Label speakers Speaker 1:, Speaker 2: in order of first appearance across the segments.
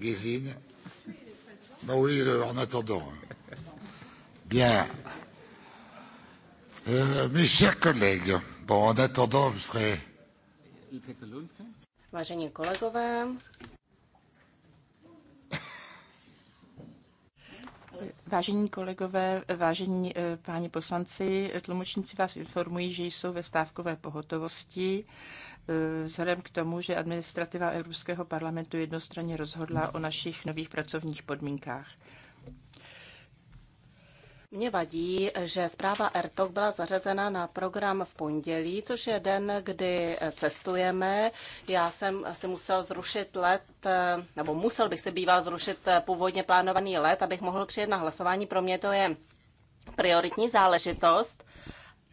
Speaker 1: Guézine. Bah oui, le, en attendant. Bien. Euh, mes chers collègues, bon, en attendant, vous serez...
Speaker 2: Vážení kolegové,
Speaker 1: Vážení kolegové, vážení eh, páni poslanci, tlumočníci vás informují, že jsou ve stávkové pohotovosti. Eh, vzhledem k tomu, že administrativa Evropského parlamentu jednostranně rozhodla o našich nových pracovních podmínkách.
Speaker 2: Mně vadí, že zpráva Ertok byla zařazena na program v pondělí, což je den, kdy cestujeme. Já jsem si musel zrušit let, nebo musel bych se býval zrušit původně plánovaný let, abych mohl přijet na hlasování. Pro mě to je prioritní záležitost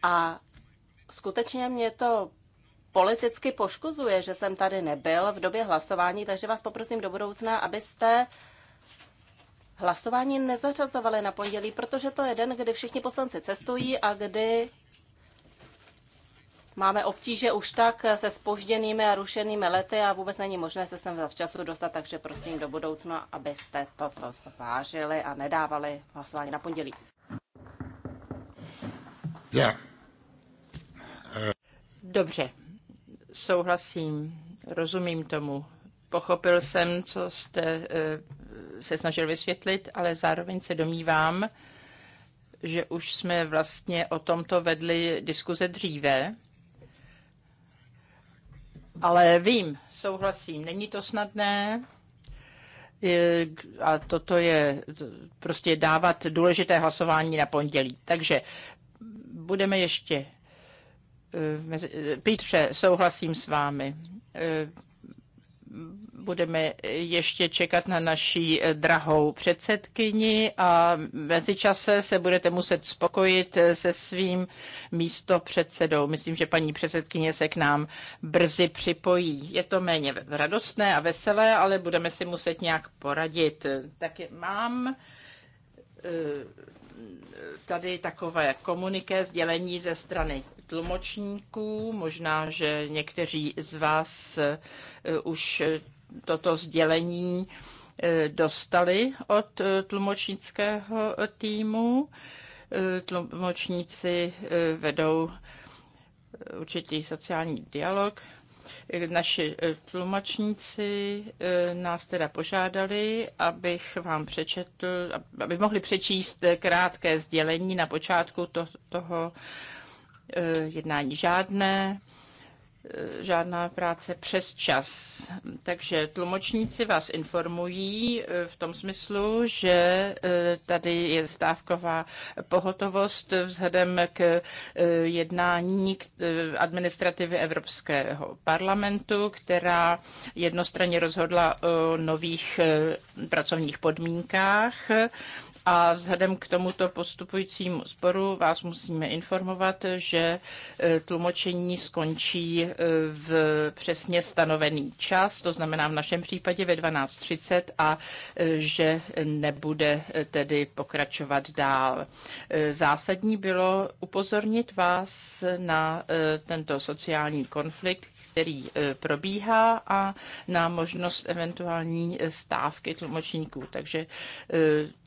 Speaker 2: a skutečně mě to politicky poškozuje, že jsem tady nebyl v době hlasování, takže vás poprosím do budoucna, abyste hlasování nezařazovali na pondělí, protože to je den, kdy všichni poslanci cestují a kdy máme obtíže už tak se spožděnými a rušenými lety a vůbec není možné se sem času dostat, takže prosím do budoucna, abyste toto zvážili a nedávali hlasování na pondělí.
Speaker 1: Yeah. Uh... Dobře, souhlasím, rozumím tomu. Pochopil jsem, co jste eh, se snažil vysvětlit, ale zároveň se domnívám, že už jsme vlastně o tomto vedli diskuze dříve. Ale vím, souhlasím, není to snadné a toto je prostě dávat důležité hlasování na pondělí. Takže budeme ještě. Eh, eh, Pítře, souhlasím s vámi. Eh, budeme ještě čekat na naší drahou předsedkyni a mezičase se budete muset spokojit se svým místopředsedou. Myslím, že paní předsedkyně se k nám brzy připojí. Je to méně radostné a veselé, ale budeme si muset nějak poradit. Tak mám eh, tady takové komuniké sdělení ze strany tlumočníků. Možná, že někteří z vás eh, už toto sdělení eh, dostali od eh, tlumočnického týmu. Tlumočníci vedou určitý sociální dialog. Naši tlumočníci nás teda požádali, abych vám přečetl, aby mohli přečíst krátké sdělení na počátku to, toho Eh, jednání žádné, eh, žádná práce přes čas. Takže tlumočníci vás informují eh, v tom smyslu, že tady je stávková pohotovost vzhledem k jednání administrativy Evropského parlamentu, která jednostranně rozhodla o nových pracovních podmínkách a vzhledem k tomuto postupujícímu sporu vás musíme informovat, že e, tlumočení skončí e, v přesně stanovený čas, to znamená v našem případě ve 12.30 a e, že nebude tedy pokračovat dál. Zásadní bylo upozornit vás na tento sociální konflikt, který probíhá a na možnost eventuální stávky tlumočníků. Takže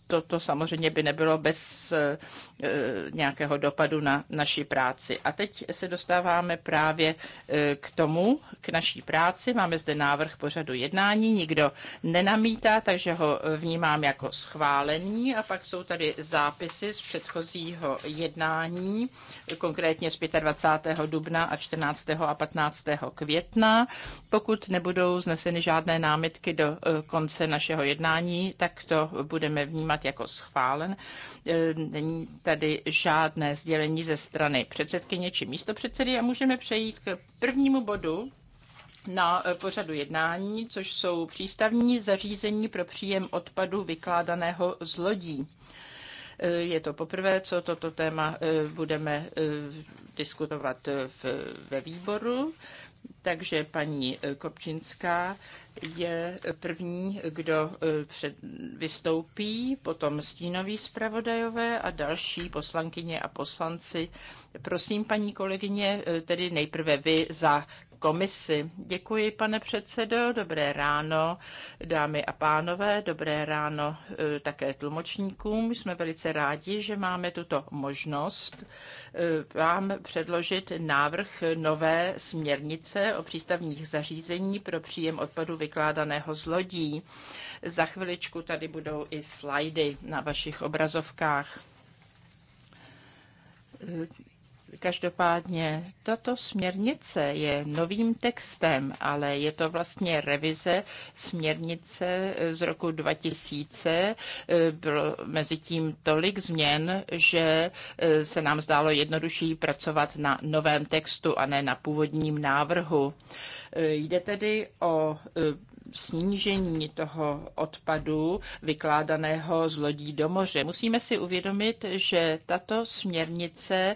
Speaker 1: toto samozřejmě by nebylo bez eh, eh, nějakého dopadu na naši práci. A teď se dostáváme právě eh, k tomu, k naší práci. Máme zde návrh pořadu jednání, nikdo nenamítá, takže ho vnímám jako schválený. A pak jsou tady zápisy z předchozího jednání, konkrétně z 25. dubna a 14. a 15. května. Pokud nebudou zneseny žádné námitky do konce našeho jednání, tak to budeme vnímat brát jako schválen. E, není tady žádné sdělení ze strany předsedkyně či místopředsedy a můžeme přejít k prvnímu bodu na e, pořadu jednání, což jsou přístavní zařízení pro příjem odpadu vykládaného z lodí. E, je to poprvé, co toto téma budeme diskutovat ve výboru. Takže paní eh, Kopčinská je první, kdo eh, před, vystoupí, potom stínoví zpravodajové a další poslankyně a poslanci. Prosím, paní kolegyně, eh, tedy nejprve vy za komisi. Děkuji, pane předsedo, dobré ráno, dámy a pánové, dobré ráno e, také tlumočníkům. Jsme velice rádi, že máme tuto možnost e, vám předložit návrh nové směrnice o přístavních zařízení pro příjem odpadu vykládaného z lodí. Za chviličku tady budou i slajdy na vašich obrazovkách. Každopádně tato směrnice je novým textem, ale je to vlastně revize směrnice z roku 2000. Bylo mezi tím tolik změn, že eh, se nám zdálo jednodušší pracovat na novém textu a ne na původním návrhu. Eh, jde tedy o eh, snížení toho odpadu vykládaného z lodí do moře. Musíme si uvědomit, že tato směrnice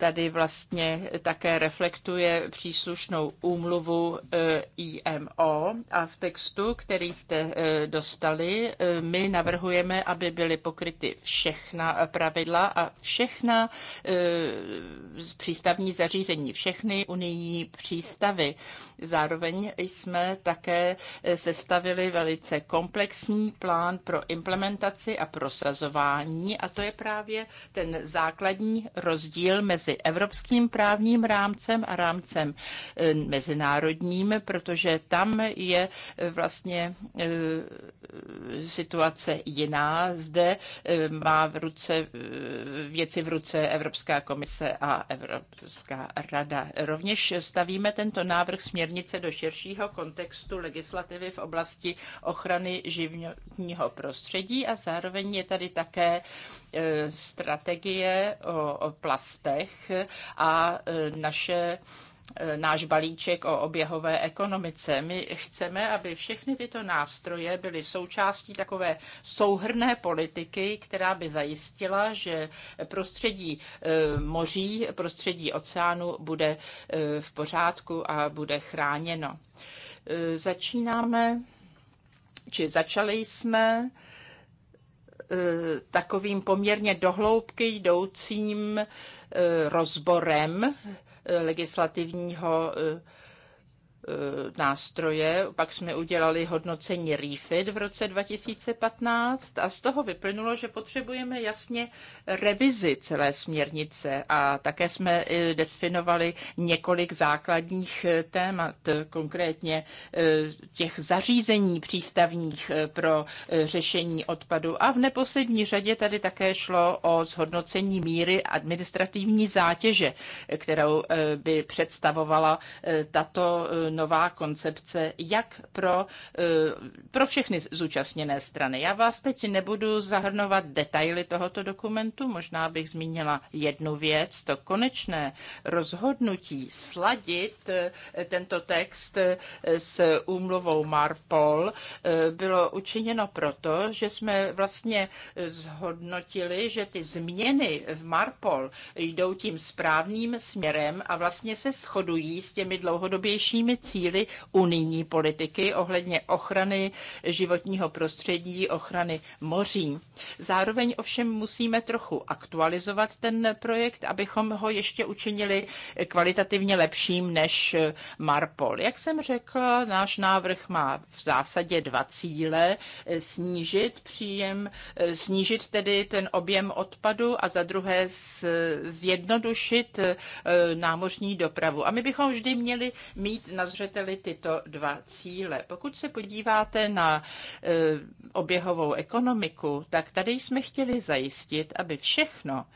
Speaker 1: tady vlastně také reflektuje příslušnou úmluvu eh, IMO a v textu, který jste eh, dostali, eh, my navrhujeme, aby byly pokryty všechna pravidla a všechna přístavní zařízení, všechny unijní přístavy. Zároveň jsme také sestavili velice komplexní plán pro implementaci a prosazování a to je právě ten základní rozdíl mezi mezi evropským právním rámcem a rámcem eh, mezinárodním, protože tam je eh, vlastně eh, situace jiná. Zde má v ruce věci v ruce Evropská komise a Evropská rada. Rovněž stavíme tento návrh směrnice do širšího kontextu legislativy v oblasti ochrany životního prostředí a zároveň je tady také strategie o plastech, trh a e, naše e, náš balíček o oběhové ekonomice. My chceme, aby všechny tyto nástroje byly součástí takové souhrné politiky, která by zajistila, že prostředí e, moří, prostředí oceánu bude v pořádku a bude chráněno. Začínáme, či začali jsme takovým poměrně dohloubky jdoucím Eh, rozborem eh, legislativního eh, Eh, nástroje, pak jsme udělali hodnocení REFIT v roce 2015 a z toho vyplynulo, že potřebujeme jasně revizi celé směrnice a také jsme eh, definovali několik základních eh, témat, konkrétně těch zařízení přístavních pro řešení odpadu a v neposlední řadě tady také šlo o zhodnocení míry administrativní zátěže, kterou by představovala tato nová koncepce, jak pro, eh, pro všechny zúčastněné strany. Já vás teď nebudu zahrnovat detaily tohoto dokumentu, možná bych zmínila jednu věc, to konečné rozhodnutí sladit eh, tento text eh, s úmluvou Marpol bylo učiněno proto, že jsme vlastně zhodnotili, že ty změny v Marpol jdou tím správným směrem a vlastně se shodují s těmi dlouhodobějšími cíly unijní politiky ohledně ochrany životního prostředí, ochrany moří. Zároveň ovšem musíme trochu aktualizovat ten projekt, abychom ho ještě učinili kvalitativně lepším než Marpol. Jak jsem řekla, náš návrh má v zásadě dva cíle. Snížit příjem, snížit tedy ten objem odpadu a za druhé zjednodušit eh, námořní dopravu. A my bychom vždy měli mít na zřeteli tyto dva cíle. Pokud se podíváte na e, oběhovou ekonomiku, tak tady jsme chtěli zajistit, aby všechno,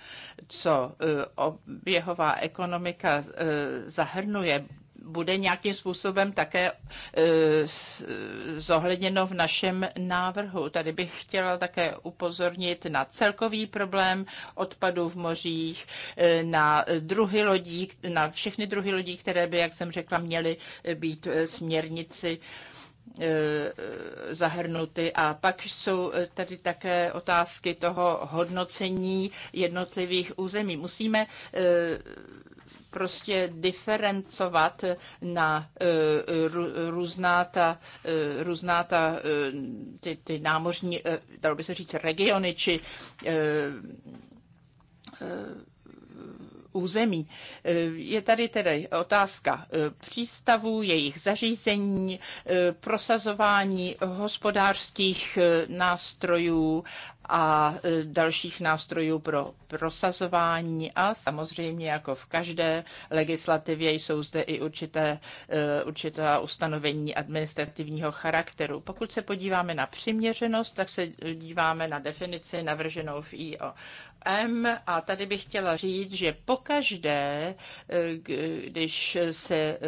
Speaker 1: co e, oběhová ekonomika e, zahrnuje, bude nějakým způsobem také e, zohledněno v našem návrhu. Tady bych chtěla také upozornit na celkový problém odpadů v mořích, e, na druhy lodí, na všechny druhy lodí, které by, jak jsem řekla, měly být e, směrnici zahrnuty. A pak jsou tady také otázky toho hodnocení jednotlivých území. Musíme prostě diferencovat na e, různá ta, e, různá ta e, ty, ty námořní, dalo by se říct, regiony či území. Je tady tedy otázka přístavů, jejich zařízení, prosazování hospodářských nástrojů a e, dalších nástrojů pro prosazování a samozřejmě jako v každé legislativě jsou zde i určité, e, určitá ustanovení administrativního charakteru. Pokud se podíváme na přiměřenost, tak se díváme na definici navrženou v M a tady bych chtěla říct, že pokaždé, eh, když se eh,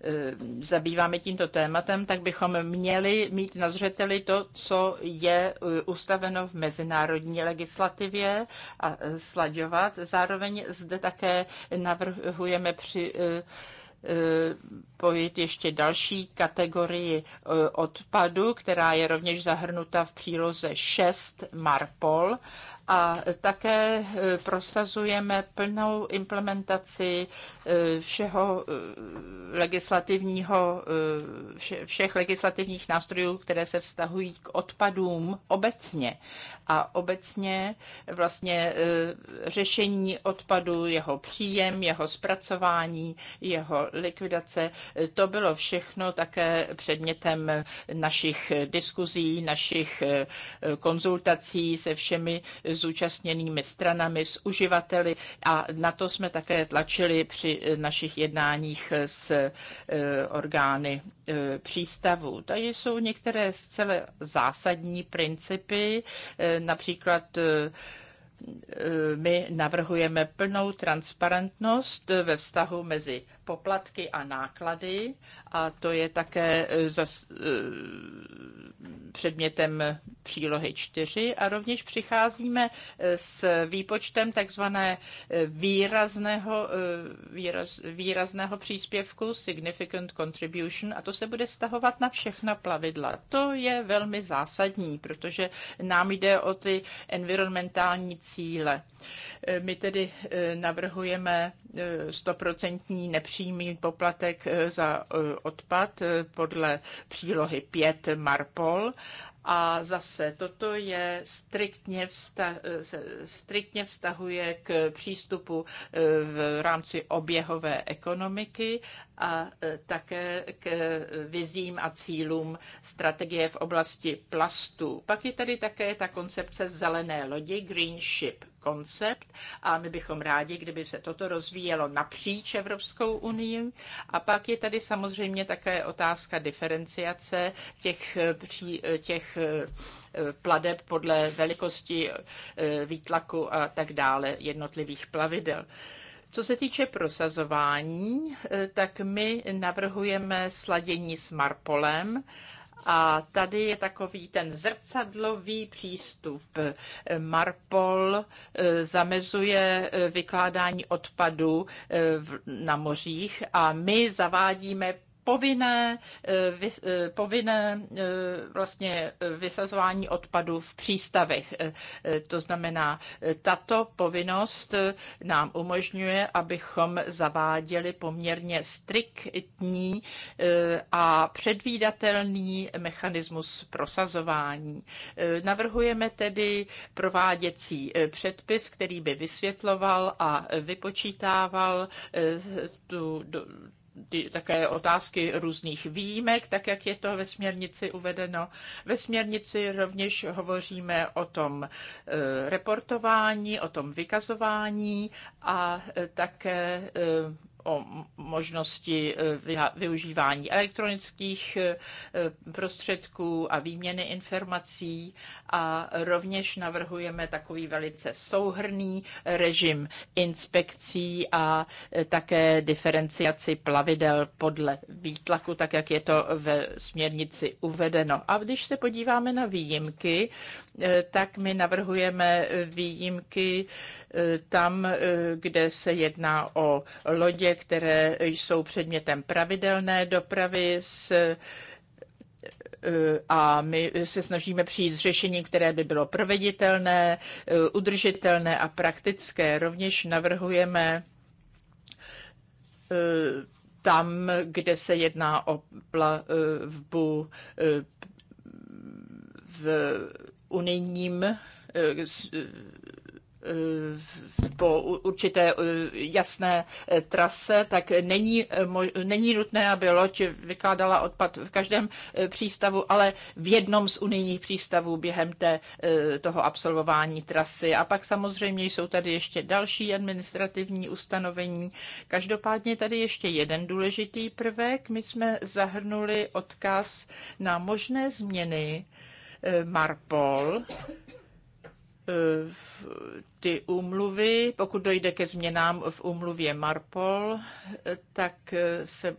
Speaker 1: eh, zabýváme tímto tématem, tak bychom měli mít na zřeteli to, co je ustaveno v mezinárodní legislativě a slaďovat. Zároveň zde také navrhujeme při pojít ještě další kategorii odpadu, která je rovněž zahrnuta v příloze 6 Marpol a také eh, prosazujeme plnou implementaci eh, všeho eh, legislativního, všech legislativních nástrojů, které se vztahují k odpadům obecně. A obecně vlastně řešení odpadu, jeho příjem, jeho zpracování, jeho likvidace, to bylo všechno také předmětem našich diskuzí, našich konzultací se všemi zúčastněnými stranami, s uživateli a na to jsme také tlačili při eh, našich jednáních eh, s eh, orgány přístavu. Tady jsou některé zcela zásadní principy, například my navrhujeme plnou transparentnost ve vztahu mezi poplatky a náklady a to je také e, zas, e, předmětem přílohy 4 a rovněž přicházíme e, s výpočtem takzvané výrazného, výraz, výrazného příspěvku significant contribution a to se bude stahovat na všechna plavidla. To je velmi zásadní, protože nám jde o ty environmentální cíle. My tedy navrhujeme stoprocentní nepříjemnost přímý poplatek eh, za eh, odpad eh, podle přílohy 5 Marpol. A zase toto je striktně, vztah, striktně vztahuje k přístupu v rámci oběhové ekonomiky a také k vizím a cílům strategie v oblasti plastů. Pak je tady také ta koncepce zelené lodi Green Ship koncept a my bychom rádi, kdyby se toto rozvíjelo napříč Evropskou unii. A pak je tady samozřejmě také otázka diferenciace těch, těch eh, pladeb podle velikosti eh, výtlaku a tak dále jednotlivých plavidel. Co se týče prosazování, eh, tak my navrhujeme sladění s Marpolem a tady je takový ten zrcadlový přístup. Marpol eh, zamezuje eh, vykládání odpadu eh, na mořích a my zavádíme povinné, eh, eh, povinné eh, vlastně vysazování odpadu v přístavech. To znamená, tato povinnost nám umožňuje, abychom zaváděli poměrně striktní a předvídatelný mechanismus prosazování. Navrhujeme tedy prováděcí předpis, který by vysvětloval a vypočítával tu, také otázky různých výjimek, tak jak je to ve směrnici uvedeno. Ve směrnici rovněž hovoříme o tom e, reportování, o tom vykazování a e, také e, o možnosti e, využívání elektronických e, prostředků a výměny informací a rovněž navrhujeme takový velice souhrný režim inspekcí a e, také diferenciaci plavidel podle výtlaku, tak jak je to ve směrnici uvedeno. A když se podíváme na výjimky, Eh, tak my navrhujeme eh, výjimky eh, tam, kde se jedná o lodě, které jsou předmětem pravidelné dopravy s a my se snažíme přijít s řešením, které by bylo proveditelné, udržitelné a praktické. Rovněž navrhujeme tam, kde se jedná o plavbu v unijním eh, eh, po určité eh, jasné trase, tak není, není nutné, aby loď vykládala odpad v každém přístavu, ale v jednom z unijních přístavů během té, toho absolvování trasy. A pak samozřejmě jsou tady ještě další administrativní ustanovení. Každopádně tady ještě jeden důležitý prvek. My jsme zahrnuli odkaz na možné změny Eh, Marpol eh, v ty úmluvy, pokud dojde ke změnám v úmluvě Marpol, tak, eh, se,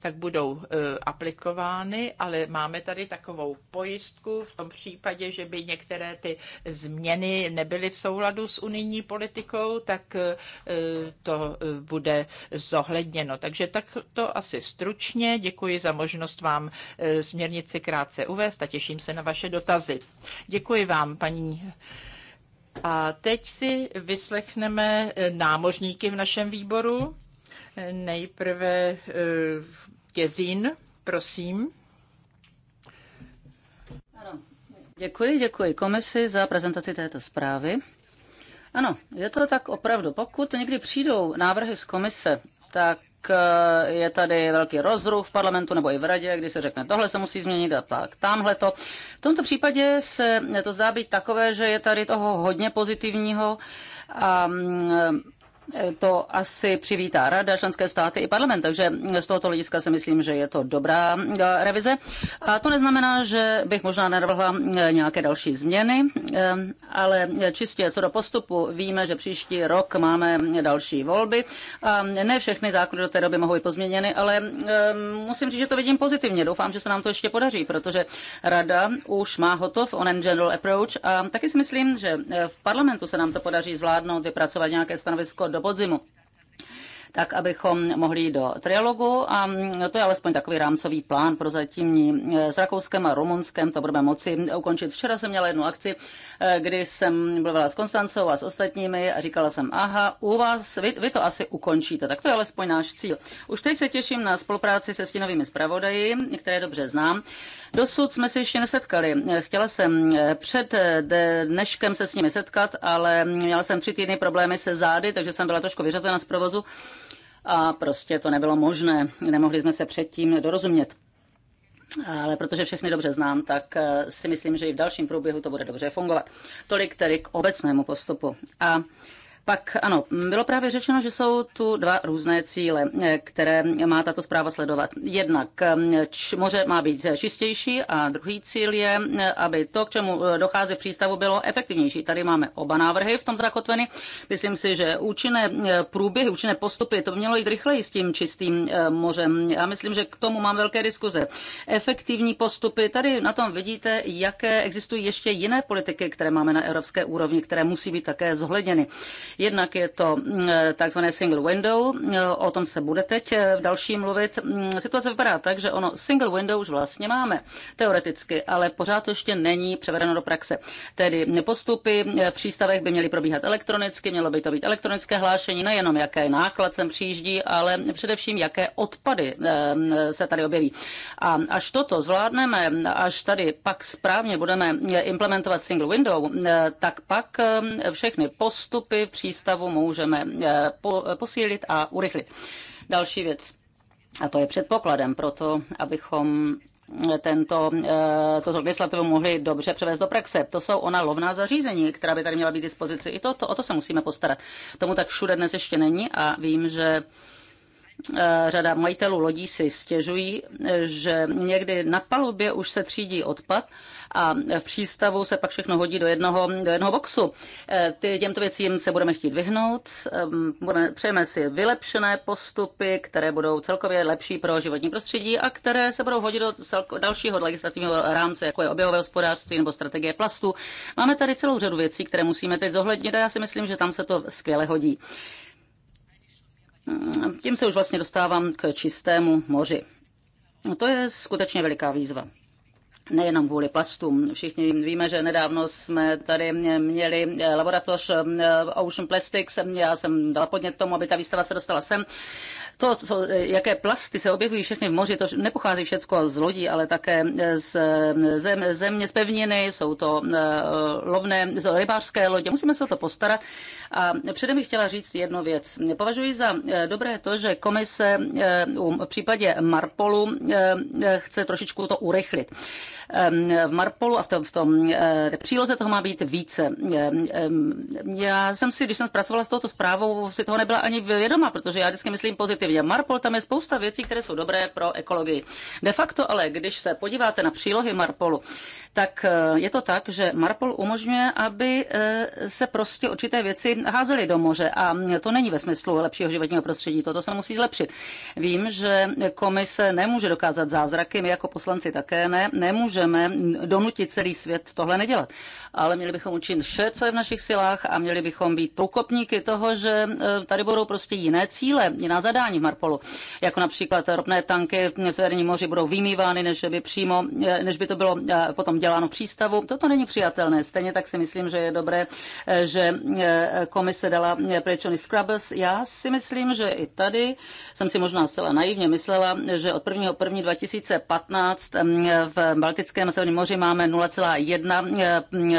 Speaker 1: tak budou eh, aplikovány, ale máme tady takovou pojistku v tom případě, že by některé ty změny nebyly v souladu s unijní politikou, tak eh, to bude zohledněno. Takže tak to asi stručně. Děkuji za možnost vám směrnici krátce uvést a těším se na vaše dotazy. Děkuji vám, paní a teď si vyslechneme eh, námožníky v našem výboru. Eh, nejprve Gezín, eh, prosím.
Speaker 3: Děkuji, děkuji komisi za prezentaci této zprávy. Ano, je to tak opravdu. Pokud někdy přijdou návrhy z komise, tak Eh, je tady velký rozruch v parlamentu nebo i v radě, kdy se řekne, tohle se musí změnit a tak tamhle to. V tomto případě se to zdá být takové, že je tady toho hodně pozitivního a mm, to asi přivítá Rada, členské státy i parlament, takže z tohoto hlediska si myslím, že je to dobrá eh, revize. A to neznamená, že bych možná navrhla eh, nějaké další změny, eh, ale čistě co do postupu víme, že příští rok máme další volby a ne všechny zákony do té doby mohou být pozměněny, ale musím říct, že to vidím pozitivně. Doufám, že se nám to ještě podaří, protože Rada už má hotov onen general approach a taky si myslím, že v parlamentu se nám to podaří zvládnout, vypracovat nějaké stanovisko do podzimu tak abychom mohli jít do trialogu a to je alespoň takový rámcový plán pro zatímní eh, s Rakouskem a Rumunskem, to budeme moci ukončit. Včera jsem měla jednu akci, eh, kdy jsem mluvila s Konstancou a s ostatními a říkala jsem, aha, u vás, vy, vy to asi ukončíte, tak to je alespoň náš cíl. Už teď se těším na spolupráci se stínovými zpravodaji, které dobře znám Dosud jsme se ještě nesetkali. Chtěla jsem eh, před eh, dneškem se s nimi setkat, ale měla jsem tři týdny problémy se zády, takže jsem byla trošku vyřazena z provozu a prostě to nebylo možné. Nemohli jsme se předtím dorozumět. Ale protože všechny dobře znám, tak eh, si myslím, že i v dalším průběhu to bude dobře fungovat. Tolik tedy k obecnému postupu. A pak ano, bylo právě řečeno, že jsou tu dva různé cíle, eh, které má tato zpráva sledovat. Jednak eh, moře má být čistější a druhý cíl je, eh, aby to, k čemu dochází v přístavu, bylo efektivnější. Tady máme oba návrhy v tom zakotveny. Myslím si, že účinné průběhy, účinné postupy, to mělo jít rychleji s tím čistým mořem. Já myslím, že k tomu mám velké diskuze. Efektivní postupy, tady na tom vidíte, jaké existují ještě jiné politiky, které máme na evropské úrovni, které musí být také zohledněny. Jednak je to mm, takzvané single window, o tom se bude teď v eh, dalším mluvit. Mm, situace vypadá tak, že ono single window už vlastně máme teoreticky, ale pořád to ještě není převedeno do praxe. Tedy postupy eh, v přístavech by měly probíhat elektronicky, mělo by to být elektronické hlášení, nejenom jaké náklad sem přijíždí, ale především jaké odpady eh, mm, se tady objeví. A až toto zvládneme, až tady pak správně budeme implementovat single window, tak pak všechny postupy v přístavu můžeme eh, eh, posílit a urychlit. Další věc. A to je předpokladem pro to, abychom eh, tento, toto legislativu mohli dobře převést do praxe. To jsou ona lovná zařízení, která by tady měla být dispozici. I to, to, o to se musíme postarat. Tomu tak všude dnes ještě není a vím, že řada majitelů lodí si stěžují, že někdy na palubě už se třídí odpad a v přístavu se pak všechno hodí do jednoho, do jednoho boxu. E, ty, těmto věcím se budeme chtít vyhnout, e, budeme, přejeme si vylepšené postupy, které budou celkově lepší pro životní prostředí a které se budou hodit do celko, dalšího legislativního rámce, jako je oběhové hospodářství nebo strategie plastu. Máme tady celou řadu věcí, které musíme teď zohlednit a já si myslím, že tam se to skvěle hodí. Tím se už vlastně dostávám k čistému moři. To je skutečně veliká výzva nejenom kvůli plastům. Všichni víme, že nedávno jsme tady měli eh, laboratoř eh, Ocean Plastics. Já jsem dala podnět tomu, aby ta výstava se dostala sem to, co, e, jaké plasty se objevují všechny v moři, to nepochází všechno z lodí, ale také e, z e, zem, země, z pevniny, jsou to lovné, rybářské lodě. Musíme se o to postarat. A předem bych chtěla říct jednu věc. Považuji za dobré to, že komise v případě Marpolu chce trošičku to urychlit v Marpolu a v tom, v tom v eh, příloze toho má být více. Já jsem si, když jsem pracovala s touto zprávou, si toho nebyla ani vědoma, protože já vždycky myslím pozitivně. Marpol, tam je spousta věcí, které jsou dobré pro ekologii. De facto ale, když se podíváte na přílohy Marpolu, tak eh, je to tak, že Marpol umožňuje, aby eh, se prostě určité věci házely do moře a to není ve smyslu lepšího životního prostředí, toto se musí zlepšit. Vím, že komise nemůže dokázat zázraky, my jako poslanci také ne, nemůže nemůžeme donutit celý svět tohle nedělat. Ale měli bychom učinit vše, co je v našich silách a měli bychom být průkopníky toho, že e, tady budou prostě jiné cíle, jiná zadání v Marpolu. Jako například ropné tanky v Severním moři budou vymývány, než by, přímo, e, než by to bylo e, potom děláno v přístavu. Toto není přijatelné. Stejně tak si myslím, že je dobré, že komise dala pryč Scrubbers. Já si myslím, že i tady jsem si možná zcela naivně myslela, že od 1. 1. 2015 v Baltické Baltickém Severním moři máme 0,1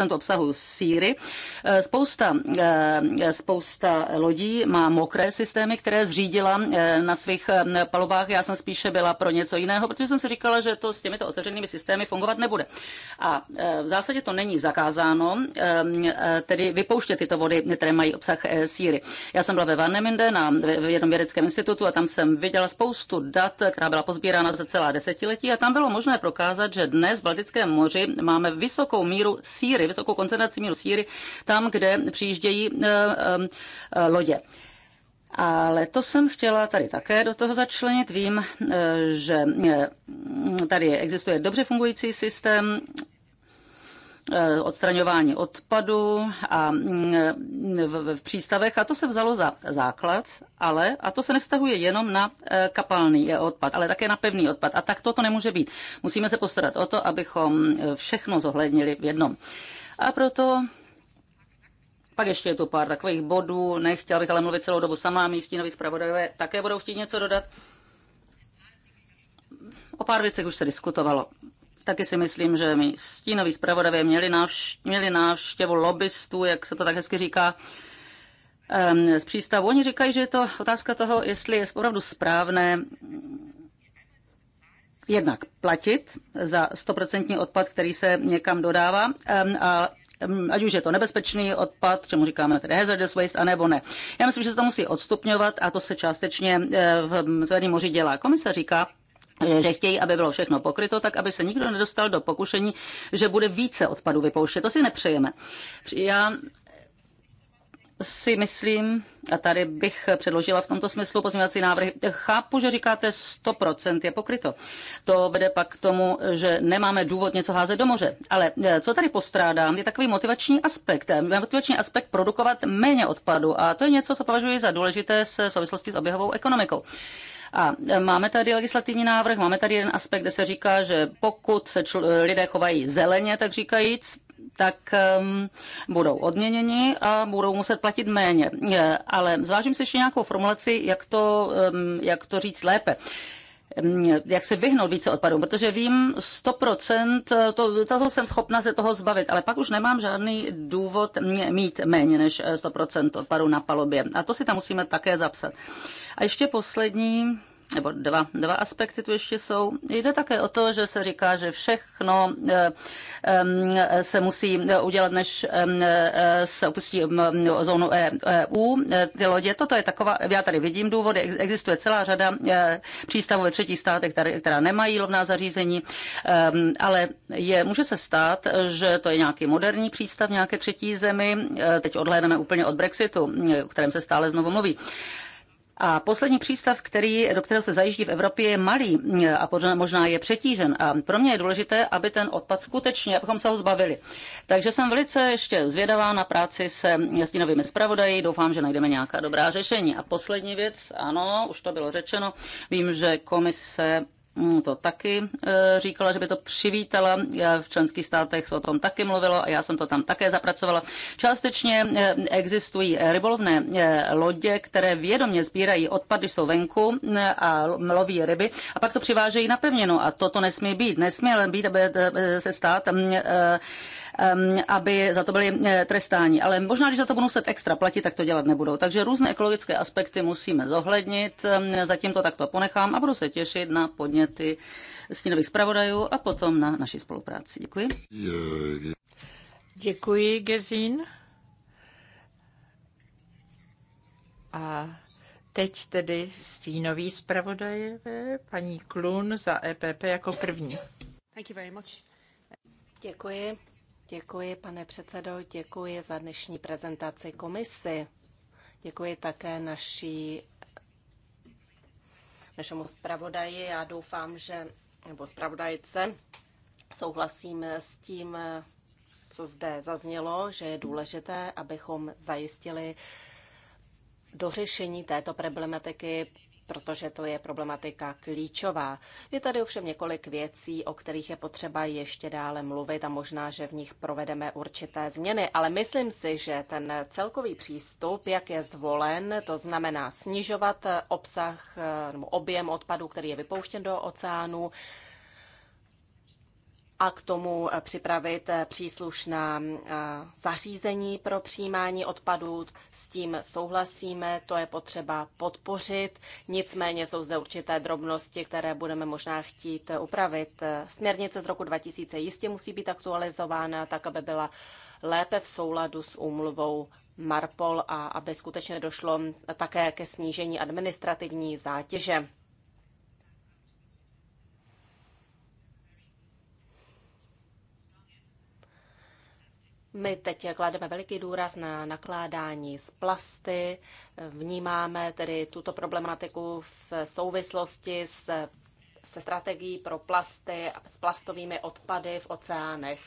Speaker 3: eh, obsahu síry. Eh, spousta, eh, spousta lodí má mokré systémy, které zřídila na svých palubách. Já jsem spíše byla pro něco jiného, protože jsem si říkala, že to s těmito otevřenými systémy fungovat nebude. A v zásadě to není zakázáno, ehm, tedy vypouštět tyto vody, které mají obsah síry. Já jsem byla ve Varneminde na v jednom vědeckém institutu a tam jsem viděla spoustu dat, která byla pozbírána za celá desetiletí a tam bylo možné prokázat, ukázat, že dnes v Baltickém moři máme vysokou míru síry, vysokou koncentraci míru síry tam, kde přijíždějí eh, eh, lodě. Ale to jsem chtěla tady také do toho začlenit. Vím, eh, že tady existuje dobře fungující systém Eh, odstraňování odpadu a mm, v, v přístavech a to se vzalo za základ, ale a to se nevztahuje jenom na eh, kapalný eh, odpad, ale také na pevný odpad a tak toto nemůže být. Musíme se postarat o to, abychom všechno zohlednili v jednom. A proto pak ještě je tu pár takových bodů, Nechtěl bych ale mluvit celou dobu sama, místní noví zpravodajové také budou chtít něco dodat. O pár věcech už se diskutovalo. Taky si myslím, že my stínoví zpravodavě měli, návš- měli návštěvu lobbystů, jak se to tak hezky říká, z přístavu. Oni říkají, že je to otázka toho, jestli je opravdu správné jednak platit za stoprocentní odpad, který se někam dodává, a ať už je to nebezpečný odpad, čemu říkáme tedy hazardous waste, anebo ne. Já myslím, že se to musí odstupňovat a to se částečně eh, v Zvedném moři dělá. Komise říká, že chtějí, aby bylo všechno pokryto, tak aby se nikdo nedostal do pokušení, že bude více odpadu vypouštět. To si nepřejeme. Já si myslím, a tady bych předložila v tomto smyslu pozměňovací návrhy, chápu, že říkáte 100% je pokryto. To vede pak k tomu, že nemáme důvod něco házet do moře. Ale e, co tady postrádám, je takový motivační aspekt. E, motivační aspekt produkovat méně odpadu a to je něco, co považuji za důležité v souvislosti s oběhovou ekonomikou. A e, máme tady legislativní návrh, máme tady jeden aspekt, kde se říká, že pokud se čl- lidé chovají zeleně, tak říkajíc, tak um, budou odměněni a budou muset platit méně. E, ale zvážím si ještě nějakou formulaci, jak to, um, jak to říct lépe jak se vyhnout více odpadům, protože vím 100%, eh, to, toho jsem schopna se toho zbavit, ale pak už nemám žádný důvod mít méně než 100% eh, odpadů na palubě. A to si tam musíme také zapsat. A ještě poslední nebo dva, dva aspekty tu ještě jsou. Jde také o to, že se říká, že všechno eh, se musí udělat, než eh, se opustí zónu EU. E eh, ty lodě, toto je taková, já tady vidím důvody, existuje celá řada přístavů ve třetích státech, která nemají lovná zařízení, ale je, může se stát, že to je nějaký moderní přístav nějaké třetí zemi, teď odhlédneme úplně od Brexitu, o kterém se stále znovu mluví. A poslední přístav, který, do kterého se zajíždí v Evropě, je malý mm, a možná je přetížen. A pro mě je důležité, aby ten odpad skutečně, abychom se ho zbavili. Takže jsem velice ještě zvědavá na práci se stínovými zpravodaji. Doufám, že najdeme nějaká dobrá řešení. A poslední věc, ano, už to bylo řečeno. Vím, že komise Mm, to taky e, říkala, že by to přivítala. V členských státech se o tom taky mluvilo a já jsem to tam také zapracovala. Částečně e, existují rybolovné e, lodě, které vědomě sbírají odpad, když jsou venku a loví ryby a pak to přivážejí na pevninu a toto nesmí být. Nesmí ale být, aby se stát mm, aby za to byli eh, trestáni. Ale možná, když za to budou muset extra platit, tak to dělat nebudou. Takže různé ekologické aspekty musíme zohlednit. Zatím to takto ponechám a budu se těšit na podněty stínových zpravodajů a potom na naši spolupráci.
Speaker 1: Děkuji. Děkuji, Gezín. A teď tedy stínový zpravodaj, paní Klun za EPP jako první.
Speaker 2: Thank you very much. Děkuji. Děkuji, pane předsedo, děkuji za dnešní prezentaci komisi. Děkuji také naší, našemu zpravodaji. Já doufám, že, nebo zpravodajce, souhlasím s tím, co zde zaznělo, že je důležité, abychom zajistili dořešení této problematiky protože to je problematika klíčová. Je tady ovšem několik věcí, o kterých je potřeba ještě dále mluvit a možná, že v nich provedeme určité změny, ale myslím si, že ten celkový přístup, jak je zvolen, to znamená snižovat obsah eh, nebo objem odpadu, který je vypouštěn do oceánu, a k tomu eh, připravit eh, příslušná eh, zařízení pro přijímání odpadů. S tím souhlasíme, to je potřeba podpořit. Nicméně jsou zde určité drobnosti, které budeme možná chtít upravit. Směrnice z roku 2000 jistě musí být aktualizována tak, aby byla lépe v souladu s úmluvou Marpol a aby skutečně došlo také ke snížení administrativní zátěže. My teď klademe veliký důraz na nakládání z plasty, vnímáme tedy tuto problematiku v souvislosti s, se strategií pro plasty a s plastovými odpady v oceánech.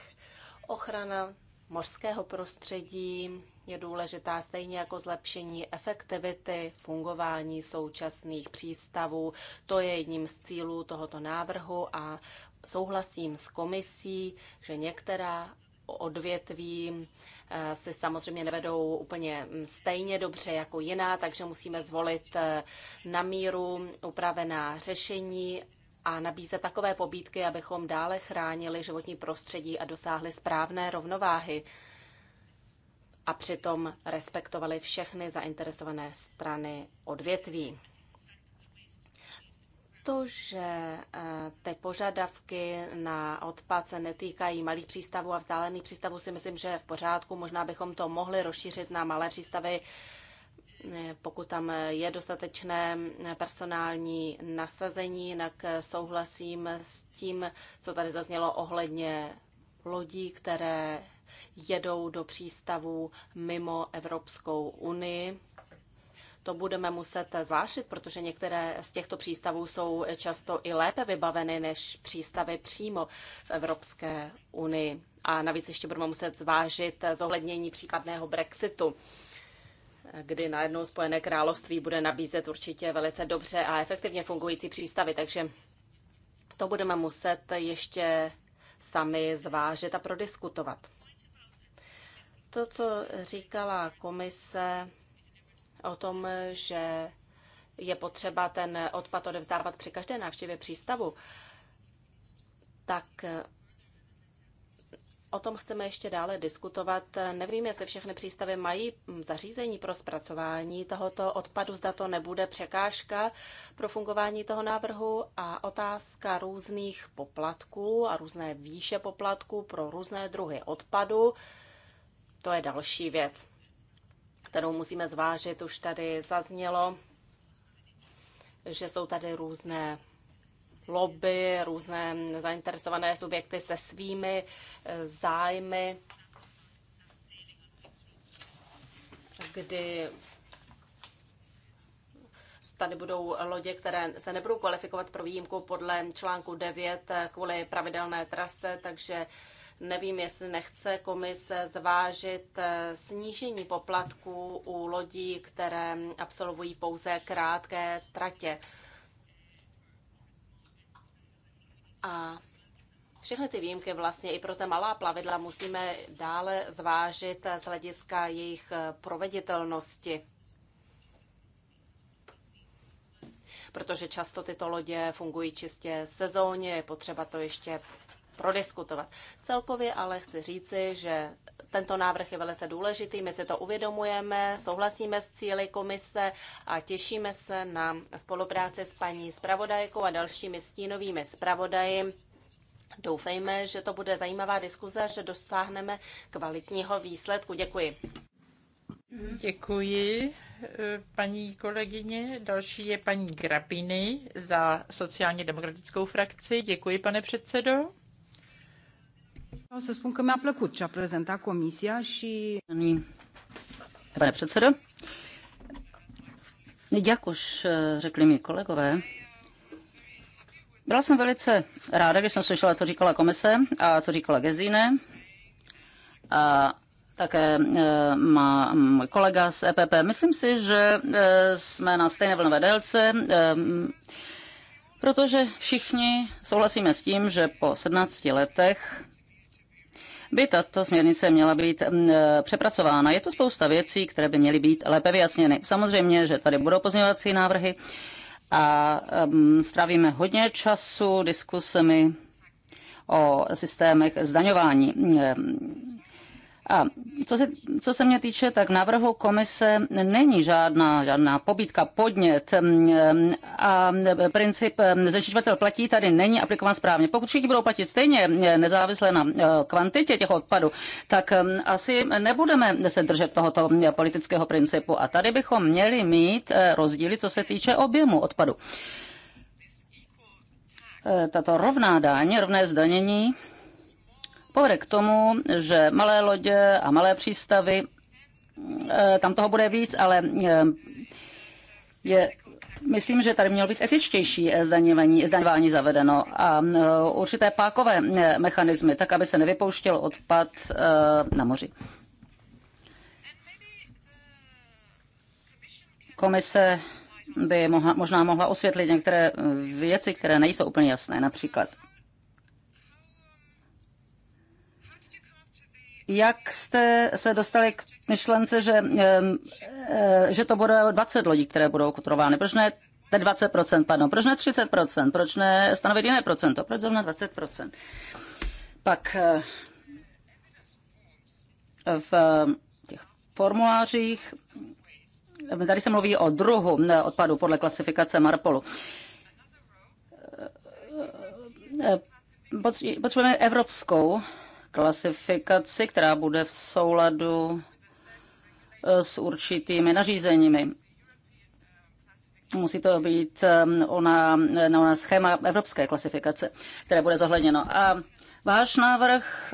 Speaker 2: Ochrana mořského prostředí je důležitá stejně jako zlepšení efektivity fungování současných přístavů. To je jedním z cílů tohoto návrhu a souhlasím s komisí, že některá odvětví eh, se samozřejmě nevedou úplně mm, stejně dobře jako jiná, takže musíme zvolit eh, na míru upravená řešení a nabízet takové pobídky, abychom dále chránili životní prostředí a dosáhli správné rovnováhy a přitom respektovali všechny zainteresované strany odvětví protože eh, ty požadavky na odpad se netýkají malých přístavů a vzdálených přístavů, si myslím, že je v pořádku. Možná bychom to mohli rozšířit na malé přístavy, eh, pokud tam je dostatečné eh, personální nasazení, jinak souhlasím s tím, co tady zaznělo ohledně lodí, které jedou do přístavů mimo Evropskou unii to budeme muset zvážit, protože některé z těchto přístavů jsou často i lépe vybaveny než přístavy přímo v Evropské unii. A navíc ještě budeme muset zvážit zohlednění případného Brexitu kdy najednou Spojené království bude nabízet určitě velice dobře a efektivně fungující přístavy, takže to budeme muset ještě sami zvážit a prodiskutovat. To, co říkala komise, o tom, že je potřeba ten odpad odevzdávat při každé návštěvě přístavu, tak eh, o tom chceme ještě dále diskutovat. Nevím, jestli všechny přístavy mají hm, zařízení pro zpracování tohoto odpadu, zda to nebude překážka pro fungování toho návrhu a otázka různých poplatků a různé výše poplatků pro různé druhy odpadu. To je další věc kterou musíme zvážit, už tady zaznělo, že jsou tady různé lobby, různé zainteresované subjekty se svými eh, zájmy, kdy tady budou lodě, které se nebudou kvalifikovat pro výjimku podle článku 9 eh, kvůli pravidelné trase, takže Nevím, jestli nechce komise zvážit eh, snížení poplatků u lodí, které absolvují pouze krátké tratě. A všechny ty výjimky vlastně i pro ta malá plavidla musíme dále zvážit z hlediska jejich eh, proveditelnosti. Protože často tyto lodě fungují čistě sezóně, je potřeba to ještě prodiskutovat. Celkově ale chci říci, že tento návrh je velice důležitý, my si to uvědomujeme, souhlasíme s cíly komise a těšíme se na spolupráci s paní zpravodajkou a dalšími stínovými zpravodaji. Doufejme, že to bude zajímavá diskuze a že dosáhneme kvalitního výsledku. Děkuji.
Speaker 1: Děkuji, eh, paní kolegyně. Další je paní Grabiny za sociálně demokratickou frakci. Děkuji, pane předsedo. Vreau să spun, că mi-a plăcut ce a prezentat Comisia și...
Speaker 3: Pane předsedo, jak už eh, řekli mi kolegové, byla jsem velice ráda, když jsem slyšela, co říkala komise a co říkala Gezine. A také eh, má můj kolega z EPP. Myslím si, že eh, jsme na stejné vlnové délce, protože všichni souhlasíme s tím, že po 17 letech by tato směrnice měla být mm, e, přepracována. Je to spousta věcí, které by měly být lépe vyjasněny. Samozřejmě, že tady budou pozměňovací návrhy a mm, strávíme hodně času diskusemi o systémech zdaňování mm, e, a co se, co se mě týče, tak návrhu komise není žádná, žádná pobítka, podnět a princip zečišťovatel platí tady není aplikován správně. Pokud všichni budou platit stejně nezávisle na e, kvantitě těch odpadů, tak asi nebudeme se držet tohoto politického principu. A tady bychom měli mít e, rozdíly, co se týče objemu odpadu. E, tato rovná daň, rovné zdanění povede k tomu, že malé lodě a malé přístavy, eh, tam toho bude víc, ale eh, je Myslím, že tady mělo být etičtější eh, zdaňování, zdaňování zavedeno a určité pákové mechanismy, tak aby se nevypouštěl odpad na moři. Komise by mohla, možná mohla osvětlit některé věci, které nejsou úplně jasné, například. Jak jste se dostali k myšlence, že, eh, že to bude 20 lodí, které budou kotrovány? Proč ne te 20%, pardon, proč ne 30%, proč ne stanovit jiné procento, proč zrovna 20%? Pak eh, v těch formulářích, tady se mluví o druhu odpadu podle klasifikace Marpolu. Eh, potřebujeme evropskou klasifikaci, která bude v souladu eh, s určitými nařízeními. Musí to být ehm, ona, ona schéma evropské klasifikace, které bude zohledněno. A váš návrh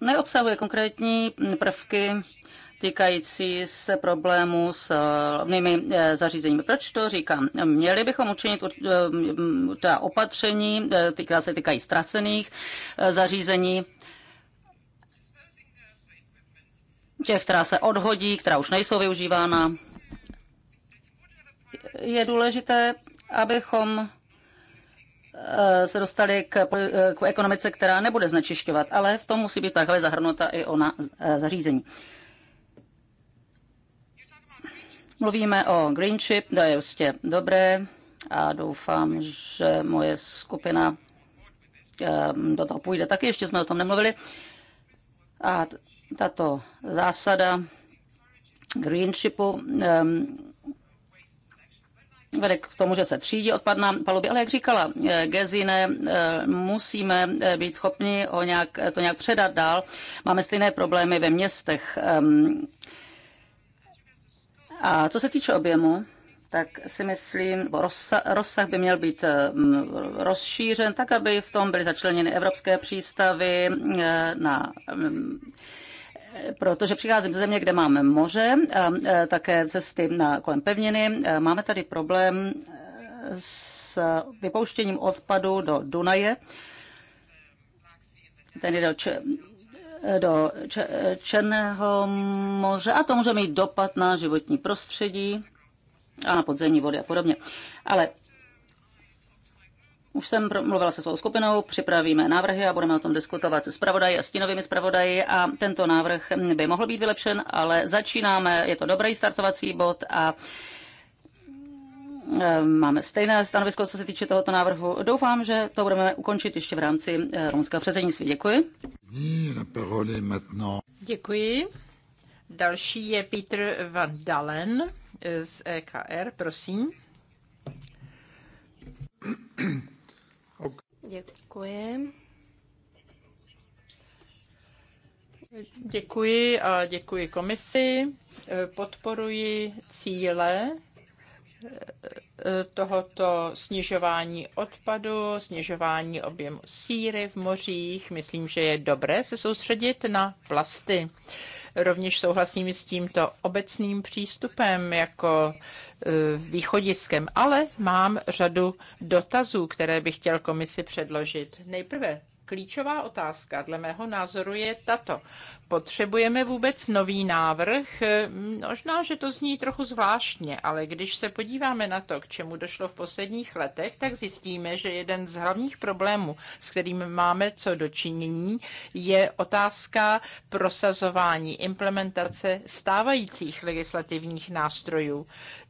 Speaker 3: neobsahuje konkrétní prvky týkající se problémů s eh, hlavními eh, zařízeními. Proč to říkám? Měli bychom učinit ta opatření, která se týkají ztracených zařízení, těch, která se odhodí, která už nejsou využívána. Je důležité, abychom eh, se dostali k, eh, k ekonomice, která nebude znečišťovat, ale v tom musí být právě zahrnuta i ona eh, zařízení. Mluvíme o Green Chip, to je prostě dobré a doufám, že moje skupina do toho půjde taky, ještě jsme o tom nemluvili. A tato zásada um, vede k tomu, že se třídí odpad na Ale jak říkala eh, Gezine, eh, musíme eh, být schopni ho nějak, to nějak předat dál. Máme stejné problémy ve městech. Ehm. A co se týče objemu, tak si myslím, nebo rozsah by měl být eh, rozšířen, tak aby v tom byly začleněny evropské přístavy eh, na mm, protože přicházím ze země, kde máme moře, eh, také cesty na, kolem pevniny. Máme tady problém s vypouštěním odpadu do Dunaje. Ten je do Č- do Černého moře a to může mít dopad na životní prostředí a na podzemní vody a podobně. Ale už jsem mluvila se svou skupinou, připravíme návrhy a budeme o tom diskutovat se zpravodaji a stínovými zpravodaji a tento návrh by mohl být vylepšen, ale začínáme, je to dobrý startovací bod a eh, máme stejné stanovisko, co se týče tohoto návrhu. Doufám, že to budeme ukončit ještě v rámci eh, rumunského předsednictví. Děkuji.
Speaker 1: Děkuji. Další je Peter Van Dalen z EKR, prosím. Děkuji. Děkuji a děkuji komisi. Podporuji cíle eh, tohoto snižování odpadu, snižování objemu síry v mořích. Myslím, že je dobré se soustředit na plasty. Rovněž souhlasím s tímto obecným přístupem jako e, východiskem, ale mám řadu dotazů, které bych chtěl komisi předložit. Nejprve Klíčová otázka dle mého názoru je tato. Potřebujeme vůbec nový návrh? Možná, že to zní trochu zvláštně, ale když se podíváme na to, k čemu došlo v posledních letech, tak zjistíme, že jeden z hlavních problémů, s kterým máme co dočinění, je otázka prosazování implementace stávajících legislativních nástrojů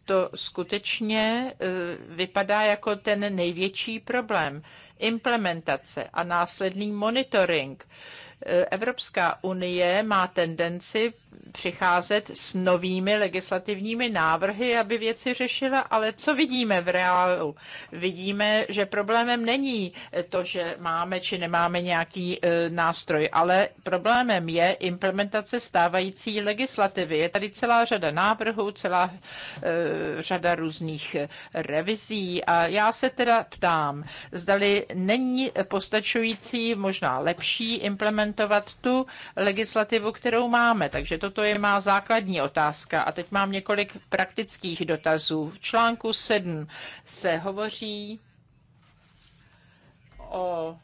Speaker 1: to skutečně eh, vypadá jako ten největší problém. Implementace a následný monitoring. Eh, Evropská unie má tendenci přicházet s novými legislativními návrhy, aby věci řešila, ale co vidíme v reálu? Vidíme, že problémem není to, že máme či nemáme nějaký e, nástroj, ale problémem je implementace stávající legislativy. Je tady celá řada návrhů, celá e, řada různých revizí a já se teda ptám, zdali není postačující, možná lepší implementovat tu legislativu, kterou máme. Takže toto je má základní otázka. A teď mám několik praktických dotazů. V článku 7 se hovoří o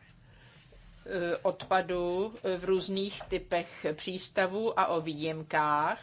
Speaker 1: eh, odpadu v různých typech přístavů a o výjimkách,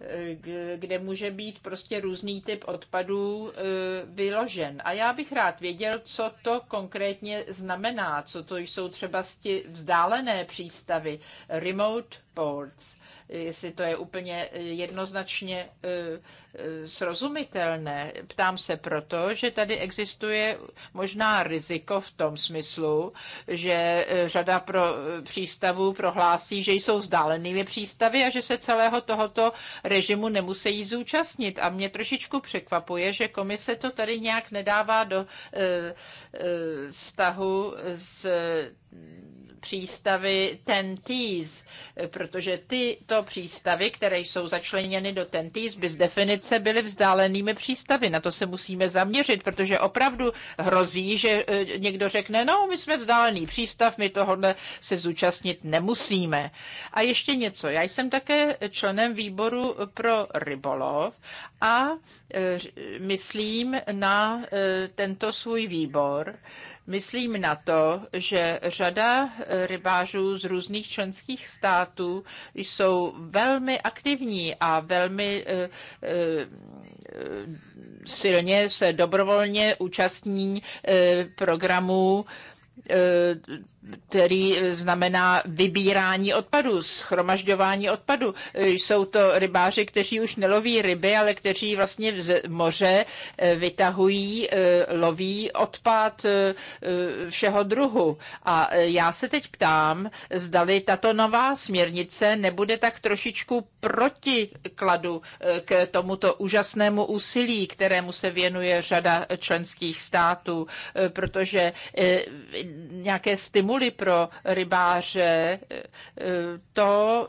Speaker 1: eh, kde může být prostě různý typ odpadů eh, vyložen. A já bych rád věděl, co to konkrétně znamená, co to jsou třeba vzdálené přístavy, remote Sports. jestli to je úplně jednoznačně e, e, srozumitelné. Ptám se proto, že tady existuje možná riziko v tom smyslu, že e, řada pro přístavů prohlásí, že jsou vzdálenými přístavy a že se celého tohoto režimu nemusí zúčastnit. A mě trošičku překvapuje, že komise to tady nějak nedává do vztahu s přístavy ten protože tyto přístavy, které jsou začleněny do ten by z definice byly vzdálenými přístavy. Na to se musíme zaměřit, protože opravdu hrozí, že e, někdo řekne, no, my jsme vzdálený přístav, my tohle se zúčastnit nemusíme. A ještě něco. Já jsem také členem výboru pro rybolov a e, myslím na e, tento svůj výbor, Myslím na to, že řada eh, rybářů z různých členských států jsou velmi aktivní a velmi eh, eh, silně se dobrovolně účastní programů který znamená vybírání odpadu, schromažďování odpadu. Jsou to rybáři, kteří už neloví ryby, ale kteří vlastně z moře eh, vytahují, eh, loví odpad eh, všeho druhu. A já se teď ptám, zdali tato nová směrnice nebude tak trošičku protikladu k tomuto úžasnému úsilí, kterému se věnuje řada členských států, protože nějaké stimuly pro rybáře, to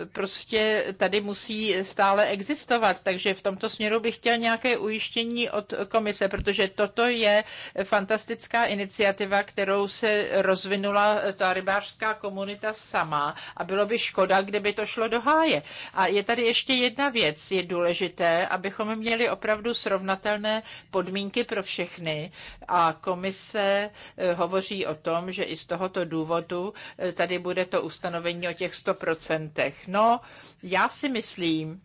Speaker 1: eh, prostě tady musí stále existovat. Takže v tomto směru bych chtěl nějaké ujištění od komise, protože toto je fantastická iniciativa, kterou se rozvinula ta rybářská komunita sama a bylo by škoda, kdyby to šlo do háje. A je tady ještě jedna věc, je důležité, abychom měli opravdu srovnatelné podmínky pro všechny a komise Eh, hovoří o tom, že i z tohoto důvodu eh, tady bude to ustanovení o těch 100%. No, já si myslím,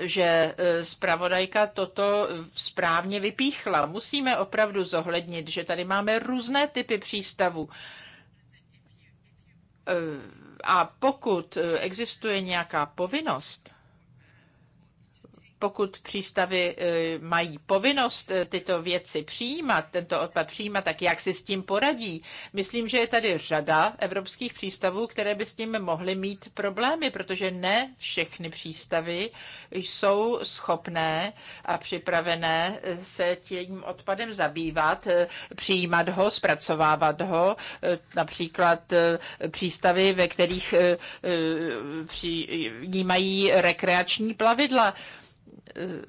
Speaker 1: že eh, zpravodajka toto správně vypíchla. Musíme opravdu zohlednit, že tady máme různé typy přístavů. A pokud existuje nějaká povinnost, pokud přístavy e, mají povinnost e, tyto věci přijímat, tento odpad přijímat, tak jak si s tím poradí? Myslím, že je tady řada evropských přístavů, které by s tím mohly mít problémy, protože ne všechny přístavy jsou schopné a připravené se tím odpadem zabývat, e, přijímat ho, zpracovávat ho, například přístavy, ve kterých přijímají rekreační plavidla. Eh,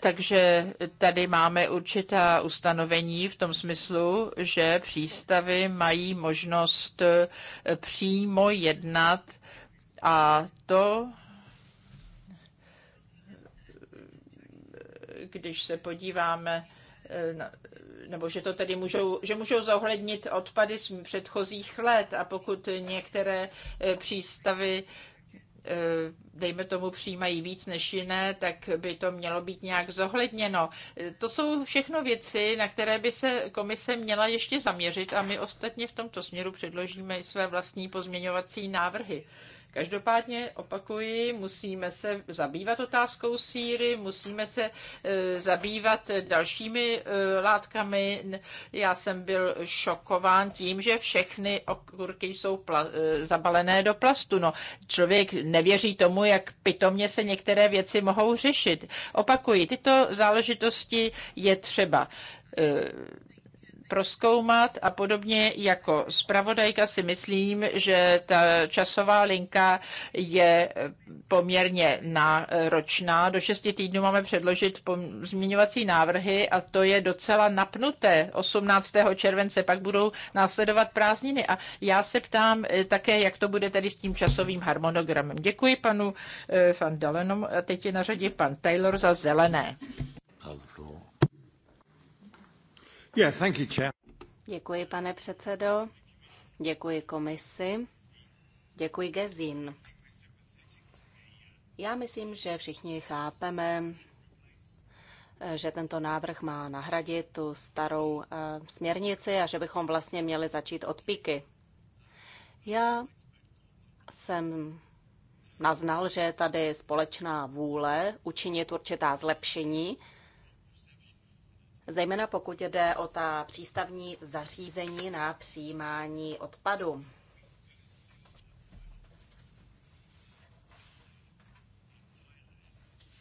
Speaker 1: takže tady máme určitá ustanovení v tom smyslu, že přístavy mají možnost eh, přímo jednat a to, eh, když se podíváme nebo že to tedy můžou, že můžou zohlednit odpady z předchozích let a pokud některé přístavy Eh, dejme tomu, přijímají víc než jiné, tak by to mělo být nějak zohledněno. Eh, to jsou všechno věci, na které by se komise měla ještě zaměřit a my ostatně v tomto směru předložíme i své vlastní pozměňovací návrhy. Každopádně, opakuji, musíme se zabývat otázkou síry, musíme se e, zabývat dalšími e, látkami. Já jsem byl šokován tím, že všechny okurky jsou e, zabalené do plastu. No, člověk nevěří tomu, jak pitomně se některé věci mohou řešit. Opakuji, tyto záležitosti je třeba proskoumat a podobně jako zpravodajka si myslím, že ta časová linka je poměrně náročná. Do šesti týdnů máme předložit zmiňovací návrhy a to je docela napnuté. 18. července pak budou následovat prázdniny a já se ptám eh, také, jak to bude tedy s tím časovým harmonogramem. Děkuji panu eh, Van Dalenom a teď je na řadě pan Taylor za zelené.
Speaker 2: Děkuji, pane předsedo. Děkuji komisi. Děkuji Gezin. Já myslím, že všichni chápeme, že tento návrh má nahradit tu starou eh, směrnici a že bychom vlastně měli začít od píky. Já jsem naznal, že je tady společná vůle učinit určitá zlepšení zejména pokud jde o ta přístavní zařízení na přijímání odpadu.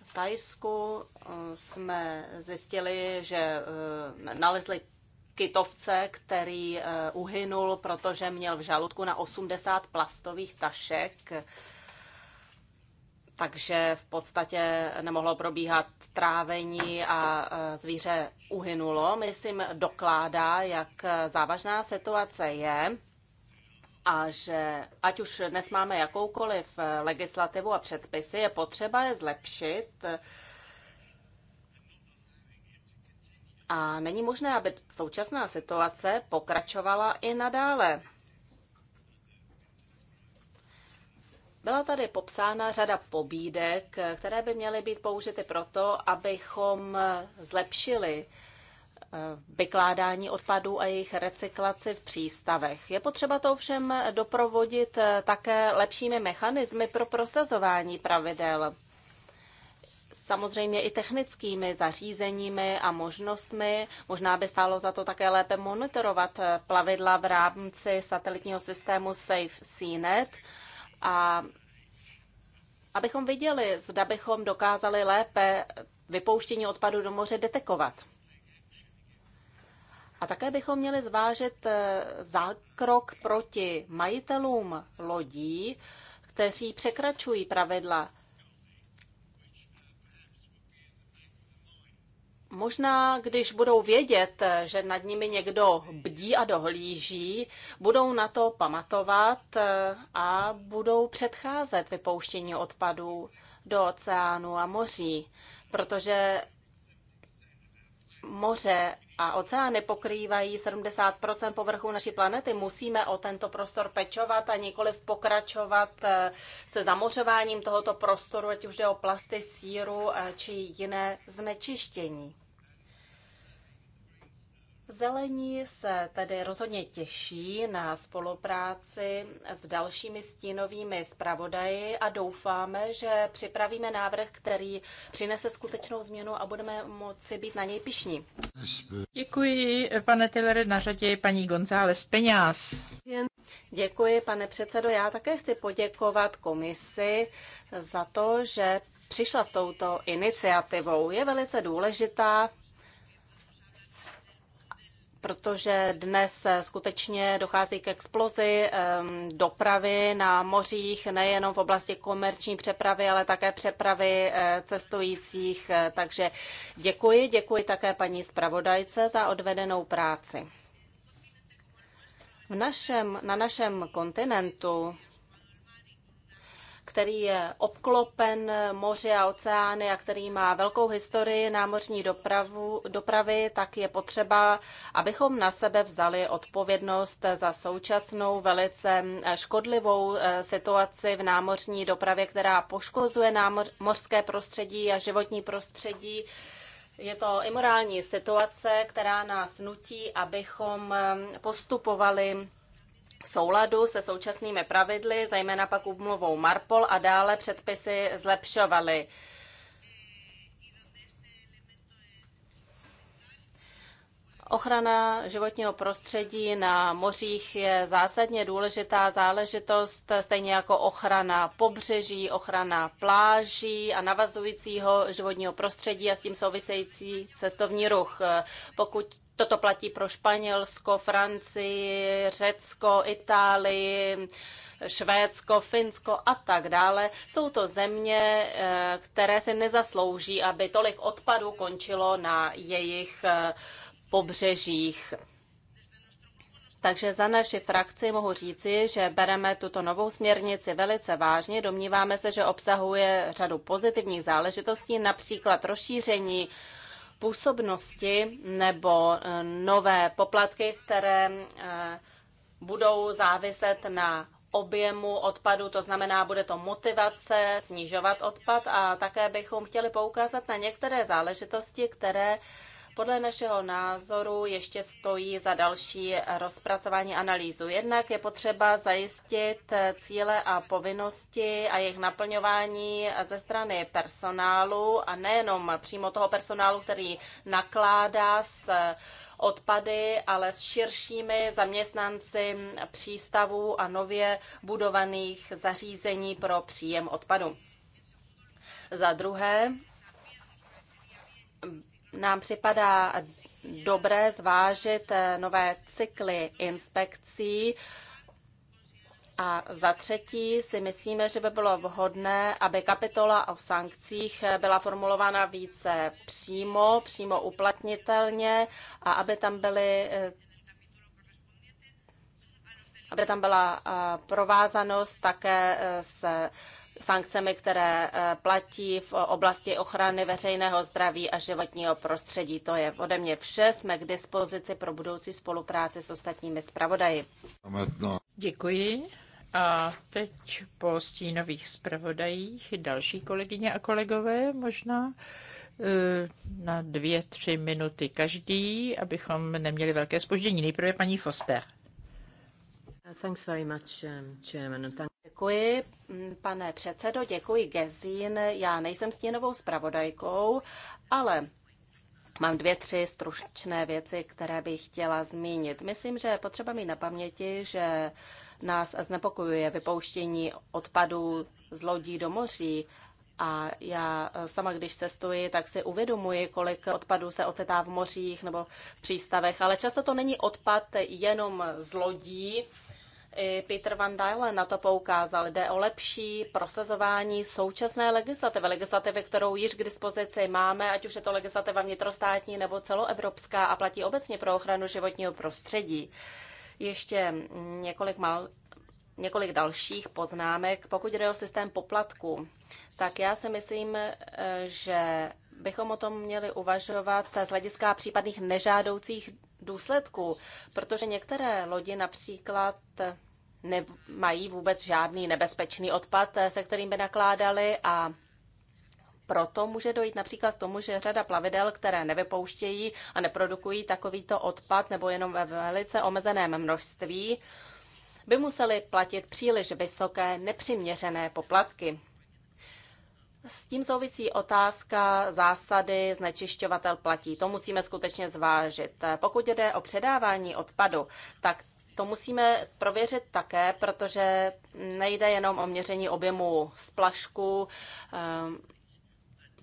Speaker 2: V Tajsku eh, jsme zjistili, že eh, nalezli kytovce, který eh, uhynul, protože měl v žaludku na 80 plastových tašek takže v podstatě nemohlo probíhat trávení a zvíře uhynulo. Myslím, dokládá, jak závažná situace je a že ať už dnes máme jakoukoliv legislativu a předpisy, je potřeba je zlepšit. A není možné, aby současná situace pokračovala i nadále. Byla tady popsána řada pobídek, které by měly být použity proto, abychom zlepšili eh, vykládání odpadů a jejich recyklaci v přístavech. Je potřeba to ovšem doprovodit eh, také lepšími mechanismy pro prosazování pravidel. Samozřejmě i technickými zařízeními a možnostmi. Možná by stálo za to také lépe monitorovat eh, plavidla v rámci satelitního systému Safe SeaNet a abychom viděli, zda bychom dokázali lépe vypouštění odpadu do moře detekovat. A také bychom měli zvážit eh, zákrok proti majitelům lodí, kteří překračují pravidla Možná, když budou vědět, že nad nimi někdo bdí a dohlíží, budou na to pamatovat eh, a budou předcházet vypouštění odpadů do oceánu a moří, protože moře a oceány pokrývají 70 povrchu naší planety. Musíme o tento prostor pečovat a nikoli pokračovat eh, se zamořováním tohoto prostoru, ať už jde o plasty, síru eh, či jiné znečištění. Zelení se tedy rozhodně těší na spolupráci s dalšími stínovými zpravodaji a doufáme, že připravíme návrh, který přinese skutečnou změnu a budeme moci být na
Speaker 1: něj pišní. Děkuji, pane Tillery, na řadě paní González Peňáz.
Speaker 2: Děkuji, pane předsedo. Já také chci poděkovat komisi za to, že přišla s touto iniciativou. Je velice důležitá protože dnes skutečně dochází k explozi dopravy na mořích, nejenom v oblasti komerční přepravy, ale také přepravy eh, cestujících. Eh, takže děkuji, děkuji také paní zpravodajce za odvedenou práci. V našem, na našem kontinentu který je obklopen moři a oceány a který má velkou historii námořní dopravu, dopravy, tak je potřeba, abychom na sebe vzali odpovědnost za současnou velice eh, škodlivou eh, situaci v námořní dopravě, která poškozuje námoř, mořské prostředí a životní prostředí. Je to imorální situace, která nás nutí, abychom eh, postupovali v souladu se současnými pravidly, zejména pak úmluvou Marpol a dále předpisy zlepšovaly. Ochrana životního prostředí na mořích je zásadně důležitá záležitost, stejně jako ochrana pobřeží, ochrana pláží a navazujícího životního prostředí a s tím související cestovní ruch. Pokud toto platí pro Španělsko, Francii, Řecko, Itálii, Švédsko, Finsko a tak dále. Jsou to země, eh, které se nezaslouží, aby tolik odpadu končilo na jejich eh, pobřežích. Takže za naši frakci mohu říci, že bereme tuto novou směrnici velice vážně. Domníváme se, že obsahuje řadu pozitivních záležitostí, například rozšíření působnosti nebo eh, nové poplatky, které eh, budou záviset na objemu odpadu, to znamená, bude to motivace snižovat odpad a také bychom chtěli poukázat na některé záležitosti, které podle našeho názoru ještě stojí za další rozpracování analýzu. Jednak je potřeba zajistit cíle a povinnosti a jejich naplňování ze strany personálu a nejenom přímo toho personálu, který nakládá s odpady, ale s širšími zaměstnanci přístavů a nově budovaných zařízení pro příjem odpadu. Za druhé, nám připadá dobré zvážit eh, nové cykly inspekcí. A za třetí si myslíme, že by bylo vhodné, aby kapitola o sankcích eh, byla formulována více přímo, přímo uplatnitelně a aby tam byly eh, aby tam byla provázanost také s sankcemi, které eh, platí v oblasti ochrany veřejného zdraví a životního prostředí. To je ode mě vše. Jsme k dispozici pro budoucí spolupráci s ostatními zpravodaji.
Speaker 1: Děkuji. A teď po stínových zpravodajích další kolegyně a kolegové možná eh, na dvě, tři minuty každý, abychom neměli velké spoždění. Nejprve paní Foster.
Speaker 2: Uh, thanks very much, um, Chairman. Thank děkuji, mm, pane předsedo, děkuji Gezín. Já nejsem stínovou zpravodajkou, ale Mám dvě, tři stručné věci, které bych chtěla zmínit. Myslím, že je potřeba mít na paměti, že nás znepokojuje vypouštění odpadů z lodí do moří. A já eh, sama, když cestuji, tak si uvědomuji, kolik odpadů se ocetá v mořích nebo v přístavech, ale často to není odpad jenom z lodí, i Peter Van Dyle na to poukázal. Jde o lepší prosazování současné legislativy, legislativy, kterou již k dispozici máme, ať už je to legislativa vnitrostátní nebo celoevropská a platí obecně pro ochranu životního prostředí. Ještě několik mal, několik dalších poznámek. Pokud jde o systém poplatku, tak já si myslím, eh, že bychom o tom měli uvažovat z hlediska případných nežádoucích důsledků, protože některé lodi například nemají vůbec žádný nebezpečný odpad, eh, se kterým by nakládali a proto může dojít například k tomu, že řada plavidel, které nevypouštějí a neprodukují takovýto odpad nebo jenom ve velice omezeném množství, by museli platit příliš vysoké nepřiměřené poplatky. S tím souvisí otázka zásady znečišťovatel platí. To musíme skutečně zvážit. Pokud jde o předávání odpadu, tak to musíme prověřit také, protože nejde jenom o měření objemu splašku, ehm,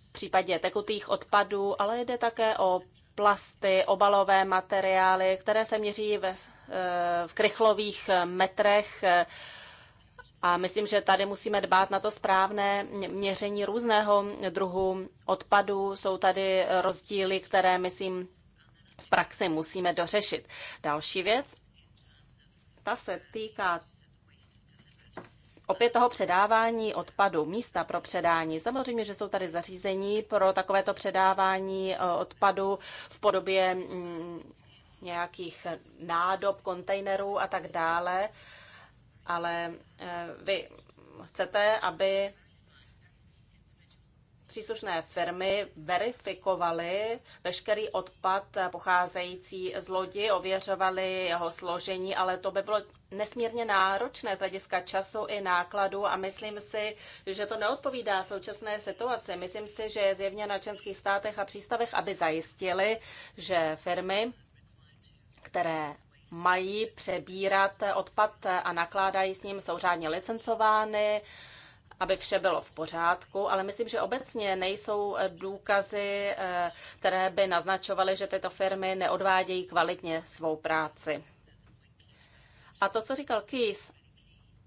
Speaker 2: v případě tekutých odpadů, ale jde také o plasty, obalové materiály, které se měří ve, eh, v krychlových metrech. A myslím, že tady musíme dbát na to správné měření různého druhu odpadů. Jsou tady rozdíly, které, myslím, v praxi musíme dořešit. Další věc, ta se týká opět toho předávání odpadu, místa pro předání. Samozřejmě, že jsou tady zařízení pro takovéto předávání eh, odpadu v podobě mm, nějakých nádob, kontejnerů a tak dále, ale eh, vy chcete, aby příslušné firmy verifikovaly veškerý odpad pocházející z lodi, ověřovaly jeho složení, ale to by bylo nesmírně náročné z hlediska času i nákladu a myslím si, že to neodpovídá současné situaci. Myslím si, že je zjevně na členských státech a přístavech, aby zajistili, že firmy, které mají přebírat odpad a nakládají s ním, jsou řádně licencovány, aby vše bylo v pořádku, ale myslím, že obecně nejsou eh, důkazy, eh, které by naznačovaly, že tyto firmy neodvádějí kvalitně svou práci. A to, co říkal Kýs,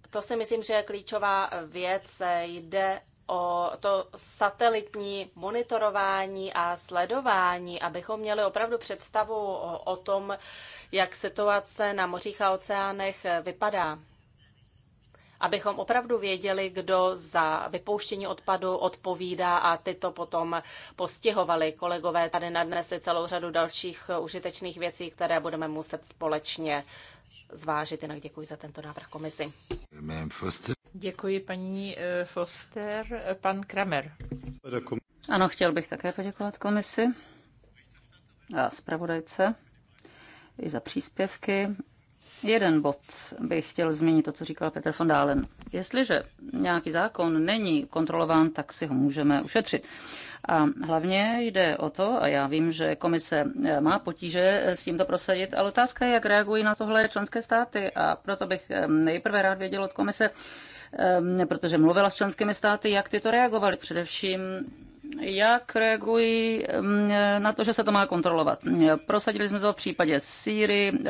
Speaker 2: to si myslím, že je klíčová eh, věc. Jde o to satelitní monitorování a sledování, abychom měli opravdu představu o, o tom, jak situace na mořích a oceánech vypadá abychom opravdu věděli, kdo za vypouštění odpadu odpovídá a ty to potom postihovali. Kolegové tady nadnesli celou řadu dalších užitečných věcí, které budeme muset společně zvážit. Jinak děkuji
Speaker 1: za tento návrh komisi. Děkuji paní eh, Foster. Pan Kramer.
Speaker 3: Ano, chtěl bych také poděkovat komisi a zpravodajce i za příspěvky Jeden bod bych chtěl zmínit to, co říkal Petr von Dálen. Jestliže nějaký zákon není kontrolován, tak si ho můžeme ušetřit. A hlavně jde o to, a já vím, že komise eh, má potíže eh, s tímto prosadit, ale otázka je, jak reagují na tohle členské státy. A proto bych eh, nejprve rád věděl od komise, protože mluvila s členskými státy, jak ty to reagovaly. Především jak reagují mm, na to, že se to má kontrolovat. Prosadili jsme to v případě Sýry, eh,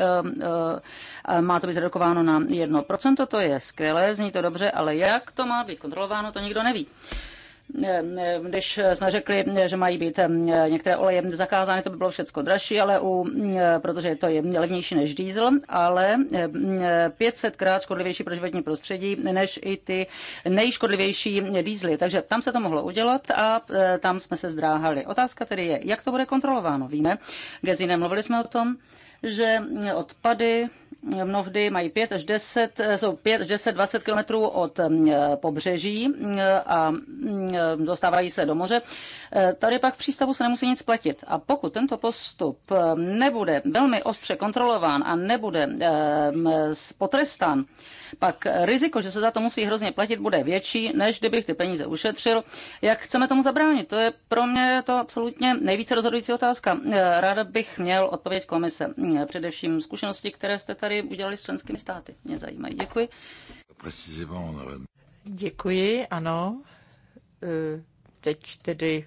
Speaker 3: eh, má to být zredukováno na 1%, to je skvělé, zní to dobře, ale jak to má být kontrolováno, to nikdo neví. Eh, když jsme řekli, že mají být eh, některé oleje zakázány, to by bylo všechno dražší, ale u, eh, protože to je levnější než diesel, ale 500 krát škodlivější pro životní prostředí než i ty nejškodlivější diesely. Takže tam se to mohlo udělat a tam jsme se zdráhali. Otázka tedy je, jak to bude kontrolováno. Víme, Gezine, mluvili jsme o tom, že odpady mnohdy mají 5 až 10, eh, jsou 5 až 10, 20 kilometrů od eh, pobřeží eh, a mm, dostávají se do moře. Tady pak v přístavu se nemusí nic platit. A pokud tento postup nebude velmi ostře kontrolován a nebude mm, potrestán, pak riziko, že se za to musí hrozně platit, bude větší, než kdybych ty peníze ušetřil. Jak chceme tomu zabránit? To je pro mě to absolutně nejvíce rozhodující otázka. Ráda bych měl odpověď komise. Mm, především zkušenosti, které jste tady udělali s členskými státy.
Speaker 1: Mě zajímají. Děkuji. Děkuji, ano. E, teď tedy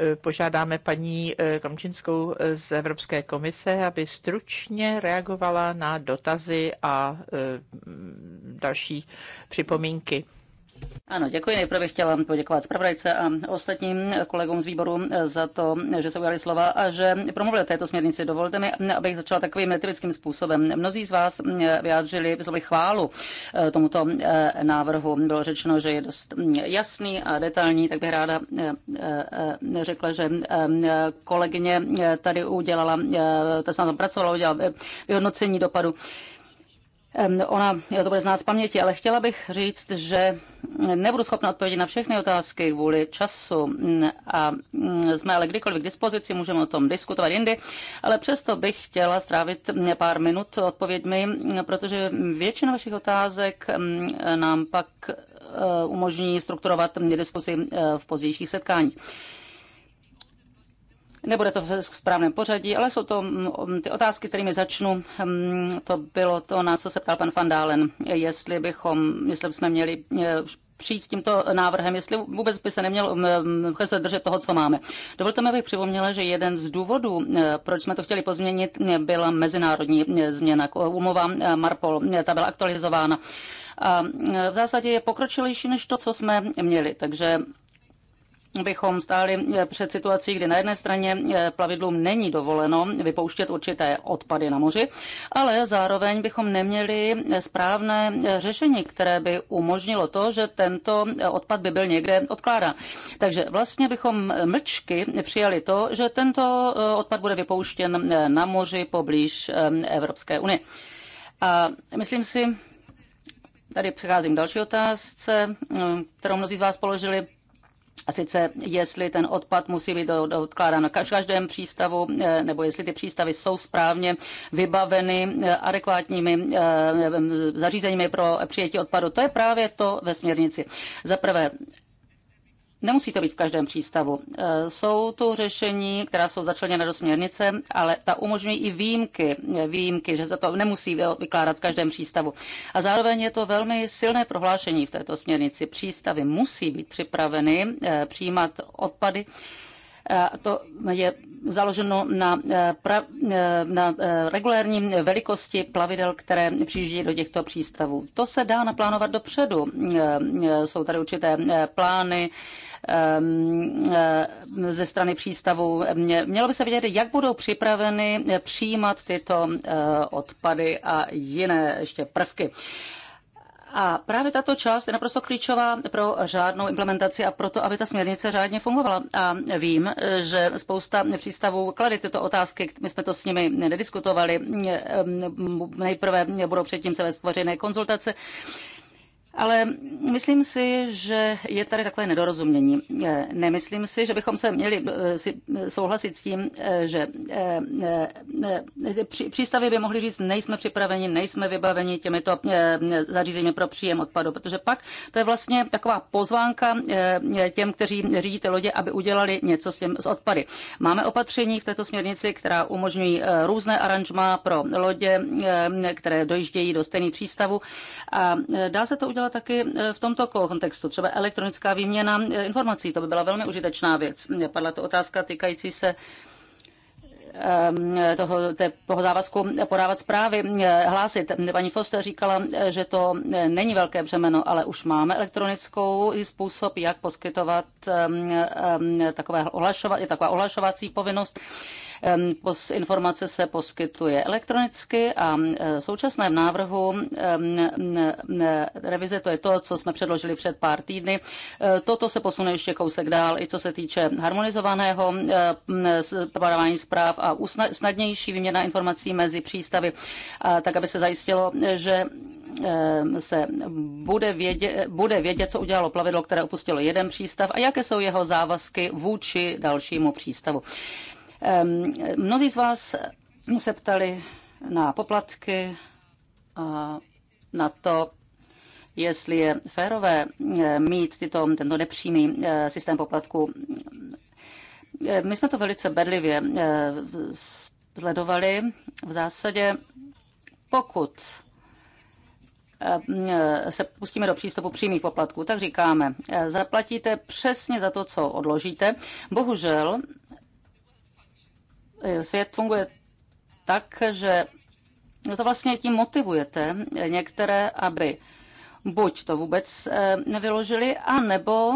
Speaker 1: e, požádáme paní e, Kromčinskou z Evropské komise, aby stručně reagovala na dotazy a další připomínky. Ano, děkuji. Nejprve bych chtěla poděkovat
Speaker 3: zpravodajce a ostatním kolegům z výboru za to, že se ujali slova a že promluvili této směrnici. Dovolte mi, abych začala takovým netypickým způsobem. Mnozí z vás vyjádřili vyslovili chválu eh, tomuto eh, návrhu. Bylo řečeno, že je dost mm, jasný a detailní, tak bych ráda eh, řekla, že kolegyně tady udělala, to na tom pracovala, udělala vyhodnocení dopadu. Ona to bude znát z paměti, ale chtěla bych říct, že nebudu schopna odpovědět na všechny otázky kvůli času a mm, jsme ale kdykoliv k dispozici, můžeme o tom diskutovat jindy, ale přesto bych chtěla strávit pár minut odpověďmi, protože většina vašich otázek nám pak eh, umožní strukturovat diskusy eh, v pozdějších setkáních. Nebude to v správném pořadí, ale jsou to mm, mm, ty otázky, kterými začnu. Mm, to bylo to, na co se ptal pan Van Dalen, jestli bychom, jestli bychom měli eh, přijít s tímto návrhem, jestli vůbec by se neměl se držet toho, co máme. Dovolte mi, abych připomněla, že jeden z důvodů, eh, proč jsme to chtěli pozměnit, eh, byla mezinárodní změna. Umova Marpol, ta byla aktualizována. A v zásadě je pokročilejší než to, co jsme měli. Takže bychom stáli eh, před situací, kdy na jedné straně eh, plavidlům není dovoleno vypouštět určité odpady na moři, ale zároveň bychom neměli eh, správné řešení, které by umožnilo to, že tento odpad by byl někde odkládán. Takže vlastně bychom mlčky přijali to, že tento odpad bude vypouštěn na moři poblíž Evropské unie. A myslím si, tady přecházím k další otázce, kterou mnozí z vás položili a sice, jestli ten odpad musí být odkládán na každém přístavu, eh, nebo jestli ty přístavy jsou správně vybaveny eh, adekvátními eh, zařízeními pro přijetí odpadu. To je právě to ve směrnici. Za prvé, to být v každém přístavu. E, jsou tu řešení, která jsou začleněna do směrnice, ale ta umožňují i výjimky, e, výjimky, že se to nemusí vykládat v každém přístavu. A zároveň je to velmi silné prohlášení v této směrnici. Přístavy musí být připraveny e, přijímat odpady Eh, to je založeno na, eh, pra, eh, na regulérní velikosti plavidel, které přijíždí do těchto přístavů. To se dá naplánovat dopředu. Jsou tady určité plány ehm, ze strany přístavu. Mělo by se vědět, jak budou připraveny přijímat tyto odpady a jiné ještě prvky. A právě tato část je naprosto klíčová pro řádnou implementaci a proto, aby ta směrnice řádně fungovala. A vím, že spousta přístavů klade tyto otázky, my jsme to s nimi nediskutovali. Ehm, nejprve budou předtím se stvořené konzultace ale myslím si, že je tady takové nedorozumění. Eh, nemyslím si, že bychom se měli eh, eh, souhlasit s tím, že přístavy by mohly říct, nejsme připraveni, nejsme vybaveni těmito zařízeními pro příjem odpadu, protože pak to je vlastně taková pozvánka těm, kteří řídí ty lodě, aby udělali něco s, tím z odpady. Máme opatření v této směrnici, která umožňují různé aranžma pro lodě, které dojíždějí do stejných přístavu, a dá se to udělat používat taky e, v tomto kontextu, třeba elektronická výměna e, informací, to by byla velmi užitečná věc. Padla to otázka týkající se e, toho, té, toho závazku podávat zprávy, hlásit. Paní Foster říkala, že to není velké břemeno, ale už máme elektronickou i způsob, jak poskytovat takové ohlašova, taková ohlašovací povinnost. Informace se poskytuje elektronicky a v současném návrhu revize, to je to, co jsme předložili před pár týdny, e, toto se posune ještě kousek dál, i co se týče harmonizovaného podávání zpráv a snadnější výměna informací mezi přístavy, tak aby se zajistilo, že se bude vědět, bude vědět, co udělalo plavidlo, které opustilo jeden přístav a jaké jsou jeho závazky vůči dalšímu přístavu. Mnozí z vás se ptali na poplatky a na to, jestli je férové eh, mít tyto, tento nepřímý eh, systém poplatku. Eh, my jsme to velice bedlivě sledovali. V zásadě, pokud se pustíme do přístupu přímých poplatků, tak říkáme, zaplatíte přesně za to, co odložíte. Bohužel Eh, svět funguje tak, že no to vlastně tím motivujete některé, aby buď to vůbec eh, nevyložili, anebo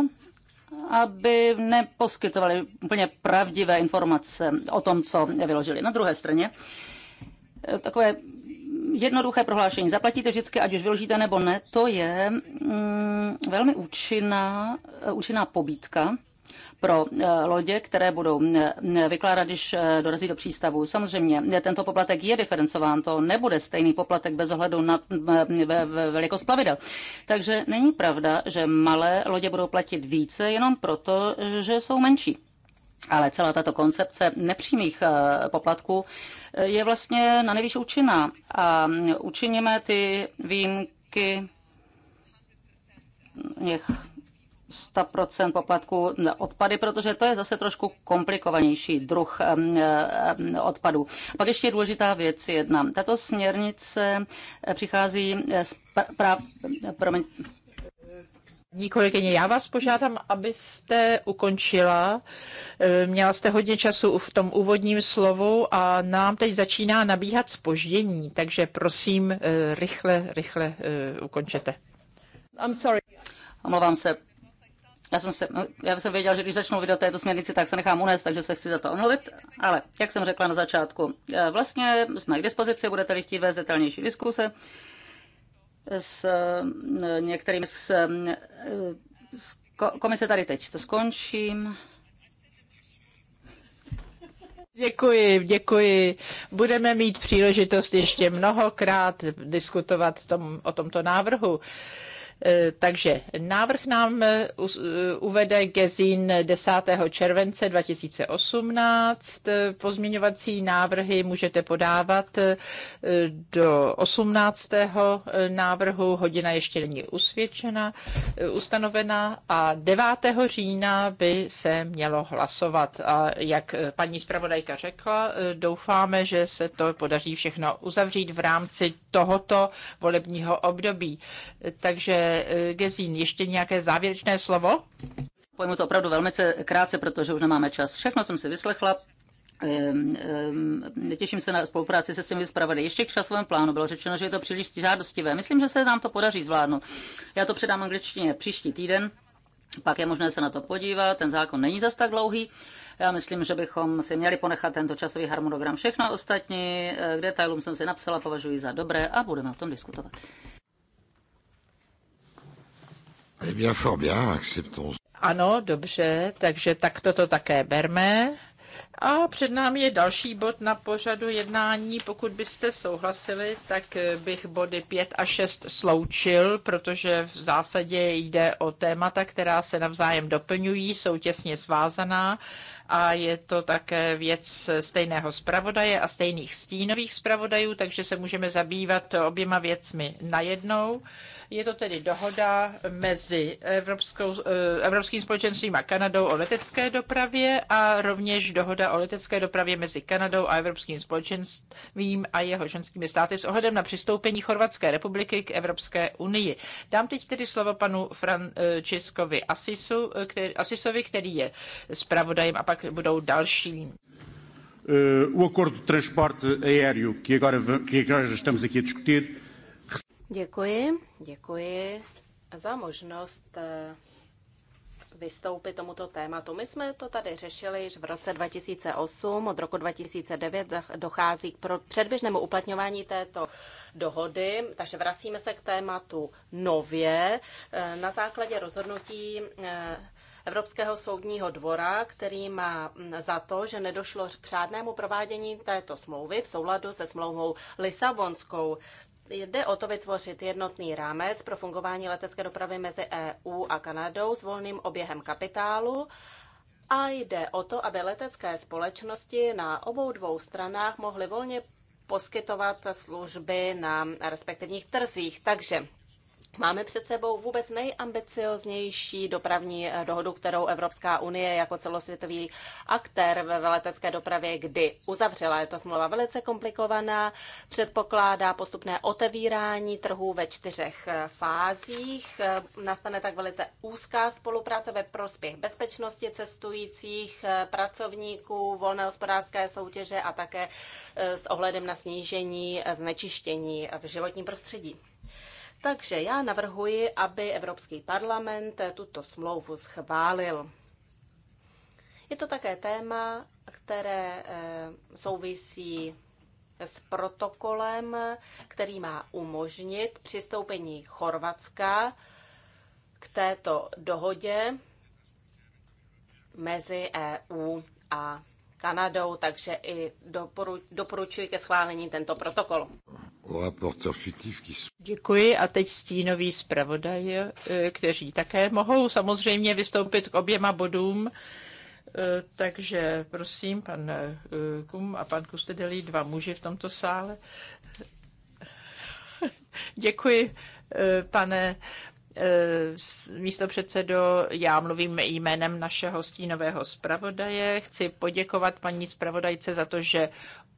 Speaker 3: aby neposkytovali úplně pravdivé informace o tom, co vyložili. Na druhé straně eh, takové jednoduché prohlášení. Zaplatíte vždycky, ať už vyložíte nebo ne, to je mm, velmi účinná, účinná pobídka pro eh, lodě, které budou eh, eh, vykládat, když dorazí do přístavu. Samozřejmě tento poplatek je diferencován, to nebude stejný poplatek bez ohledu na velikost plavidel. Takže není pravda, že malé lodě budou platit více jenom proto, že jsou menší. Ale celá tato koncepce nepřímých poplatků je vlastně na nejvyšší účinná. A mm, učiníme ty výjimky nech 100% na odpady, protože to je zase trošku komplikovanější druh odpadů. Pak ještě důležitá věc jedna. Tato směrnice eh, přichází z
Speaker 1: eh, pra, Kolegyně, já vás požádám, abyste ukončila. Eh, měla jste hodně času v tom úvodním slovu a nám teď začíná nabíhat spoždění, takže prosím, rychle, rychle ukončete.
Speaker 3: I'm sorry. Omlouvám se, já jsem, se, já jsem věděl, že když začnou video této směrnici, tak se nechám unést, takže se chci za to omluvit. Ale jak jsem řekla na začátku, eh, vlastně jsme k dispozici, budete-li chtít vést detailnější diskuse s eh, některými z, z eh, komise tady teď to skončím.
Speaker 1: Děkuji, děkuji. Budeme mít příležitost ještě mnohokrát diskutovat tom, o tomto návrhu. Eh, takže návrh nám eh, eh, uvede Gezin 10. července 2018. Pozměňovací návrhy můžete podávat do 18. návrhu. Hodina ještě není usvědčena, ustanovena a 9. října by se mělo hlasovat. A jak paní zpravodajka řekla, doufáme, že se to podaří všechno uzavřít v rámci tohoto volebního období. Takže eh, Gezín, ještě nějaké závěrečné slovo? Pojmu
Speaker 3: to opravdu velmi krátce, protože už nemáme čas. Všechno jsem si vyslechla. Netěším ehm, ehm, se na spolupráci se svými zpravody. Ještě k časovému plánu bylo řečeno, že je to příliš žádostivé. Myslím, že se nám to podaří zvládnout. Já to předám angličtině příští týden, pak je možné se na to podívat. Ten zákon není zas tak dlouhý. Já myslím, že bychom si měli ponechat tento časový harmonogram. Všechno ostatní eh, k detailům jsem si napsala, považuji za dobré a budeme o tom diskutovat.
Speaker 1: Eh bien, fort bien, acceptons. Ano, dobře, takže takto to také berme. A před námi je další bod na pořadu jednání. Pokud byste souhlasili, tak bych body 5 a 6 sloučil, protože v zásadě jde o témata, která se navzájem doplňují, jsou těsně svázaná a je to také věc stejného zpravodaje a stejných stínových zpravodajů, takže se můžeme zabývat oběma věcmi najednou. Je to tedy dohoda mezi Evropskou, eh, Evropským společenstvím a Kanadou o letecké dopravě a rovněž dohoda o letecké dopravě mezi Kanadou a Evropským společenstvím a jeho členskými státy s ohledem na přistoupení Chorvatské republiky k Evropské unii. Dám teď tedy slovo panu Franciskovi Asisu, který, Asisovi, který je zpravodajem a pak budou další. Uh, o acordo de transporte aéreo que agora, que agora estamos aqui a discutir Děkuji,
Speaker 2: děkuji za možnost eh, vystoupit tomuto tématu. My jsme to tady řešili již v roce 2008. Od roku 2009 dochází k předběžnému uplatňování této dohody, takže vracíme se k tématu nově eh, na základě rozhodnutí eh, Evropského soudního dvora, který má mm, za to, že nedošlo k řádnému provádění této smlouvy v souladu se smlouvou Lisabonskou. Jde o to vytvořit jednotný rámec pro fungování letecké dopravy mezi EU a Kanadou s volným oběhem kapitálu a jde o to, aby letecké společnosti na obou dvou stranách mohly volně poskytovat služby na respektivních trzích. Takže Máme před sebou vůbec nejambicioznější dopravní eh, dohodu, kterou Evropská unie jako celosvětový aktér ve letecké dopravě kdy uzavřela. Je to smlouva velice komplikovaná, předpokládá postupné otevírání trhů ve čtyřech eh, fázích. Eh, nastane tak velice úzká spolupráce ve prospěch bezpečnosti cestujících, pracovníků, volné hospodářské soutěže a také s ohledem na snížení znečištění v životním prostředí. Takže já navrhuji, aby Evropský parlament tuto smlouvu schválil. Je to také téma, které eh, souvisí s protokolem, který má umožnit přistoupení Chorvatska k této dohodě mezi EU a Kanadou, takže i doporučuji ke schválení tento protokol.
Speaker 1: Děkuji a teď stínový zpravodaj, eh, kteří také mohou samozřejmě vystoupit k oběma bodům. Eh, takže prosím, pan eh, Kum a pan Kustedelí, dva muži v tomto sále. Děkuji, pane místo předsedo, já mluvím jménem našeho stínového zpravodaje. Chci poděkovat paní zpravodajce za to, že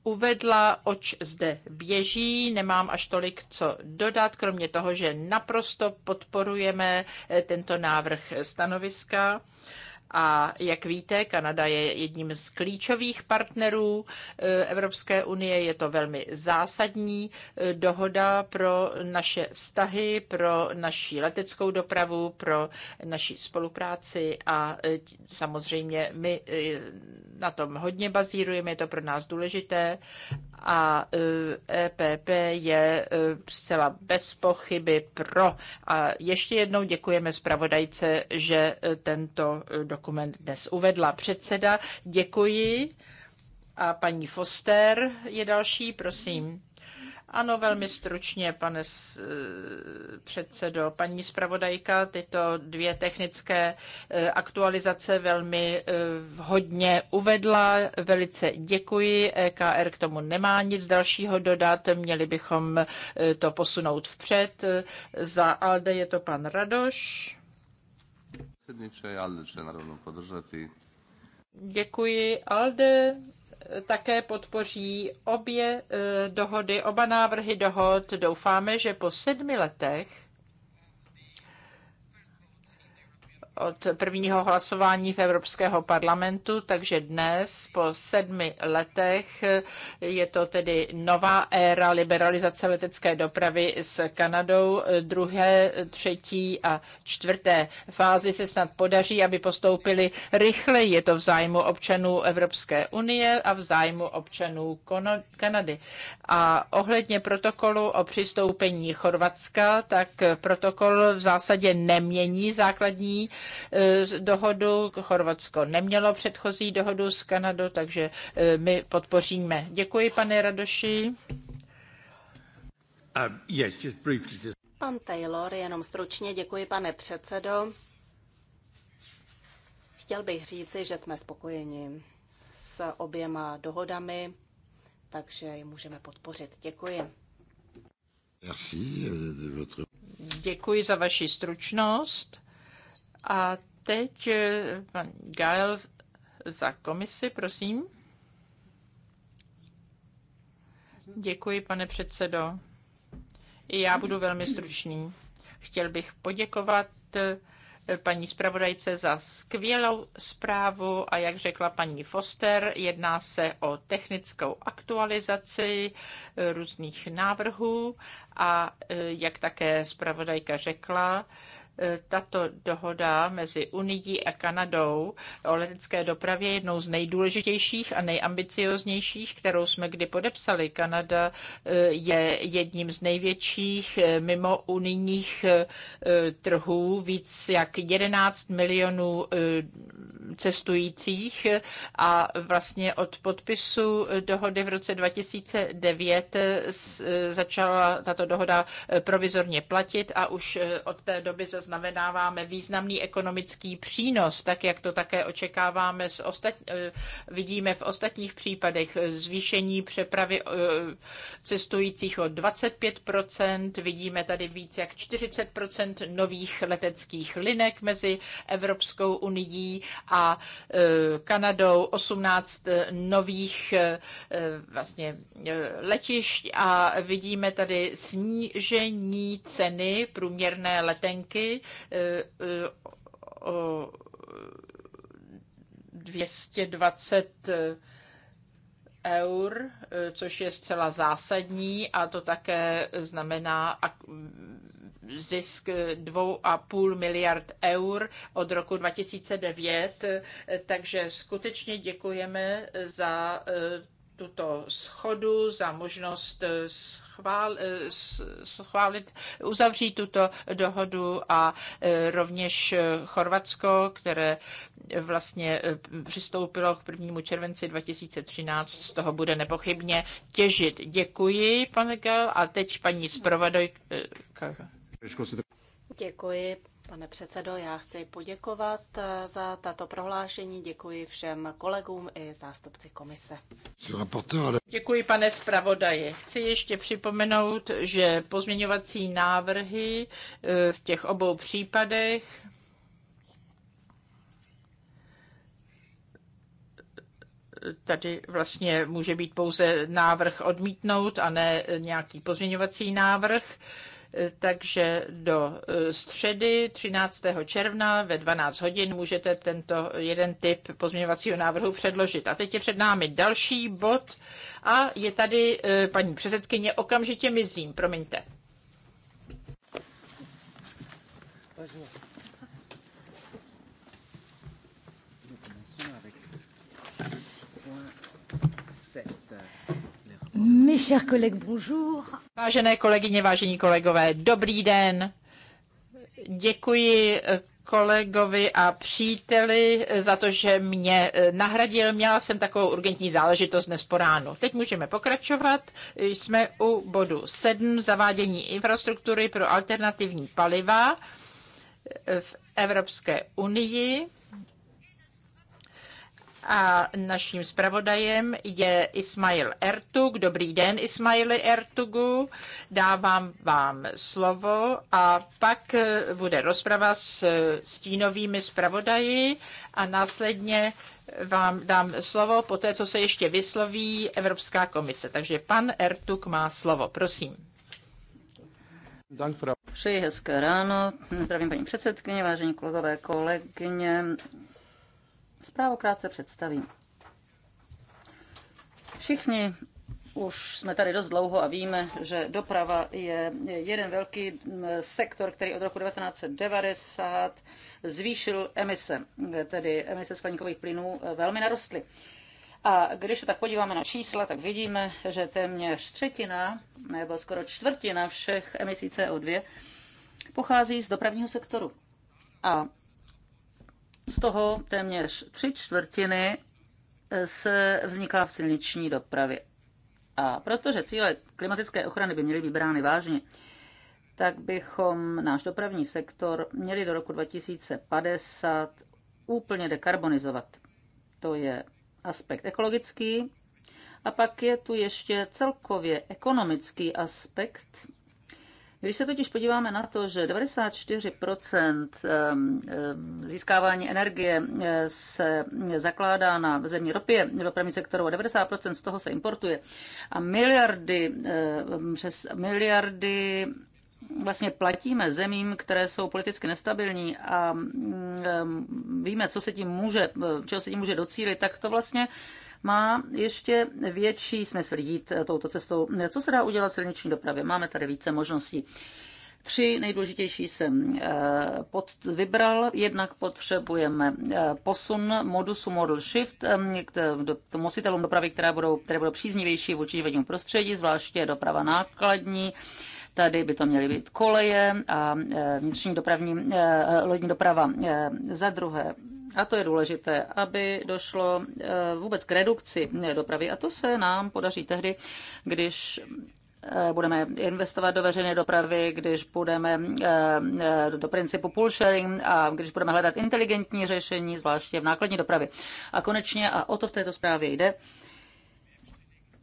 Speaker 1: uvedla, oč zde běží. Nemám až tolik co dodat, kromě toho, že naprosto podporujeme eh, tento návrh stanoviska. A jak víte, Kanada je jedním z klíčových partnerů e, Evropské unie. Je to velmi zásadní e, dohoda pro naše vztahy, pro naši leteckou dopravu, pro naši spolupráci a e, samozřejmě my na tom hodně bazírujeme, je to pro nás důležité a EPP e je e, zcela bez pochyby pro. A ještě jednou děkujeme zpravodajce, že e, tento dokument dnes uvedla předseda. Děkuji. A paní Foster je další, prosím. Ano, velmi stručně, pane eh, předsedo. Paní zpravodajka tyto dvě technické eh, aktualizace velmi eh, hodně uvedla. Velice děkuji. EKR k tomu nemá nic dalšího dodat. Měli bychom to posunout vpřed. Za ALDE je to pan Radoš.
Speaker 2: Předniče, ALDE
Speaker 1: Děkuji. ALDE také podpoří obě eh, dohody, oba návrhy dohod. Doufáme, že po sedmi letech od prvního hlasování v Evropského parlamentu, takže dnes po sedmi letech je to tedy nová éra liberalizace letecké dopravy s Kanadou. Druhé, třetí a čtvrté fázi se snad podaří, aby postoupili rychle. Je to v zájmu občanů Evropské unie a v zájmu občanů Kanady. A ohledně protokolu o přistoupení Chorvatska, tak protokol v zásadě nemění základní Eh, dohodu. Chorvatsko nemělo předchozí dohodu s Kanadou, takže eh, my podpoříme. Děkuji, pane Radoši. Um, Pan
Speaker 2: Taylor, jenom stručně děkuji, pane předsedo. Chtěl bych říci, že jsme spokojeni s oběma dohodami,
Speaker 1: takže je můžeme podpořit. Děkuji. Eh, děkuji za vaši stručnost. A teď eh, pan Gael za komisi, prosím. Děkuji, pane předsedo.
Speaker 2: Já budu velmi stručný.
Speaker 1: Chtěl bych poděkovat eh, paní zpravodajce za skvělou zprávu a jak řekla paní Foster, jedná se o technickou aktualizaci eh, různých návrhů a jak také zpravodajka řekla, E, tato dohoda mezi Unií a Kanadou o letecké dopravě je jednou z nejdůležitějších a nejambicioznějších, kterou jsme kdy podepsali. Kanada e, je jedním z největších e, mimo unijních trhů, víc jak 11 milionů cestujících a vlastně od podpisu dohody v roce 2009 začala tato dohoda provizorně platit a už od té doby zase zaznamenáváme významný ekonomický přínos, tak jak to také očekáváme, z ostat... Eh, vidíme v ostatních případech zvýšení přepravy eh, cestujících o 25 vidíme tady víc jak 40 nových leteckých linek mezi Evropskou unii a eh, Kanadou, 18 nových vlastně letišť a vidíme tady snížení ceny průměrné letenky Eh, eh, o 220 eh, eur, což je zcela zásadní a to také znamená zisk 2,5 miliard eur od roku 2009. Takže skutečně děkujeme za tuto schodu, za možnost eh, schvál, eh, schválit, uzavřít tuto dohodu a eh, rovněž Chorvatsko, které vlastně přistoupilo k 1. červenci 2013, z toho bude nepochybně těžit. Děkuji, pane Gal, a teď paní zpravodajka.
Speaker 2: Děkuji, Pane předsedo, já chci poděkovat eh, za tato prohlášení. Děkuji všem kolegům i zástupci komise. Děkuji,
Speaker 1: pane zpravodaji. Chci ještě připomenout, že pozměňovací návrhy eh, v těch obou případech tady vlastně může být pouze návrh odmítnout a ne nějaký pozměňovací návrh. Takže do e, středy 13. června ve 12 hodin můžete tento jeden typ pozměňovacího návrhu předložit. A teď je před námi další bod a je tady e, paní předsedkyně, okamžitě mizím, promiňte. Bonjour. Mes chers collègues, bonjour. Vážené kolegyně, vážení kolegové, dobrý den. Děkuji eh, kolegovi a příteli eh, za to, že mě eh, nahradil. Měla jsem takovou urgentní záležitost dnes po ránu. Teď můžeme pokračovat. Jsme u bodu 7, zavádění infrastruktury pro alternativní paliva v Evropské unii a naším zpravodajem je Ismail Ertug. Dobrý den, Ismaili Ertugu. Dávám vám slovo a pak bude rozprava s stínovými zpravodaji a následně vám dám slovo po té, co se ještě vysloví Evropská komise. Takže pan Ertug má slovo, prosím.
Speaker 2: Přeji
Speaker 3: hezké ráno. Zdravím paní předsedkyně, vážení kolegové, kolegyně. Zprávu krátce představím. Všichni už jsme tady dost dlouho a víme, že doprava je jeden velký sektor, který od roku 1990 zvýšil emise, tedy emise skleníkových plynů e, velmi narostly. A když se tak podíváme na čísla, tak vidíme, že téměř třetina nebo skoro čtvrtina všech emisí CO2 pochází z dopravního sektoru. A z toho téměř tři čtvrtiny eh, se vzniká v silniční dopravě. A protože cíle klimatické ochrany by měly vybrány vážně, tak bychom náš dopravní sektor měli do roku 2050 úplně dekarbonizovat. To je aspekt ekologický. A pak je tu ještě celkově ekonomický aspekt, když se totiž podíváme na to, že 94% získávání energie eh, se zakládá na zemní ropě, dopravní sektoru a 90% z toho se importuje a miliardy, přes miliardy vlastně platíme zemím, které jsou politicky nestabilní a víme, co se tím může, čeho se tím může docílit, tak to vlastně má ještě větší smysl jít eh, touto cestou. Co se dá udělat v silniční dopravě? Máme tady více možností. Tři nejdůležitější jsem eh, pod, vybral. Jednak potřebujeme eh, posun modusu model shift k nositelům dopravy, které budou, které budou příznivější vůči životnímu prostředí, zvláště doprava nákladní. Tady by to měly být koleje a vnitřní dopravní lodní doprava za druhé a to je důležité, aby došlo eh, vůbec k redukci dopravy. A to se nám podaří tehdy, když eh, budeme investovat do veřejné dopravy, když budeme eh, do principu pool sharing a když budeme hledat inteligentní řešení, zvláště v nákladní dopravě. A konečně, a o to v této zprávě jde,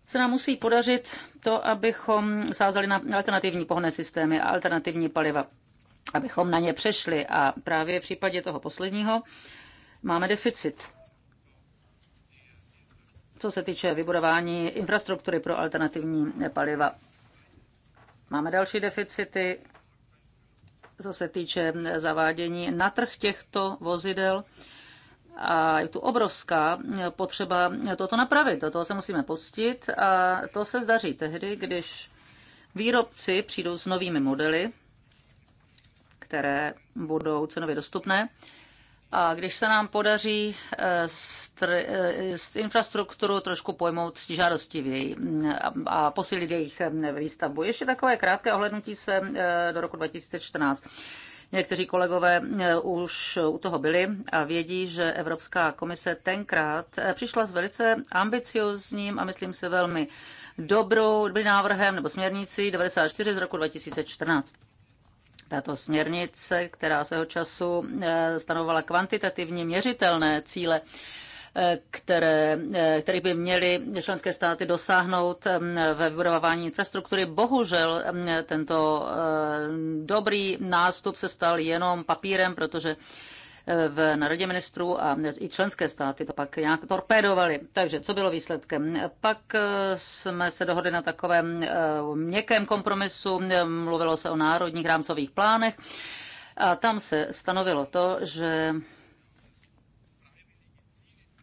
Speaker 3: se nám musí podařit to, abychom sázeli na alternativní pohonné systémy a alternativní paliva, abychom na ně přešli. A právě v případě toho posledního, máme deficit. Co se týče vybudování infrastruktury pro alternativní paliva, máme další deficity. Co se týče zavádění na trh těchto vozidel, a je tu obrovská potřeba toto napravit. Do toho se musíme pustit a to se zdaří tehdy, když výrobci přijdou s novými modely, které budou cenově dostupné a když se nám podaří eh, eh, infrastrukturu trošku pojmout žádostivěji mm, a posílit jejich mm, výstavbu. Ještě takové krátké ohlednutí se eh, do roku 2014. Někteří kolegové už u toho byli a vědí, že Evropská komise tenkrát přišla s velice ambiciozním a myslím si velmi dobrou návrhem nebo směrnicí 94 z roku 2014. Tato směrnice, která svého času eh, stanovala kvantitativně měřitelné cíle, eh, které, eh, které by měly členské státy dosáhnout ve vybudování infrastruktury. Bohužel tento dobrý nástup se stal jenom papírem, protože v, na radě ministrů a i členské státy to pak nějak torpédovaly. Takže co bylo výsledkem? Pak eh, jsme se dohodli na takovém eh, měkkém kompromisu, mluvilo se o národních rámcových plánech a tam se stanovilo to, že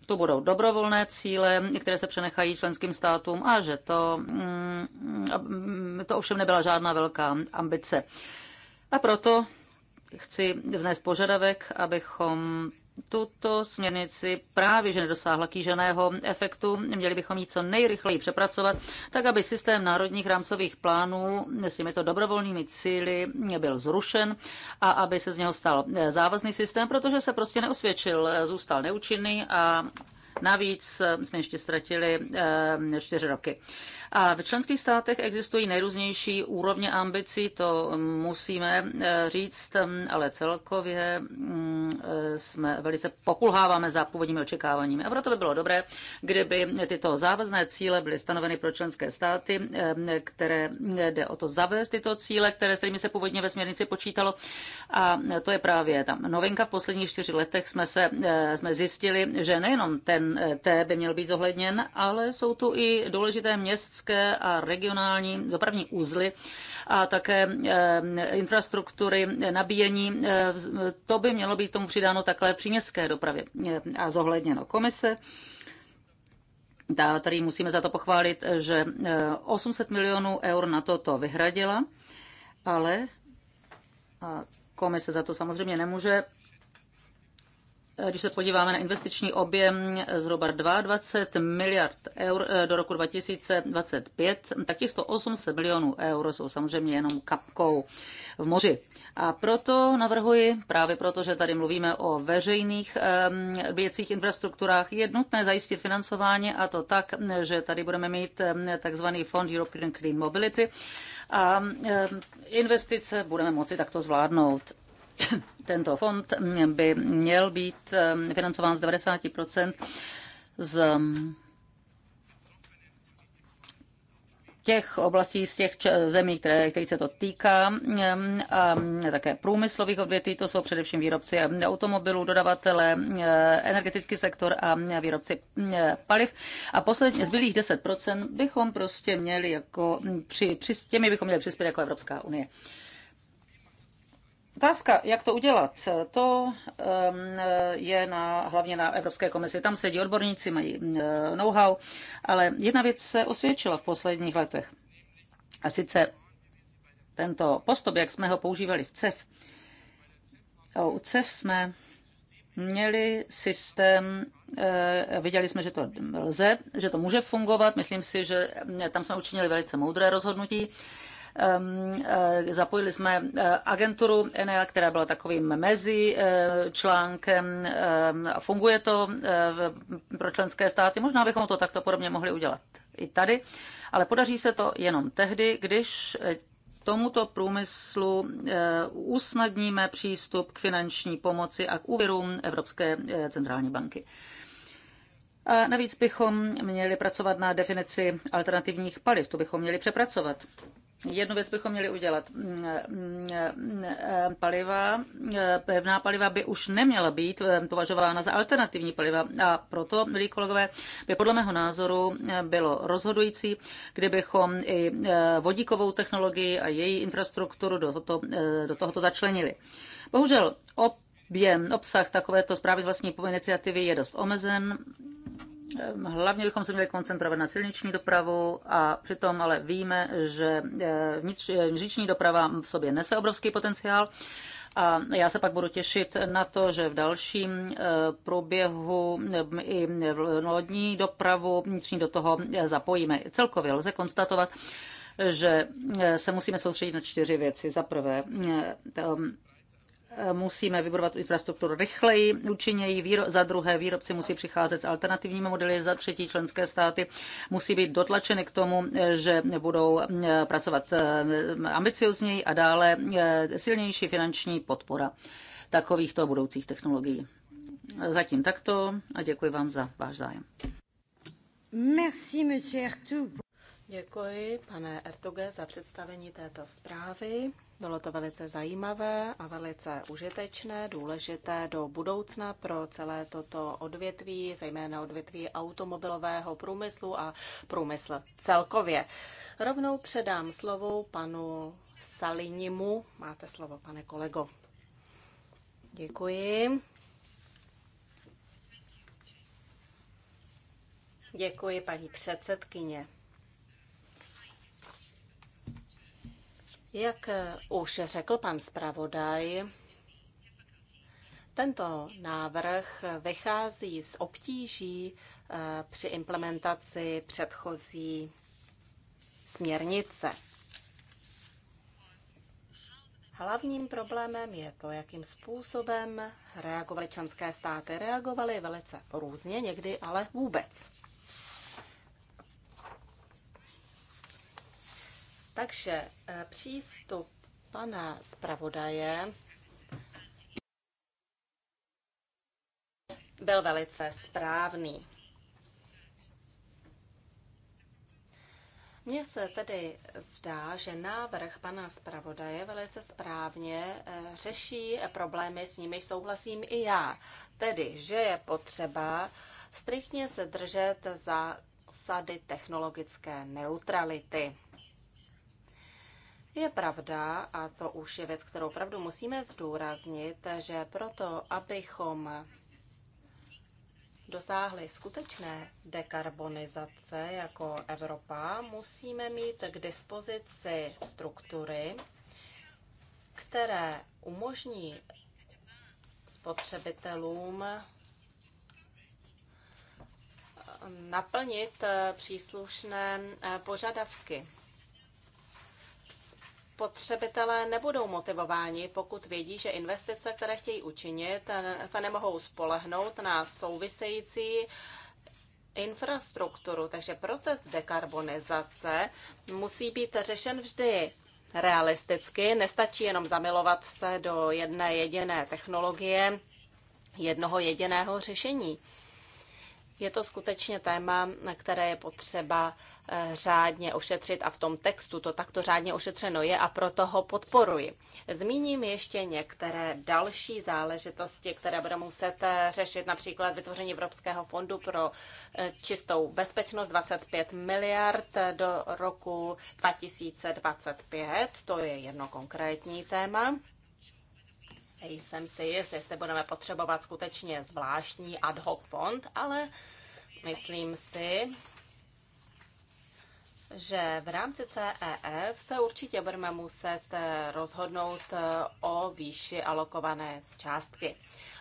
Speaker 3: to budou dobrovolné cíle, které se přenechají členským státům a že to, mm, mm, mm, to ovšem nebyla žádná velká ambice. A proto chci vznést požadavek, abychom tuto směrnici právě, že nedosáhla kýženého efektu. Měli bychom ji co nejrychleji přepracovat, tak aby systém národních rámcových plánů s těmito dobrovolnými cíly byl zrušen a aby se z něho stal závazný systém, protože se prostě neosvědčil, zůstal neúčinný a Navíc jsme ještě ztratili eh, čtyři roky. A v členských státech existují nejrůznější úrovně ambicí, to musíme eh, říct, mm, ale celkově mm, eh, jsme velice pokulháváme za původními očekáváními. A proto by bylo dobré, kdyby tyto závazné cíle byly stanoveny pro členské státy, eh, které jde o to zavést tyto cíle, které, s kterými se původně ve směrnici počítalo. A to je právě ta novinka. V posledních čtyři letech jsme, se, jsme zjistili, že nejenom ten T by měl být zohledněn, ale jsou tu i důležité městce městské a regionální dopravní úzly a také eh, infrastruktury nabíjení. Eh, to by mělo být tomu přidáno takhle v městské dopravě eh, a zohledněno komise. Tady musíme za to pochválit, že 800 milionů eur na toto vyhradila, ale komise za to samozřejmě nemůže, když se podíváme na investiční objem zhruba 22 miliard eur eh, do roku 2025, tak těchto 800 milionů eur jsou samozřejmě jenom kapkou v moři. A proto navrhuji, právě proto, že tady mluvíme o veřejných ehm, věcích infrastrukturách, je nutné zajistit financování a to tak, že tady budeme mít ehm, takzvaný fond European Clean Mobility a ehm, investice budeme moci takto zvládnout. Tento fond by měl být ehm, financován z 90 z ehm, těch oblastí, z těch zemí, které, kterých se to týká, ehm, a také průmyslových odvětví, to jsou především výrobci automobilů, dodavatele, energetický sektor a výrobci paliv. A posledně zbylých 10% bychom prostě měli jako, při, při, těmi bychom měli přispět jako Evropská unie. Otázka, jak to udělat, to je na, hlavně na Evropské komisi. Tam sedí odborníci, mají know-how, ale jedna věc se osvědčila v posledních letech. A sice tento postup, jak jsme ho používali v CEF, u CEF jsme měli systém, eh, viděli jsme, že to lze, že to může fungovat. Myslím si, že tam jsme učinili velice moudré rozhodnutí. Eh, zapojili jsme eh, agenturu ENEA, která byla takovým mezi eh, článkem funguje to pro členské státy. Možná bychom to takto podobně mohli udělat i tady, ale podaří se to jenom tehdy, když tomuto průmyslu usnadníme přístup k finanční pomoci a k úvěrům Evropské centrální banky. A navíc bychom měli pracovat na definici alternativních paliv, to bychom měli přepracovat. Jednu věc bychom měli udělat. Mm, mm, mm, paliva, pevná paliva by už neměla být považována za alternativní paliva a proto, milí kolegové, by podle mého názoru bylo rozhodující, kdybychom i vodíkovou technologii a její infrastrukturu do, tohoto, do tohoto začlenili. Bohužel objem, obsah takovéto zprávy z vlastní iniciativy je dost omezen Ehm, hlavně bychom se měli koncentrovat na silniční dopravu a přitom ale víme, že eh, eh, vnitřní doprava v sobě nese obrovský potenciál. A já se pak budu těšit na to, že v dalším eh, průběhu ehm, i lodní dopravu vnitřní do toho zapojíme. Celkově lze konstatovat, že se musíme soustředit na čtyři věci. Za prvé, ehm, musíme vybudovat infrastrukturu rychleji, účinněji, výro... za druhé výrobci musí přicházet s alternativními modely, za třetí členské státy musí být dotlačeny k tomu, že budou eh, pracovat eh, ambiciozněji a dále eh, silnější finanční podpora takovýchto budoucích technologií. Zatím takto a děkuji vám za váš zájem.
Speaker 2: Merci, monsieur Děkuji, pane Ertuge, za představení této zprávy. Bylo to velice zajímavé a velice užitečné, důležité do budoucna pro celé toto odvětví, zejména odvětví automobilového průmyslu a průmysl celkově. Rovnou předám slovo panu Salinimu. Máte slovo, pane kolego. Děkuji. Děkuji, paní předsedkyně. Jak eh, už řekl pan zpravodaj, tento návrh vychází z obtíží eh, při implementaci předchozí směrnice. Hlavním problémem je to, jakým způsobem reagovaly členské státy. Reagovaly velice různě, někdy ale vůbec. Takže eh, přístup pana zpravodaje byl velice správný. Mně se tedy zdá, že návrh pana zpravodaje velice správně eh, řeší problémy, s nimiž souhlasím i já. Tedy, že je potřeba striktně se držet zásady technologické neutrality. Je pravda, a to už je věc, kterou opravdu musíme zdůraznit, že proto, abychom dosáhli skutečné dekarbonizace jako Evropa, musíme mít k dispozici struktury, které umožní spotřebitelům naplnit příslušné požadavky spotřebitelé nebudou motivováni, pokud vědí, že investice, které chtějí učinit, eh, se nemohou spolehnout na související infrastrukturu. Takže proces dekarbonizace musí být řešen vždy realisticky. Nestačí jenom zamilovat se do jedné jediné technologie, jednoho jediného řešení. Je to skutečně téma, na které je potřeba řádně ošetřit a v tom textu to takto řádně ošetřeno je a proto ho podporuji. Zmíním ještě některé další záležitosti, které budeme muset eh, řešit, například vytvoření Evropského fondu pro eh, čistou bezpečnost 25 miliard eh, do roku 2025. To je jedno konkrétní téma. Jsem si jist, jestli budeme potřebovat skutečně zvláštní ad hoc fond, ale myslím si, že v rámci CEF se určitě budeme muset eh, rozhodnout eh, o výši alokované částky.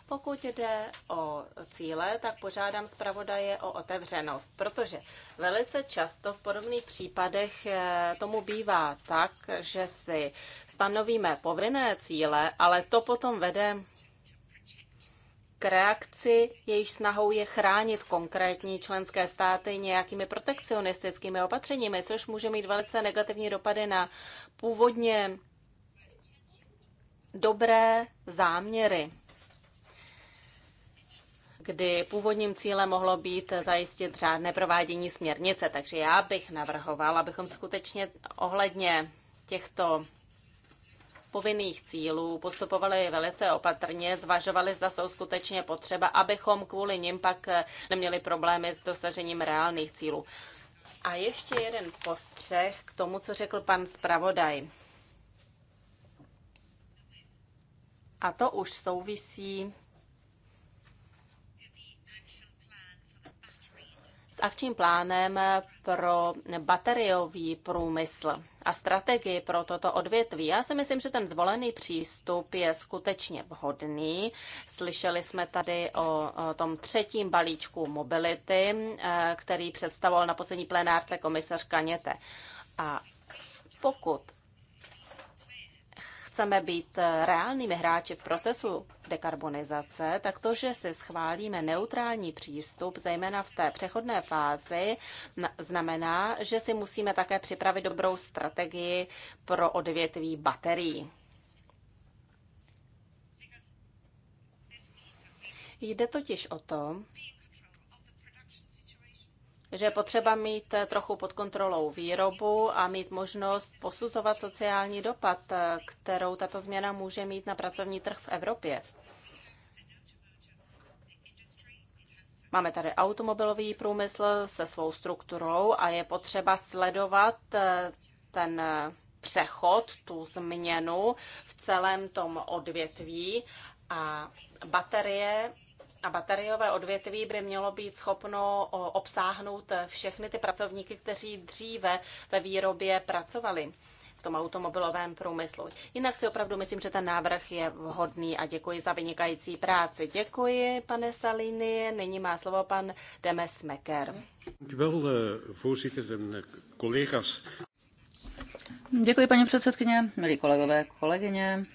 Speaker 2: Pokud jde o cíle, tak požádám zpravodaje o otevřenost, protože velice často v podobných případech eh, tomu bývá tak, že si stanovíme povinné cíle, ale to potom vede k reakci, jejíž snahou je chránit konkrétní členské státy nějakými protekcionistickými opatřeními, což může mít velice negativní dopady na původně dobré záměry kdy původním cílem mohlo být zajistit řádné provádění směrnice. Takže já bych navrhoval, abychom skutečně ohledně těchto povinných cílů, postupovali velice opatrně, zvažovali, zda jsou skutečně potřeba, abychom kvůli nim pak eh, neměli problémy s dosažením reálných cílů. A ještě jeden postřeh k tomu, co řekl pan zpravodaj. A to už souvisí s akčním plánem pro bateriový průmysl a strategii pro toto odvětví. Já si myslím, že ten zvolený přístup je skutečně vhodný. Slyšeli jsme tady o tom třetím balíčku mobility, eh, který představoval na poslední plenárce komisař Kaněte. A pokud chceme být reálnými hráči v procesu dekarbonizace, tak to, že si schválíme neutrální přístup, zejména v té přechodné fázi, znamená, že si musíme také připravit dobrou strategii pro odvětví baterií. Jde totiž o to, že je potřeba mít eh, trochu pod kontrolou výrobu a mít možnost posuzovat sociální dopad, eh, kterou tato změna může mít na pracovní trh v Evropě. Máme tady automobilový průmysl se svou strukturou a je potřeba sledovat eh, ten přechod, tu změnu v celém tom odvětví a baterie a bateriové odvětví by mělo být schopno obsáhnout všechny ty pracovníky, kteří dříve ve výrobě pracovali v tom automobilovém průmyslu. Jinak si opravdu myslím, že ten návrh je vhodný a děkuji za vynikající práci. Děkuji, pane Salini. Nyní má slovo pan Demes Meker. Eh, eh, děkuji, paní
Speaker 3: předsedkyně,
Speaker 2: milí kolegové, kolegyně.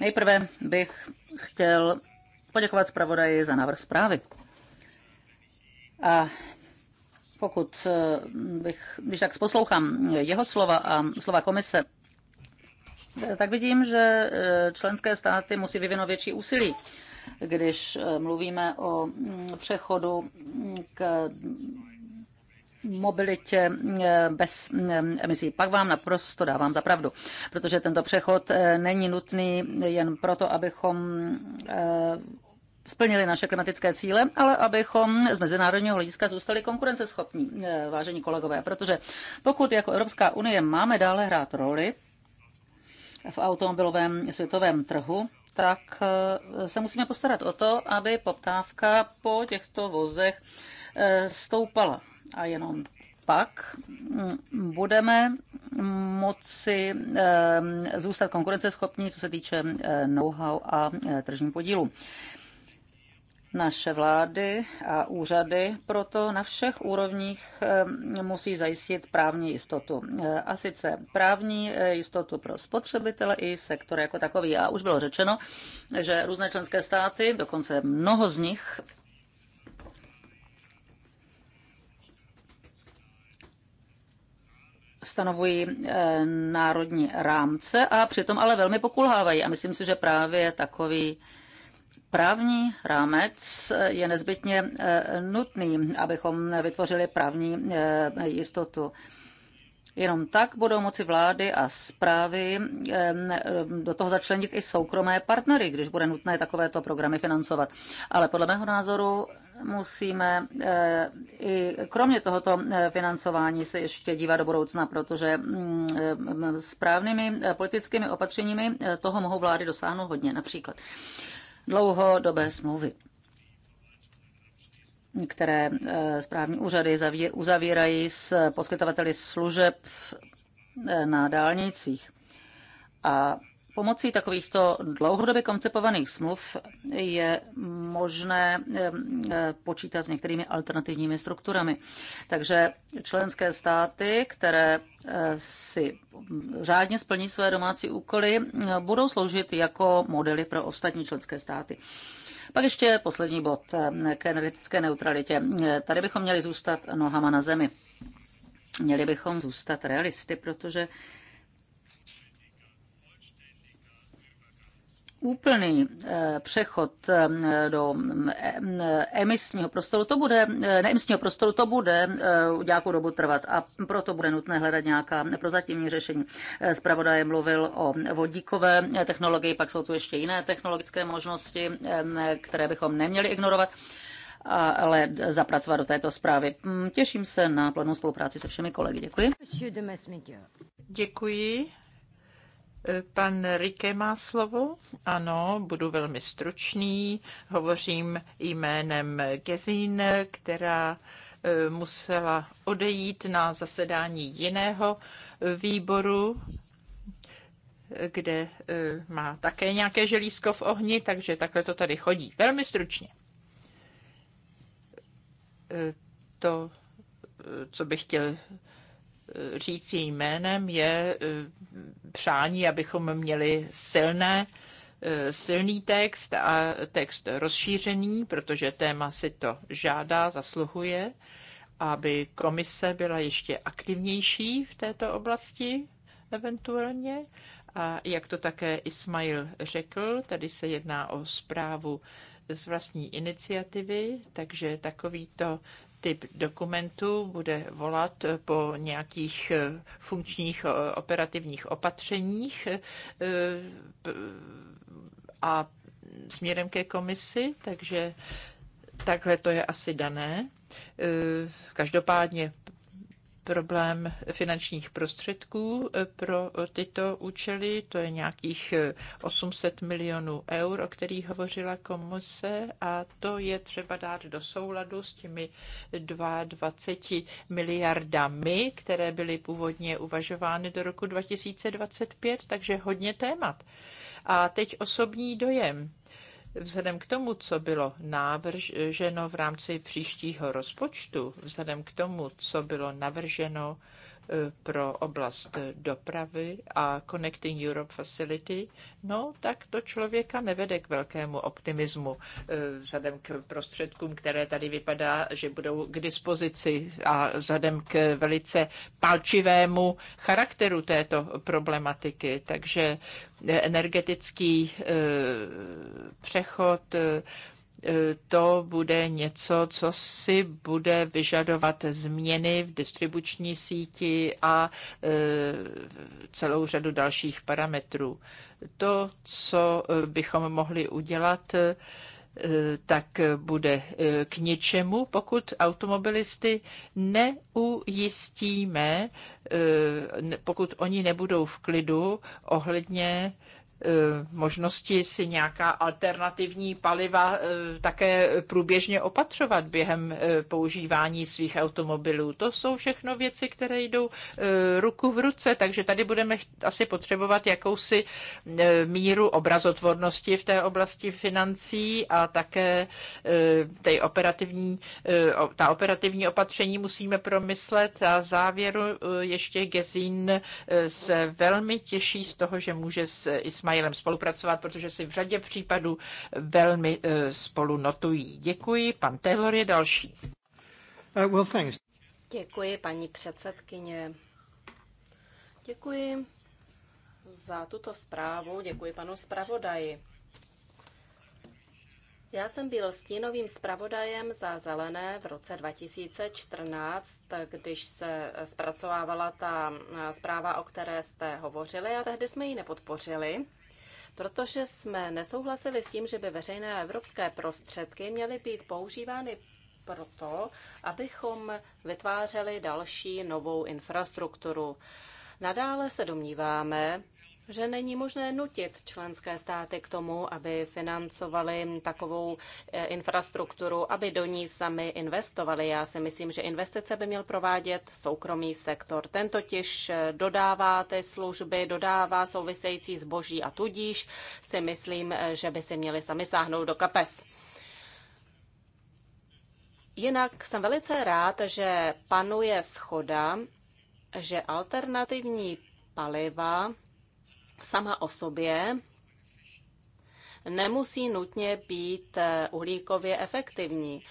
Speaker 3: Nejprve bych chtěl poděkovat zpravodaji za návrh zprávy. A pokud eh, bych, když tak poslouchám jeho slova a slova komise, eh, tak vidím, že eh, členské státy musí vyvinout větší úsilí, když mluvíme o mm, přechodu mm, k mm, mobilitě bez emisí. Pak vám naprosto dávám za pravdu, protože tento přechod není nutný jen proto, abychom splnili naše klimatické cíle, ale abychom z mezinárodního hlediska zůstali konkurenceschopní, eh, vážení kolegové, protože pokud jako Evropská unie máme dále hrát roli v automobilovém světovém trhu, tak eh, se musíme postarat o to, aby poptávka po těchto vozech eh, stoupala. A jenom pak mm, budeme moci zůstat konkurenceschopní, co se týče know-how a tržní podílu. Naše vlády a úřady proto na všech úrovních eh, musí zajistit právní jistotu. Eh, a sice právní eh, jistotu pro spotřebitele i sektor jako takový. A už bylo řečeno, že různé členské státy, dokonce mnoho z nich, stanovují národní rámce a přitom ale velmi pokulhávají. A myslím si, že právě takový Právní rámec je nezbytně eh, nutný, abychom vytvořili právní eh, jistotu. Jenom tak budou moci vlády a zprávy eh, do toho začlenit i soukromé partnery, když bude nutné takovéto programy financovat. Ale podle mého názoru musíme i kromě tohoto financování se ještě dívat do budoucna, protože mm, správnými politickými opatřeními toho mohou vlády dosáhnout hodně například dlouhodobé smlouvy které eh, správní úřady uzavírají s poskytovateli služeb eh, na dálnicích. A Pomocí takovýchto dlouhodobě koncepovaných smluv je možné eh, eh, počítat s některými alternativními strukturami. Takže členské státy, které eh, si řádně splní své domácí úkoly, budou sloužit jako modely pro ostatní členské státy. Pak ještě poslední bod k energetické neutralitě. Tady bychom měli zůstat nohama na zemi. Měli bychom zůstat realisty, protože úplný eh, přechod eh, do mm, eh, emisního prostoru, to bude, neemisního prostoru, to bude nějakou dobu trvat a proto bude nutné hledat nějaká prozatímní řešení. Zpravodaj mluvil o vodíkové technologii, pak jsou tu ještě jiné technologické možnosti, které bychom neměli ignorovat ale zapracovat do této zprávy. Hm, těším se na plnou spolupráci se všemi kolegy. Děkuji.
Speaker 1: Děkuji. Pan Rike má slovo. Ano, budu velmi stručný. Hovořím jménem Gezin, která e, musela odejít na zasedání jiného výboru, kde e, má také nějaké želízko v ohni, takže takhle to tady chodí. Velmi stručně. E, to, co bych chtěl říci jménem je eh, přání, abychom měli silné, eh, silný text a text rozšířený, protože téma si to žádá, zasluhuje, aby komise byla ještě aktivnější v této oblasti eventuálně. A jak to také Ismail řekl, tady se jedná o zprávu z vlastní iniciativy, takže takovýto typ dokumentu bude volat po nějakých eh, funkčních eh, operativních opatřeních eh, a směrem ke komisi, takže takhle to je asi dané. Každopádně problém finančních prostředků eh, pro eh, tyto účely. To je nějakých 800 eh, milionů eur, o kterých hovořila komise a to je třeba dát do souladu s těmi 22 miliardami, které byly původně uvažovány do roku 2025, takže hodně témat. A teď osobní dojem. Vzhledem k tomu, co bylo navrženo v rámci příštího rozpočtu, vzhledem k tomu, co bylo navrženo pro oblast dopravy a Connecting Europe Facility, no tak to člověka nevede k velkému optimismu eh, vzhledem k prostředkům, které tady vypadá, že budou k dispozici a vzhledem k velice palčivému charakteru této problematiky. Takže energetický eh, přechod, eh, E, to bude něco, co si bude vyžadovat změny v distribuční síti a e, celou řadu dalších parametrů. To, co e, bychom mohli udělat, tak bude k ničemu, pokud automobilisty neujistíme, pokud oni nebudou v klidu ohledně E, možnosti si nějaká alternativní paliva e, také průběžně opatřovat během e, používání svých automobilů. To jsou všechno věci, které jdou ruku v ruce, takže tady budeme asi potřebovat jakousi míru obrazotvornosti v té oblasti financí a také operativní, ta operativní opatření musíme promyslet a závěru ještě gezin se velmi těší z toho, že může s Ismailem Ismailem spolupracovat, protože si v řadě případů velmi eh, spolu notují. Děkuji. Pan Taylor je další. Uh, well, thanks.
Speaker 2: Děkuji, paní předsedkyně. Děkuji za tuto zprávu. Děkuji panu zpravodaji. Já jsem byl stínovým zpravodajem za zelené v roce 2014, když se zpracovávala ta eh, zpráva, o které jste hovořili a tehdy jsme ji nepodpořili protože jsme nesouhlasili s tím, že by veřejné evropské prostředky měly být používány proto, abychom vytvářeli další novou infrastrukturu. Nadále se domníváme, že není možné nutit členské státy k tomu, aby financovali takovou eh, infrastrukturu, aby do ní sami investovali. Já si myslím, že investice by měl provádět soukromý sektor. Ten totiž eh, dodává ty služby, dodává související zboží a tudíž si myslím, eh, že by si měli sami sáhnout do kapes. Jinak jsem velice rád, že panuje schoda, že alternativní paliva sama o sobě nemusí nutně být eh, uhlíkově efektivní.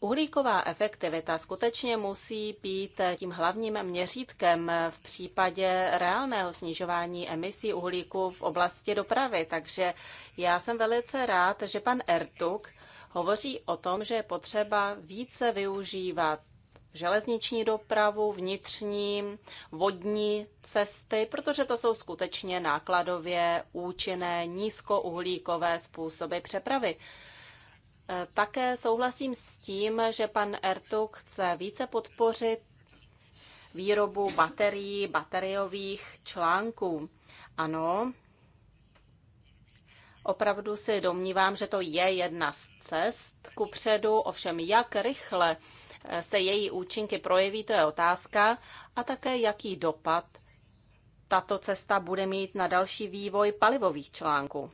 Speaker 2: Uhlíková efektivita skutečně musí být eh, tím hlavním měřítkem eh, v případě reálného snižování emisí uhlíku v oblasti dopravy. Takže já jsem velice rád, že pan Ertuk hovoří o tom, že je potřeba více využívat železniční dopravu, vnitřní, vodní cesty, protože to jsou skutečně nákladově účinné nízkouhlíkové způsoby přepravy. E, také souhlasím s tím, že pan Ertuk chce více podpořit výrobu baterií, bateriových článků. Ano, opravdu si domnívám, že to je jedna z cest ku předu, ovšem jak rychle se její účinky projeví, to je otázka, a také jaký dopad tato cesta bude mít na další vývoj palivových článků.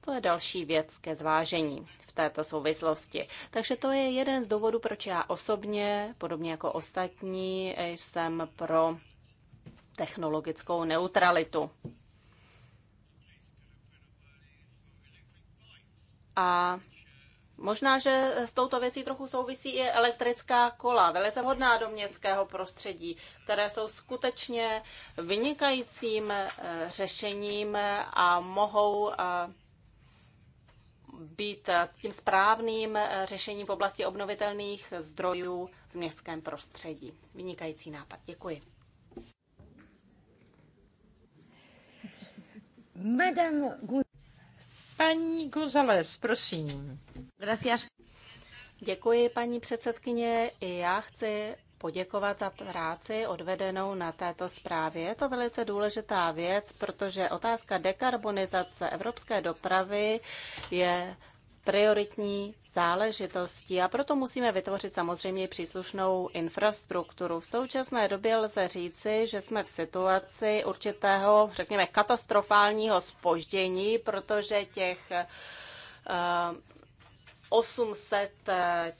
Speaker 2: To je další věc ke zvážení v této souvislosti. Takže to je jeden z důvodů, proč já osobně, podobně jako ostatní, jsem pro technologickou neutralitu. A Možná, že s touto věcí trochu souvisí i elektrická kola, velice vhodná do městského prostředí, které jsou skutečně vynikajícím eh, řešením a mohou eh, být eh, tím správným řešením v oblasti obnovitelných zdrojů v městském prostředí. Vynikající
Speaker 1: nápad. Děkuji. Madame Paní Gozales, prosím. Gracias.
Speaker 2: Děkuji, paní předsedkyně. I já chci poděkovat za práci odvedenou na této zprávě. Je to velice důležitá věc, protože otázka dekarbonizace evropské dopravy je prioritní záležitostí a proto musíme vytvořit samozřejmě příslušnou infrastrukturu. V současné době lze říci, že jsme v situaci určitého, řekněme, katastrofálního spoždění, protože těch eh, 800 eh,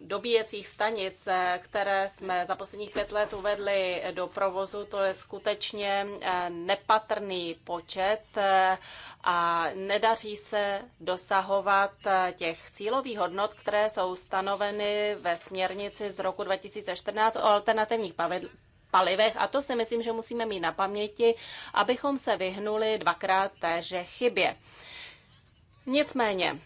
Speaker 2: dobíjecích stanic, eh, které jsme za posledních pět let uvedli do provozu, to je skutečně eh, nepatrný počet a nedaří se dosahovat těch cílových hodnot, které jsou stanoveny ve směrnici z roku 2014 o alternativních palivech a to si myslím, že musíme mít na paměti, abychom se vyhnuli dvakrát téže chybě. Nicméně,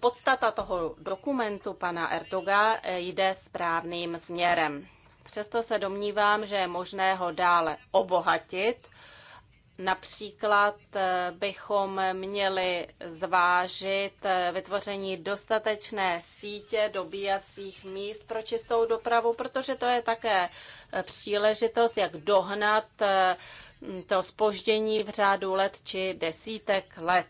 Speaker 2: podstata toho dokumentu pana Ertoga eh, jde správným směrem. Přesto se domnívám, že je možné ho dále obohatit. Například eh, bychom měli zvážit eh, vytvoření dostatečné sítě dobíjacích míst pro čistou dopravu, protože to je také příležitost, jak dohnat to spoždění v řádu let či desítek let.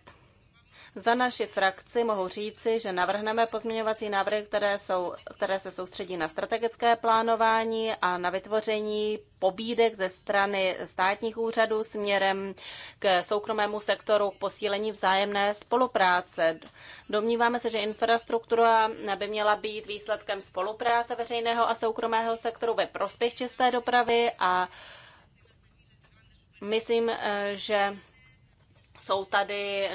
Speaker 2: Za naši frakci mohu říci, že navrhneme pozměňovací návrhy, které, jsou, které se soustředí na strategické plánování a na vytvoření pobídek ze strany státních úřadů směrem k soukromému sektoru k posílení vzájemné spolupráce. Domníváme se, že infrastruktura by měla být výsledkem spolupráce veřejného a soukromého sektoru ve prospěch čisté dopravy a myslím, eh, že jsou tady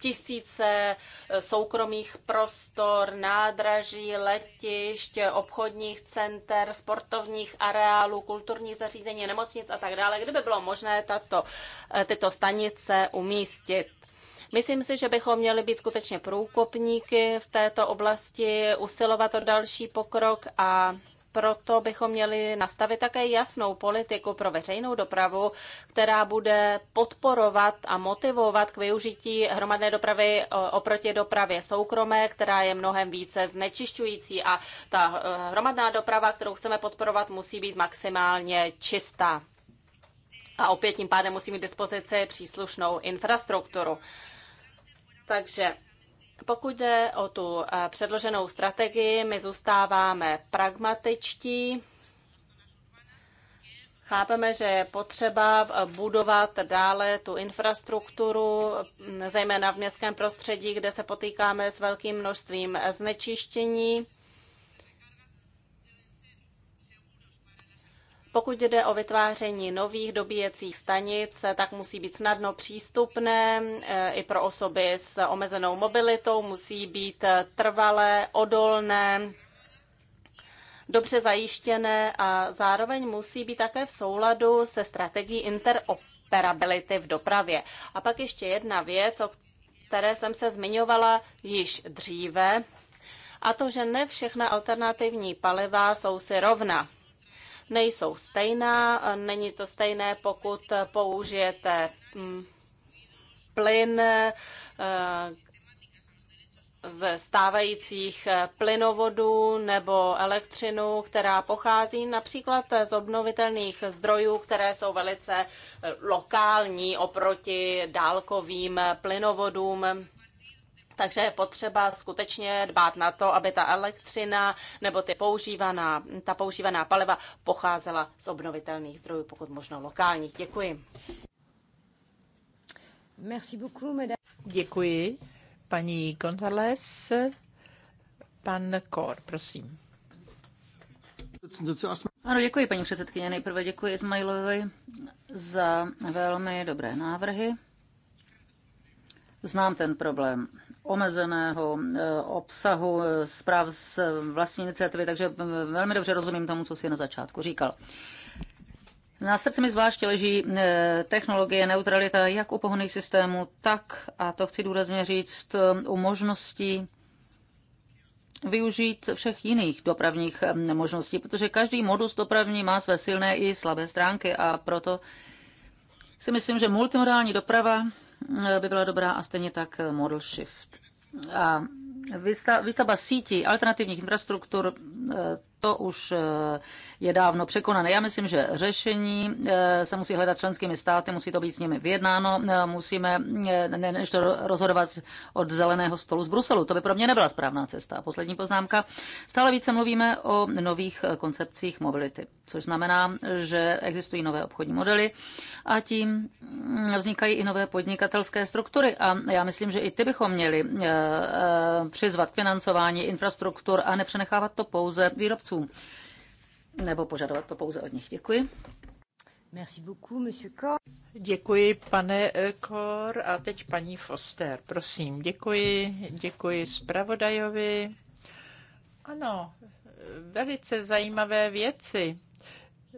Speaker 2: tisíce eh, soukromých prostor, nádraží, letišť, eh, obchodních center, sportovních areálů, kulturních zařízení, nemocnic a tak dále, kdyby bylo možné tato, eh, tyto stanice umístit. Myslím si, že bychom měli být skutečně průkopníky v této oblasti, usilovat o další pokrok a proto bychom měli nastavit také jasnou politiku pro veřejnou dopravu, která bude podporovat a motivovat k využití hromadné dopravy eh, oproti dopravě soukromé, která je mnohem více znečišťující a ta eh, hromadná doprava, kterou chceme podporovat, musí být maximálně čistá. A opět tím pádem musí mít dispozici příslušnou infrastrukturu. Takže pokud jde o tu eh, předloženou strategii, my zůstáváme pragmatičtí. Chápeme, že je potřeba eh, budovat dále tu infrastrukturu, mm, zejména v městském prostředí, kde se potýkáme s velkým množstvím eh, znečištění. Pokud jde o vytváření nových dobíjecích stanic, tak musí být snadno přístupné e, i pro osoby s omezenou mobilitou, musí být e, trvalé, odolné, dobře zajištěné a zároveň musí být také v souladu se strategií interoperability v dopravě. A pak ještě jedna věc, o které jsem se zmiňovala již dříve, a to, že ne všechna alternativní paliva jsou si rovna nejsou stejná. Není to stejné, pokud použijete mm, plyn eh, ze stávajících eh, plynovodů nebo elektřinu, která pochází například z obnovitelných zdrojů, které jsou velice eh, lokální oproti dálkovým plynovodům takže je potřeba skutečně dbát na to, aby ta elektřina nebo ty používaná, ta používaná paliva pocházela z obnovitelných zdrojů, pokud možno lokálních. Děkuji.
Speaker 1: Merci beaucoup, madame. Děkuji. Paní González, pan Kor, prosím.
Speaker 3: Ano, děkuji, paní předsedkyně. Nejprve děkuji Ismailovi za velmi dobré návrhy. Znám ten problém omezeného e, obsahu e, zpráv z e, vlastní iniciativy, takže velmi dobře rozumím tomu, co si na začátku říkal. Na srdci mi zvláště leží technologie neutralita jak u pohonných systémů, tak, a to chci důrazně říct, u možností využít všech jiných dopravních možností, protože každý modus dopravní má své silné i slabé stránky a proto si myslím, že multimodální doprava by byla dobrá a stejně tak model shift. A výstavba sítí alternativních infrastruktur, eh, to už eh, je dávno překonané. Já myslím, že řešení eh, se musí hledat členskými státy, musí to být s nimi vyjednáno, eh, musíme než to rozhodovat od zeleného stolu z Bruselu. To by pro mě nebyla správná cesta. Poslední poznámka. Stále více mluvíme o nových koncepcích mobility, což znamená, že existují nové obchodní modely a tím mm, vznikají i nové podnikatelské struktury. A já myslím, že i ty bychom měli přizvat k financování infrastruktur a nepřenechávat to pouze výrobcům dárcům, nebo požadovat to pouze od nich.
Speaker 1: Děkuji. Merci beaucoup, monsieur Kor. Děkuji, pane Kor. Eh, A teď paní Foster, prosím. Děkuji, děkuji zpravodajovi. Ano, velice zajímavé věci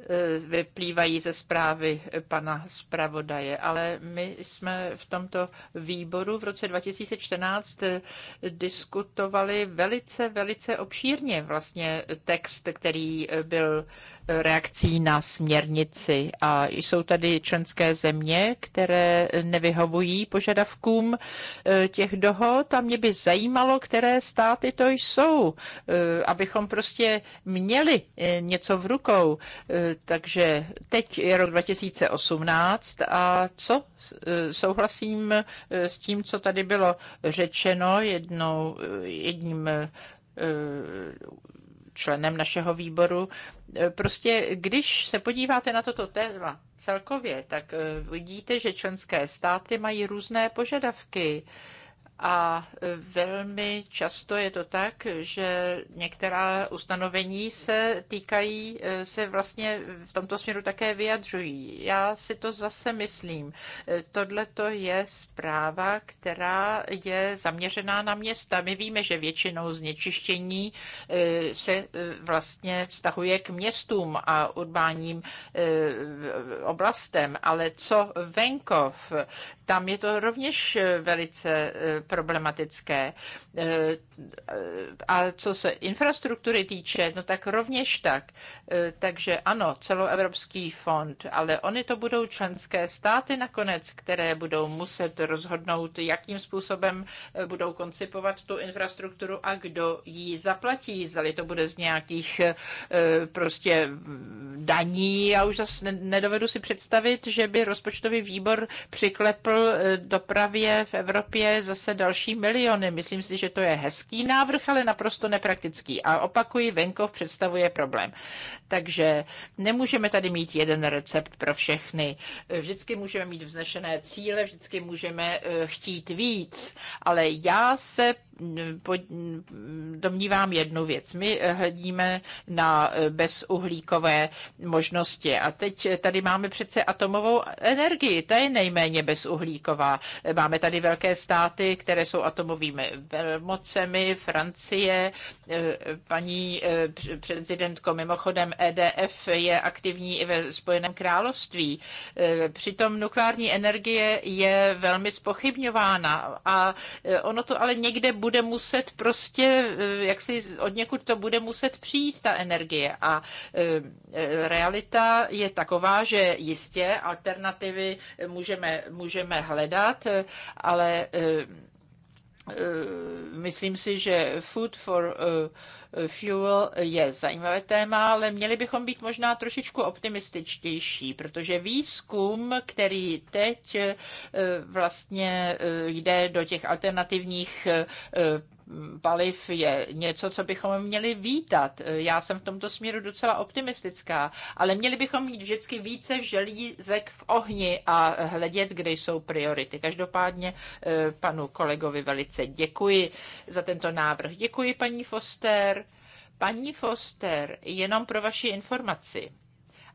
Speaker 1: Eh, vyplývají ze zprávy pana zpravodaje, ale my jsme v tomto výboru v roce 2014 eh, diskutovali velice, velice obšírně vlastně text, který eh, byl reakcí na směrnici. A jsou tady členské země, které nevyhovují požadavkům e, těch dohod a mě by zajímalo, které státy to jsou, e, abychom prostě měli e, něco v rukou. Takže teď je rok 2018 a co? Souhlasím s tím, co tady bylo řečeno jednou, jedním členem našeho výboru. E, prostě když se podíváte na toto téma celkově, tak e, vidíte, že členské státy mají různé požadavky a velmi často je to tak, že některá ustanovení se týkají, se vlastně v tomto směru také vyjadřují. Já si to zase myslím. Tohle to je zpráva, která je zaměřená na města. My víme, že většinou znečištění eh, se eh, vlastně vztahuje k městům a urbáním eh, oblastem, ale co venkov, tam je to rovněž eh, velice eh, problematické. Eh, a co se infrastruktury týče, no tak rovněž tak. Takže ano, celoevropský fond, ale oni to budou členské státy nakonec, které budou muset rozhodnout, jakým způsobem budou koncipovat tu infrastrukturu a kdo ji zaplatí. Zdali to bude z nějakých prostě daní. Já už zase nedovedu si představit, že by rozpočtový výbor přiklepl dopravě v Evropě zase další miliony. Myslím si, že to je hezký návrh, ale naprosto nepraktický. A opakuji, venkov představuje problém. Takže nemůžeme tady mít jeden recept pro všechny. Vždycky můžeme mít vznešené cíle, vždycky můžeme eh, chtít víc, ale já se domnívám jednu věc. My eh, hledíme na eh, bezuhlíkové možnosti a teď eh, tady máme přece atomovou energii, ta je nejméně bezuhlíková. Máme tady velké státy, které jsou atomovými velmocemi, Francie, paní prezidentko, mimochodem EDF je aktivní i ve Spojeném království. Přitom nukleární energie je velmi spochybňována a ono to ale někde bude bude muset prostě, eh, jak si od někud to bude muset přijít, ta energie. A eh, realita je taková, že jistě alternativy můžeme, můžeme hledat, eh, ale myslím si, že Food for Fuel je zajímavé téma, ale měli bychom být možná trošičku optimističtější, protože výzkum, který teď eh, vlastně eh, jde do těch alternativních eh, paliv je něco, co bychom měli vítat. Já jsem v tomto směru docela optimistická, ale měli bychom mít vždycky více želízek v ohni a hledět, kde jsou priority. Každopádně panu kolegovi velice děkuji za tento návrh. Děkuji paní Foster Paní Foster, jenom pro vaši informaci.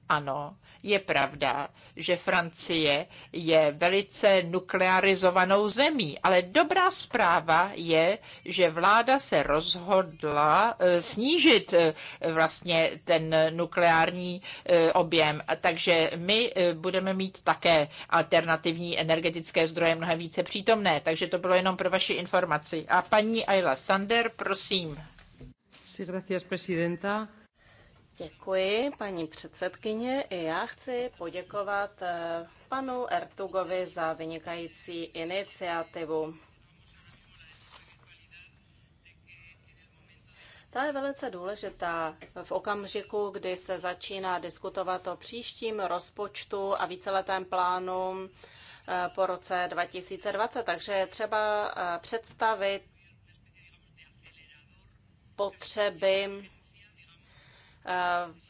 Speaker 1: Ano, je pravda, že Francie je velice nuklearizovanou zemí, ale dobrá zpráva je, že vláda se rozhodla eh, snížit eh, vlastně ten nukleární eh, objem, takže my budeme mít také alternativní energetické zdroje mnohem více přítomné, takže to bylo jenom pro vaši informaci. A paní Ayla Sander, prosím. Děkuji,
Speaker 2: paní předsedkyně. I já chci poděkovat eh, panu Ertugovi za vynikající iniciativu. Ta je velice důležitá v okamžiku, kdy se začíná diskutovat o příštím rozpočtu a víceletém plánu eh, po roce 2020. Takže je třeba eh, představit potřeby eh, v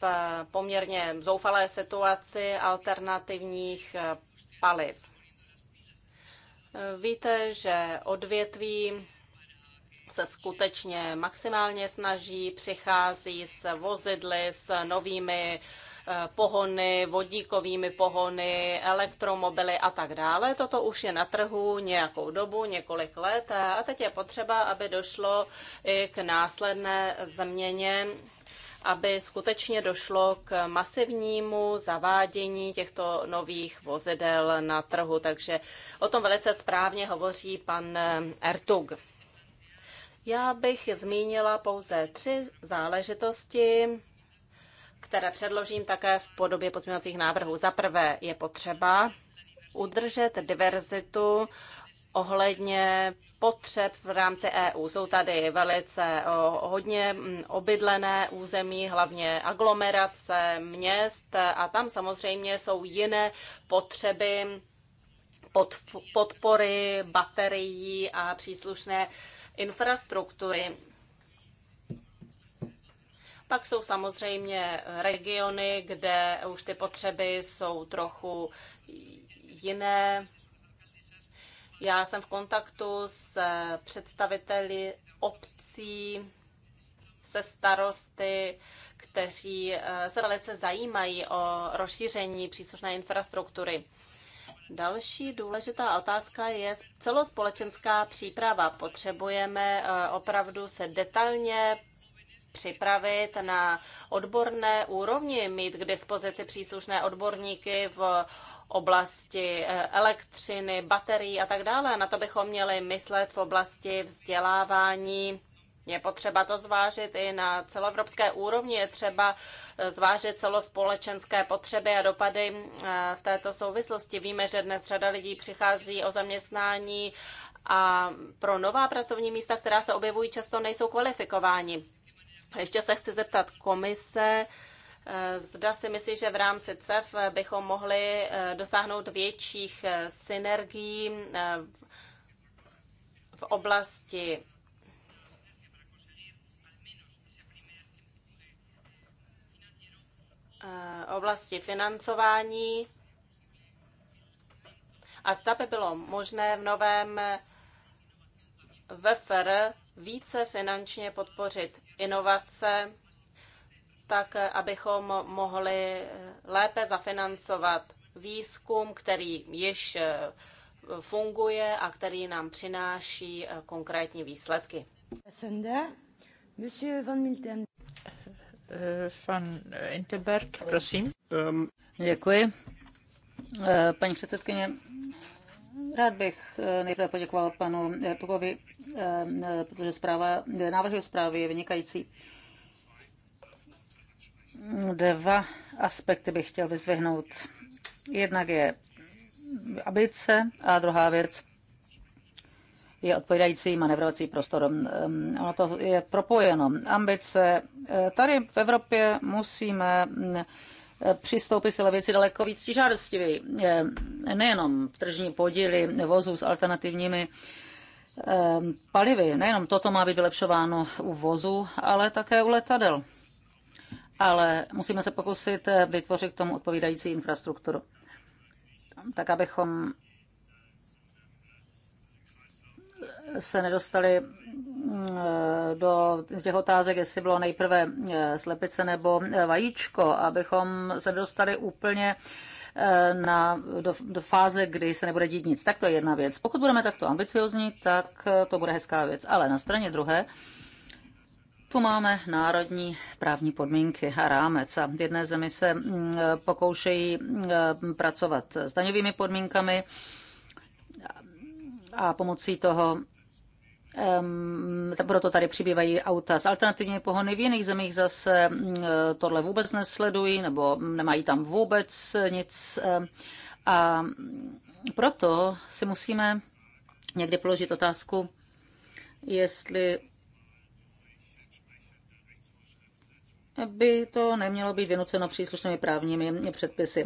Speaker 2: poměrně zoufalé situaci alternativních eh, paliv. Eh, víte, že odvětví se skutečně maximálně snaží, přichází s vozidly, s novými uh, Eh, pohony, vodíkovými pohony, elektromobily a tak dále. Toto už je na trhu nějakou dobu, několik let a teď je potřeba, aby došlo i k následné změně aby skutečně došlo k masivnímu zavádění těchto nových vozidel na trhu. Takže o tom velice správně hovoří pan Ertug. Já bych zmínila pouze tři záležitosti, které předložím také v podobě pozměňovacích návrhů. Za prvé je potřeba udržet diverzitu ohledně potřeb v rámci EU. Jsou tady velice hodně mm, obydlené území, hlavně aglomerace měst a tam samozřejmě jsou jiné potřeby podpory baterií a příslušné infrastruktury. Pak jsou samozřejmě regiony, kde už ty potřeby jsou trochu jiné. Já jsem v kontaktu s představiteli obcí, se starosty, kteří eh, se velice zajímají o rozšíření příslušné infrastruktury. Další důležitá otázka je celospolečenská příprava. Potřebujeme eh, opravdu se detailně připravit na odborné úrovni, mít k dispozici příslušné odborníky v oblasti eh, elektřiny, baterií a tak dále. Na to bychom měli myslet v oblasti vzdělávání. Je potřeba to zvážit i na celoevropské úrovni, je třeba eh, zvážit celospolečenské potřeby a dopady eh, v této souvislosti. Víme, že dnes řada lidí přichází o zaměstnání a pro nová pracovní místa, která se objevují, často nejsou kvalifikováni. Ještě se chci zeptat komise, eh, Zda si myslí, že v rámci CEF bychom mohli eh, dosáhnout větších eh, synergií v oblasti oblasti financování a zda by bylo možné v novém VFR více finančně podpořit inovace, tak abychom mohli lépe zafinancovat výzkum, který již eh, funguje a který nám přináší eh, konkrétní výsledky.
Speaker 1: Eh, Van Interberg, prosím. Ehm, Děkuji. Paní předsedkyně,
Speaker 3: Rád bych eh, nejprve poděkoval panu Pukovi, eh, protože zpráva, návrhy zprávy je vynikající. Dva aspekty bych chtěl vyzvihnout. Jednak je ambice a druhá věc je odpovídající manevrovací prostor. Ehm, ono to je propojeno. Ambice. Eh, tady v Evropě musíme mm, přistoupit celé věci daleko víc těžádostivěji. Nejenom tržní podíly vozů s alternativními palivy, nejenom toto má být vylepšováno u vozu, ale také u letadel. Ale musíme se pokusit vytvořit k tomu odpovídající infrastrukturu. Tak, abychom se nedostali mm, do těch otázek, jestli bylo nejprve eh, slepice nebo eh, vajíčko, abychom se dostali úplně eh, na, do, do fáze, kdy se nebude dít nic. Tak to je jedna věc. Pokud budeme takto ambiciozní, tak to bude hezká věc. Ale na straně druhé, tu máme národní právní podmínky a rámec a v jedné zemi se mm, pokoušejí pracovat s daňovými podmínkami, a pomocí toho proto tady přibývají auta s alternativními pohony. V jiných zemích zase tohle vůbec nesledují nebo nemají tam vůbec nic. A proto si musíme někdy položit otázku, jestli by to nemělo být vynuceno příslušnými právními předpisy.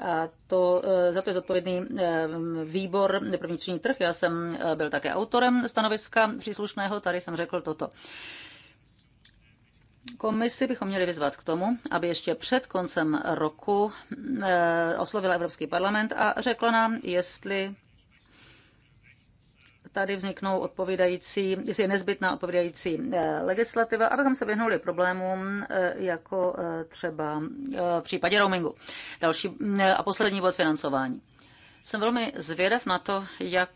Speaker 3: A to, e, za to je zodpovědný e, výbor pro vnitřní trh. Já jsem e, byl také autorem stanoviska příslušného, tady jsem řekl toto. Komisi bychom měli vyzvat k tomu, aby ještě před koncem roku oslovila Evropský parlament a řekla nám, jestli tady vzniknou odpovídající, je nezbytná odpovídající eh, legislativa, abychom se vyhnuli problémům, eh, jako eh, třeba v případě roamingu. Další a poslední bod financování. Jsem velmi zvědav na to, jak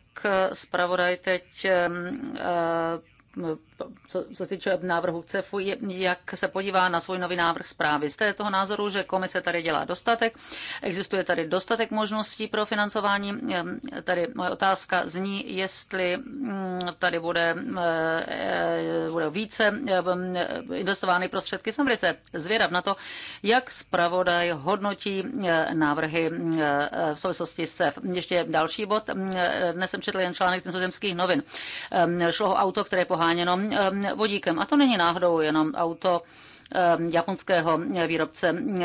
Speaker 3: zpravodaj teď co, co se týče návrhu CEFu, je, jak se podívá na svůj nový návrh zprávy. Jste toho názoru, že komise tady dělá dostatek, existuje tady dostatek možností pro financování. Ehm, tady moje otázka zní, jestli mm, tady bude, eh, eh, bude více ehm, investovány prostředky. Jsem velice zvědav na to, jak zpravodaj hodnotí eh, návrhy v souvislosti s CEF. Ještě další bod. Ehm, dnes jsem četl jen článek z nizozemských novin. Šlo o auto, které je poháněno Um, vodíkem. A to není náhodou jenom auto um, japonského výrobce um,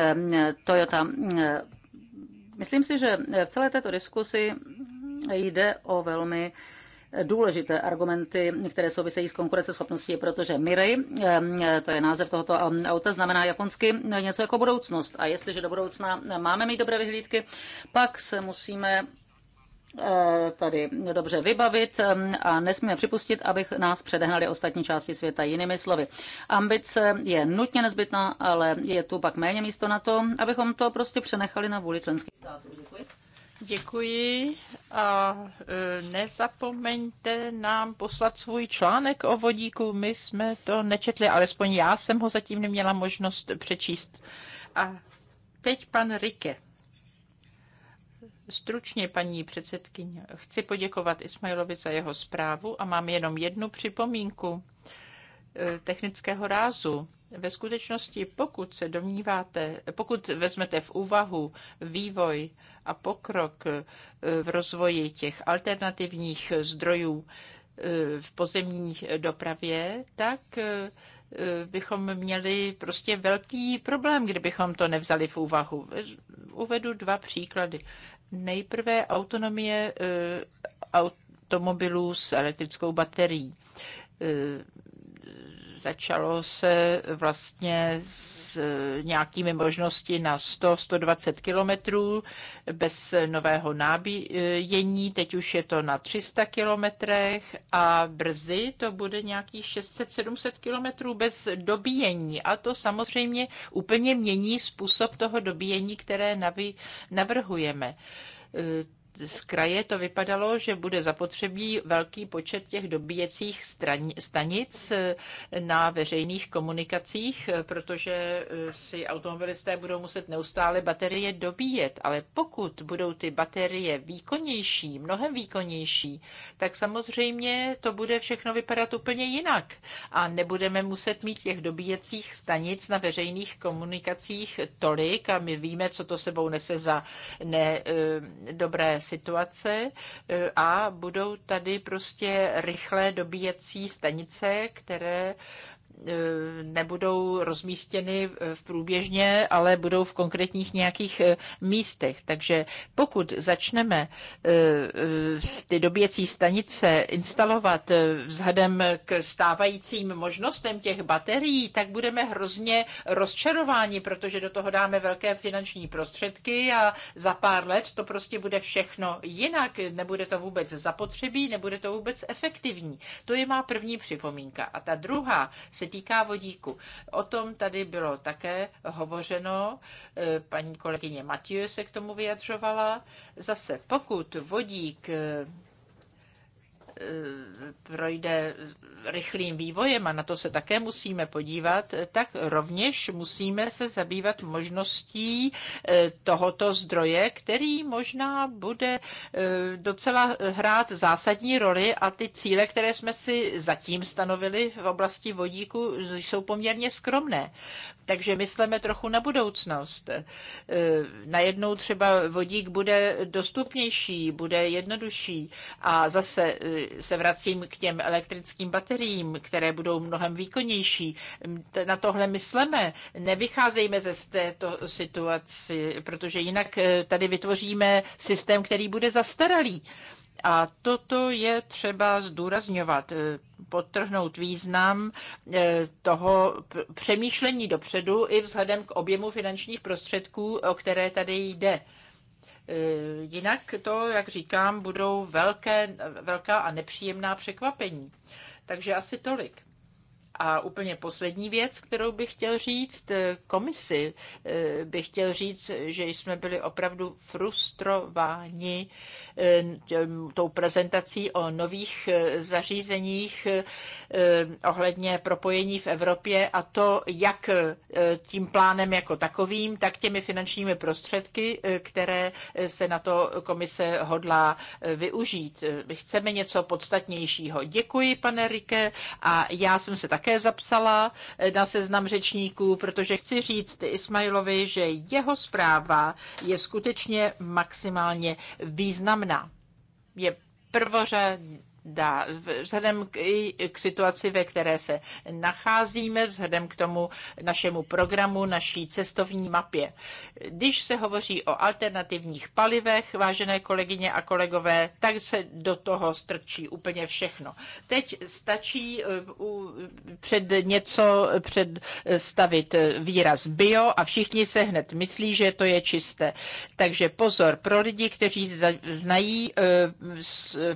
Speaker 3: Toyota. Myslím si, že v celé této diskusi jde o velmi důležité argumenty, které souvisejí s konkurenceschopností, protože Mirej, to je název tohoto auta, znamená japonsky něco jako budoucnost. A jestliže do budoucna máme mít dobré vyhlídky, pak se musíme Eh, tady dobře vybavit eh, a nesmíme připustit, abych nás předehnali ostatní části světa jinými slovy. Ambice je nutně nezbytná, ale je tu pak méně místo na to, abychom to prostě přenechali na vůli
Speaker 1: členských států. Děkuji. Děkuji a eh, nezapomeňte nám poslat svůj článek o vodíku. My jsme to nečetli, alespoň já jsem ho zatím neměla možnost přečíst. A teď pan Rike. Stručně, paní předsedkyně, chci poděkovat Ismailovi za jeho zprávu a mám jenom jednu připomínku eh, technického rázu. Ve skutečnosti, pokud se domníváte, pokud vezmete v úvahu vývoj a pokrok eh, v rozvoji těch alternativních zdrojů eh, v pozemní dopravě, tak bychom měli prostě velký problém, kdybychom to nevzali v úvahu. Uvedu dva příklady. Nejprve autonomie eh, automobilů s elektrickou baterií eh, Začalo se vlastně s eh, nějakými možnosti na 100-120 kilometrů bez nového nábíjení. Teď už je to na 300 kilometrech a brzy to bude nějakých 600-700 kilometrů bez dobíjení. A to samozřejmě úplně mění způsob toho dobíjení, které navrhujeme eh, z kraje to vypadalo, že bude zapotřebí velký počet těch dobíjecích stanic eh, na veřejných komunikacích, eh, protože eh, si automobilisté budou muset neustále baterie dobíjet. Ale pokud budou ty baterie výkonnější, mnohem výkonnější, tak samozřejmě to bude všechno vypadat úplně jinak. A nebudeme muset mít těch dobíjecích stanic na veřejných komunikacích tolik a my víme, co to sebou nese za nedobré situace eh, a budou tady prostě rychlé dobíjecí stanice, které Eh, nebudou rozmístěny v průběžně, ale budou v konkrétních nějakých eh, místech. Takže pokud začneme eh, ty doběcí stanice instalovat vzhledem k stávajícím možnostem těch baterií, tak budeme hrozně rozčarováni, protože do toho dáme velké finanční prostředky a za pár let to prostě bude všechno jinak. Nebude to vůbec zapotřebí, nebude to vůbec efektivní. To je má první připomínka. A ta druhá se se týká vodíku, o tom tady bylo také hovořeno, eh, paní kolegyně Matěje se k tomu vyjadřovala. Zase pokud vodík eh, projde rychlým vývojem, a na to se také musíme podívat, tak rovněž musíme se zabývat možností eh, tohoto zdroje, který možná bude eh, docela hrát zásadní roli a ty cíle, které jsme si zatím stanovili v oblasti vodíku, jsou poměrně skromné. Takže myslíme trochu na budoucnost. E, najednou třeba vodík bude dostupnější, bude jednodušší a zase e, se vracím k těm elektrickým bateriím, které budou mnohem výkonnější. Na tohle mysleme, nevycházejme ze z této situaci, protože jinak e, tady vytvoříme systém, který bude zastaralý. A toto je třeba zdůrazňovat, eh, podtrhnout význam eh, toho přemýšlení dopředu i vzhledem k objemu finančních prostředků, o které tady jde. Eh, jinak to, jak říkám, budou velké, velká a nepříjemná překvapení. Takže asi tolik. A úplně poslední věc, kterou bych chtěl říct komisi, bych chtěl říct, že jsme byli opravdu frustrováni Eh, tou prezentací o nových eh, zařízeních eh, ohledně propojení v Evropě a to jak tím plánem jako takovým, tak těmi finančními prostředky, které se na to komise hodlá využít. Chceme něco podstatnějšího. Děkuji, pane Rike, a já jsem se také zapsala na seznam řečníků, protože chci říct Ismailovi, že jeho zpráva je skutečně maximálně významná významná. Je prvořadě dá. Vzhledem k, k situaci, ve které se nacházíme, vzhledem k tomu našemu programu, naší cestovní mapě. Když se hovoří o alternativních palivech, vážené kolegyně a kolegové, tak se do toho strčí úplně všechno. Teď stačí eh, před něco představit eh, výraz bio a všichni se hned myslí, že to je čisté. Takže pozor, pro lidi, kteří znají eh,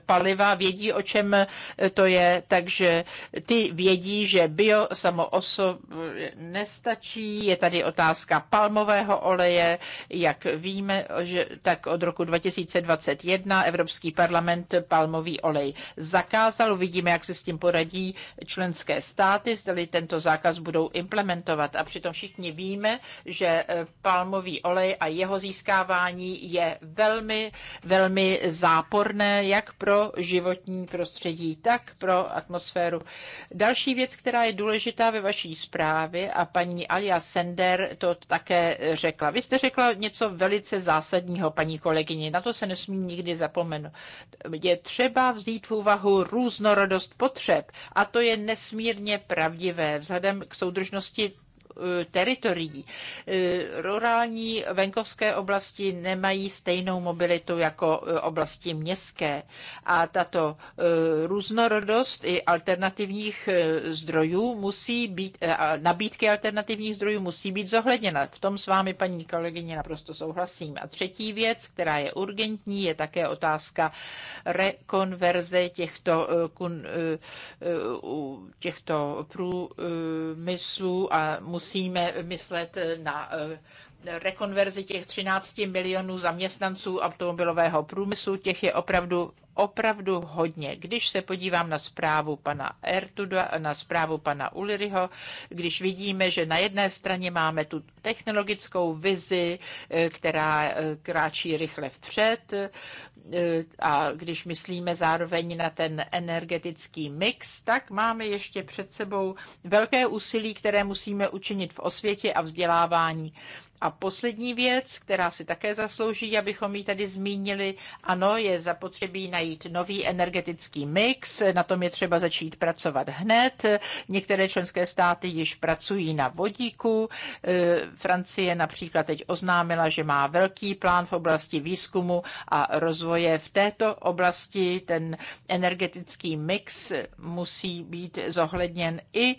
Speaker 1: paliva, vědí, o čem to je, takže ty vědí, že bio samo o sobě nestačí. Je tady otázka palmového oleje, jak víme, že tak od roku 2021 Evropský parlament palmový olej zakázal. Uvidíme, jak se s tím poradí členské státy, zdali tento zákaz budou implementovat. A přitom všichni víme, že palmový olej a jeho získávání je velmi, velmi záporné jak pro životní prostředí, tak pro atmosféru. Další věc, která je důležitá ve vaší zprávě a paní Alia Sender to také řekla. Vy jste řekla něco velice zásadního, paní kolegyně, na to se nesmí nikdy zapomenout. Je třeba vzít v úvahu různorodost potřeb a to je nesmírně pravdivé vzhledem k soudržnosti Eh, teritorií. Eh, rurální venkovské oblasti nemají stejnou mobilitu jako eh, oblasti městské. A tato různorodost i alternativních zdrojů musí být, nabídky alternativních zdrojů musí být zohledněna. V tom s vámi, paní kolegyně, naprosto souhlasím. A třetí věc, která je urgentní, je také otázka rekonverze těchto, těchto průmyslů a musí musíme myslet na eh, rekonverzi těch 13 milionů zaměstnanců automobilového průmyslu, těch je opravdu opravdu hodně. Když se podívám na zprávu pana Ertuda, na zprávu pana Ulryho, když vidíme, že na jedné straně máme tu technologickou vizi, eh, která eh, kráčí rychle vpřed, E, a když myslíme zároveň na ten energetický mix, tak máme ještě před sebou velké úsilí, které musíme učinit v osvětě a vzdělávání. A poslední věc, která si také zaslouží, abychom ji tady zmínili, ano, je zapotřebí najít nový energetický mix, na tom je třeba začít pracovat hned. Některé členské státy již pracují na vodíku. E, Francie například teď oznámila, že má velký plán v oblasti výzkumu a rozvoje. V této oblasti ten energetický mix musí být zohledněn i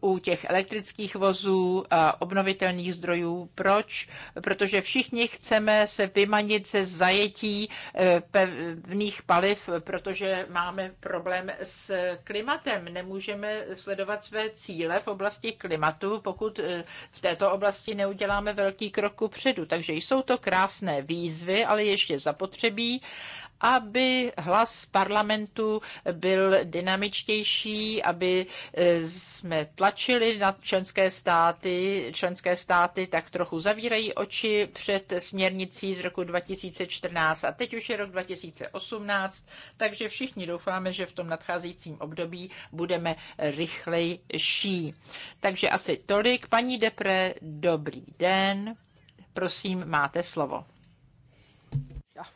Speaker 1: u těch elektrických vozů a obnovitelných zdrojů. Proč? Protože všichni chceme se vymanit ze zajetí eh, pevných paliv, protože máme problém s klimatem. Nemůžeme sledovat své cíle v oblasti klimatu, pokud eh, v této oblasti neuděláme velký krok předu. Takže jsou to krásné výzvy, ale ještě zapotřebí, aby hlas parlamentu byl dynamičtější, aby eh, jsme tlačili na členské státy. Členské státy tak trochu zavírají oči před směrnicí z roku 2014 a teď už je rok 2018, takže všichni doufáme, že v tom nadcházejícím období budeme rychlejší. Takže asi tolik. Paní Depre, dobrý den. Prosím, máte slovo.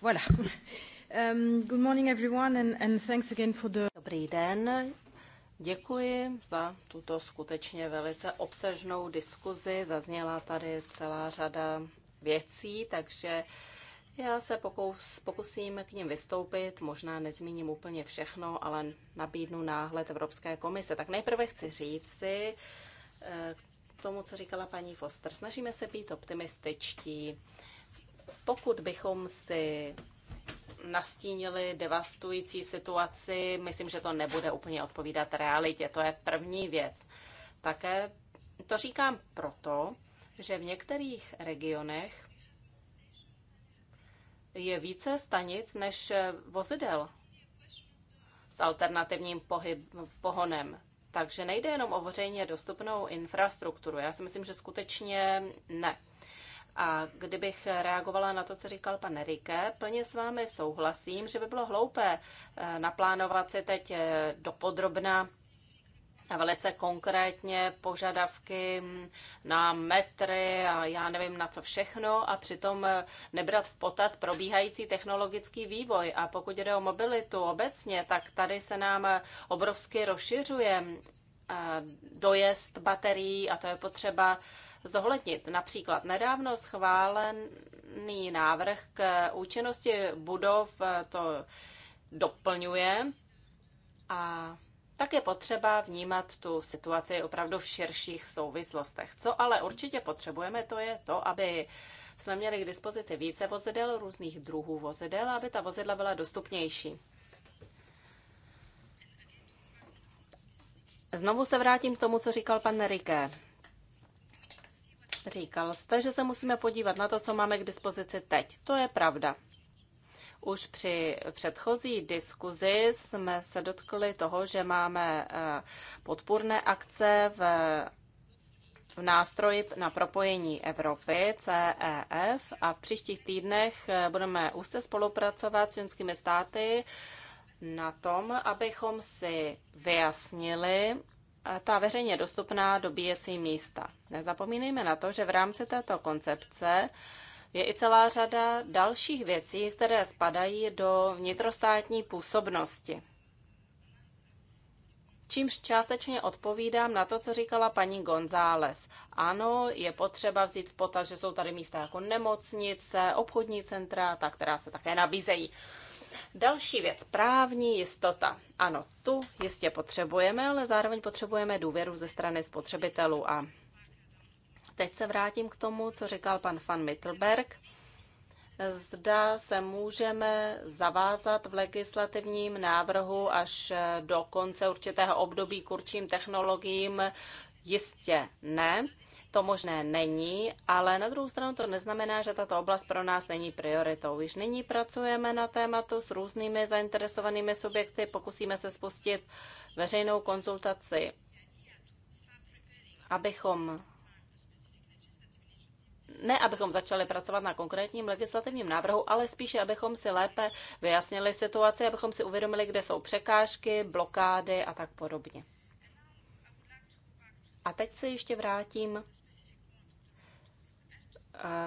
Speaker 2: Voilà. Dobrý den, Děkuji za tuto skutečně velice obsažnou diskuzi. Zazněla tady celá řada věcí, takže já se pokus, pokusím k ním vystoupit. Možná nezmíním úplně všechno, ale nabídnu náhled Evropské komise. Tak nejprve chci říct si eh, k tomu, co říkala paní Foster. Snažíme se být optimističtí. Pokud bychom si nastínili devastující situaci, myslím, že to nebude úplně odpovídat realitě. To je první věc. Také to říkám proto, že v některých regionech je více stanic než vozidel s alternativním pohyb, pohonem. Takže nejde jenom o veřejně dostupnou infrastrukturu. Já si myslím, že skutečně ne. A kdybych reagovala na to, co říkal pan Rike, plně s vámi souhlasím, že by bylo hloupé eh, naplánovat si teď eh, dopodrobna a velice konkrétně požadavky mm, na metry a já nevím na co všechno a přitom eh, nebrat v potaz probíhající technologický vývoj. A pokud jde o mobilitu obecně, tak tady se nám obrovsky rozšiřuje dojezd baterií a to je potřeba zohlednit. Například nedávno schválený návrh k účinnosti budov eh, to doplňuje a tak je potřeba vnímat tu situaci opravdu v širších souvislostech. Co ale určitě potřebujeme, to je to, aby jsme měli k dispozici více vozidel, různých druhů vozidel, aby ta vozidla byla dostupnější. Znovu se vrátím k tomu, co říkal pan Riké. Říkal jste, že se musíme podívat na to, co máme k dispozici teď. To je pravda. Už při předchozí diskuzi jsme se dotkli toho, že máme eh, podpůrné akce v, v nástroji na propojení Evropy, CEF, a v příštích týdnech eh, budeme úzce spolupracovat s členskými státy na tom, abychom si vyjasnili, ta veřejně dostupná dobíjecí místa. Nezapomínejme na to, že v rámci této koncepce je i celá řada dalších věcí, které spadají do vnitrostátní působnosti. Čímž částečně odpovídám na to, co říkala paní González. Ano, je potřeba vzít v potaz, že jsou tady místa jako nemocnice, obchodní centra, ta, která se také nabízejí. Další věc, právní jistota. Ano, tu jistě potřebujeme, ale zároveň potřebujeme důvěru ze strany spotřebitelů. A teď se vrátím k tomu, co říkal pan van Mittelberg. Zda se můžeme zavázat v legislativním návrhu až do konce určitého období k určitým technologiím, jistě ne to možné není, ale na druhou stranu to neznamená, že tato oblast pro nás není prioritou. Již nyní pracujeme na tématu s různými zainteresovanými subjekty, pokusíme se spustit veřejnou konzultaci, abychom ne abychom začali pracovat na konkrétním legislativním návrhu, ale spíše abychom si lépe vyjasnili situaci, abychom si uvědomili, kde jsou překážky, blokády a tak podobně. A teď se ještě vrátím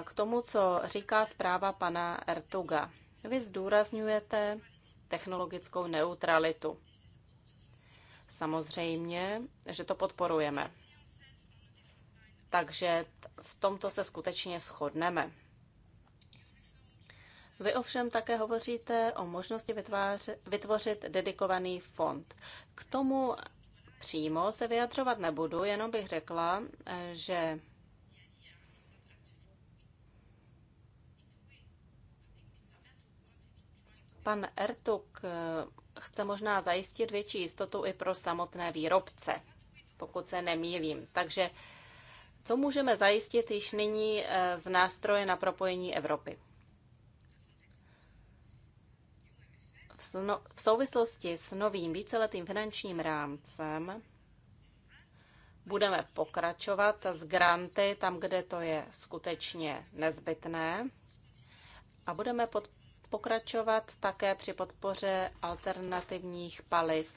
Speaker 2: k tomu, co říká zpráva pana Ertuga. Vy zdůrazňujete technologickou neutralitu. Samozřejmě, že to podporujeme. Takže v tomto se skutečně shodneme. Vy ovšem také hovoříte o možnosti vytvář, vytvořit dedikovaný fond. K tomu přímo se vyjadřovat nebudu, jenom bych řekla, že Pan Ertuk eh, chce možná zajistit větší jistotu i pro samotné výrobce, pokud se nemýlím. Takže co můžeme zajistit již nyní eh, z nástroje na propojení Evropy? V souvislosti s novým víceletým finančním rámcem budeme pokračovat s granty tam, kde to je skutečně nezbytné a budeme podporovat pokračovat také při podpoře alternativních paliv.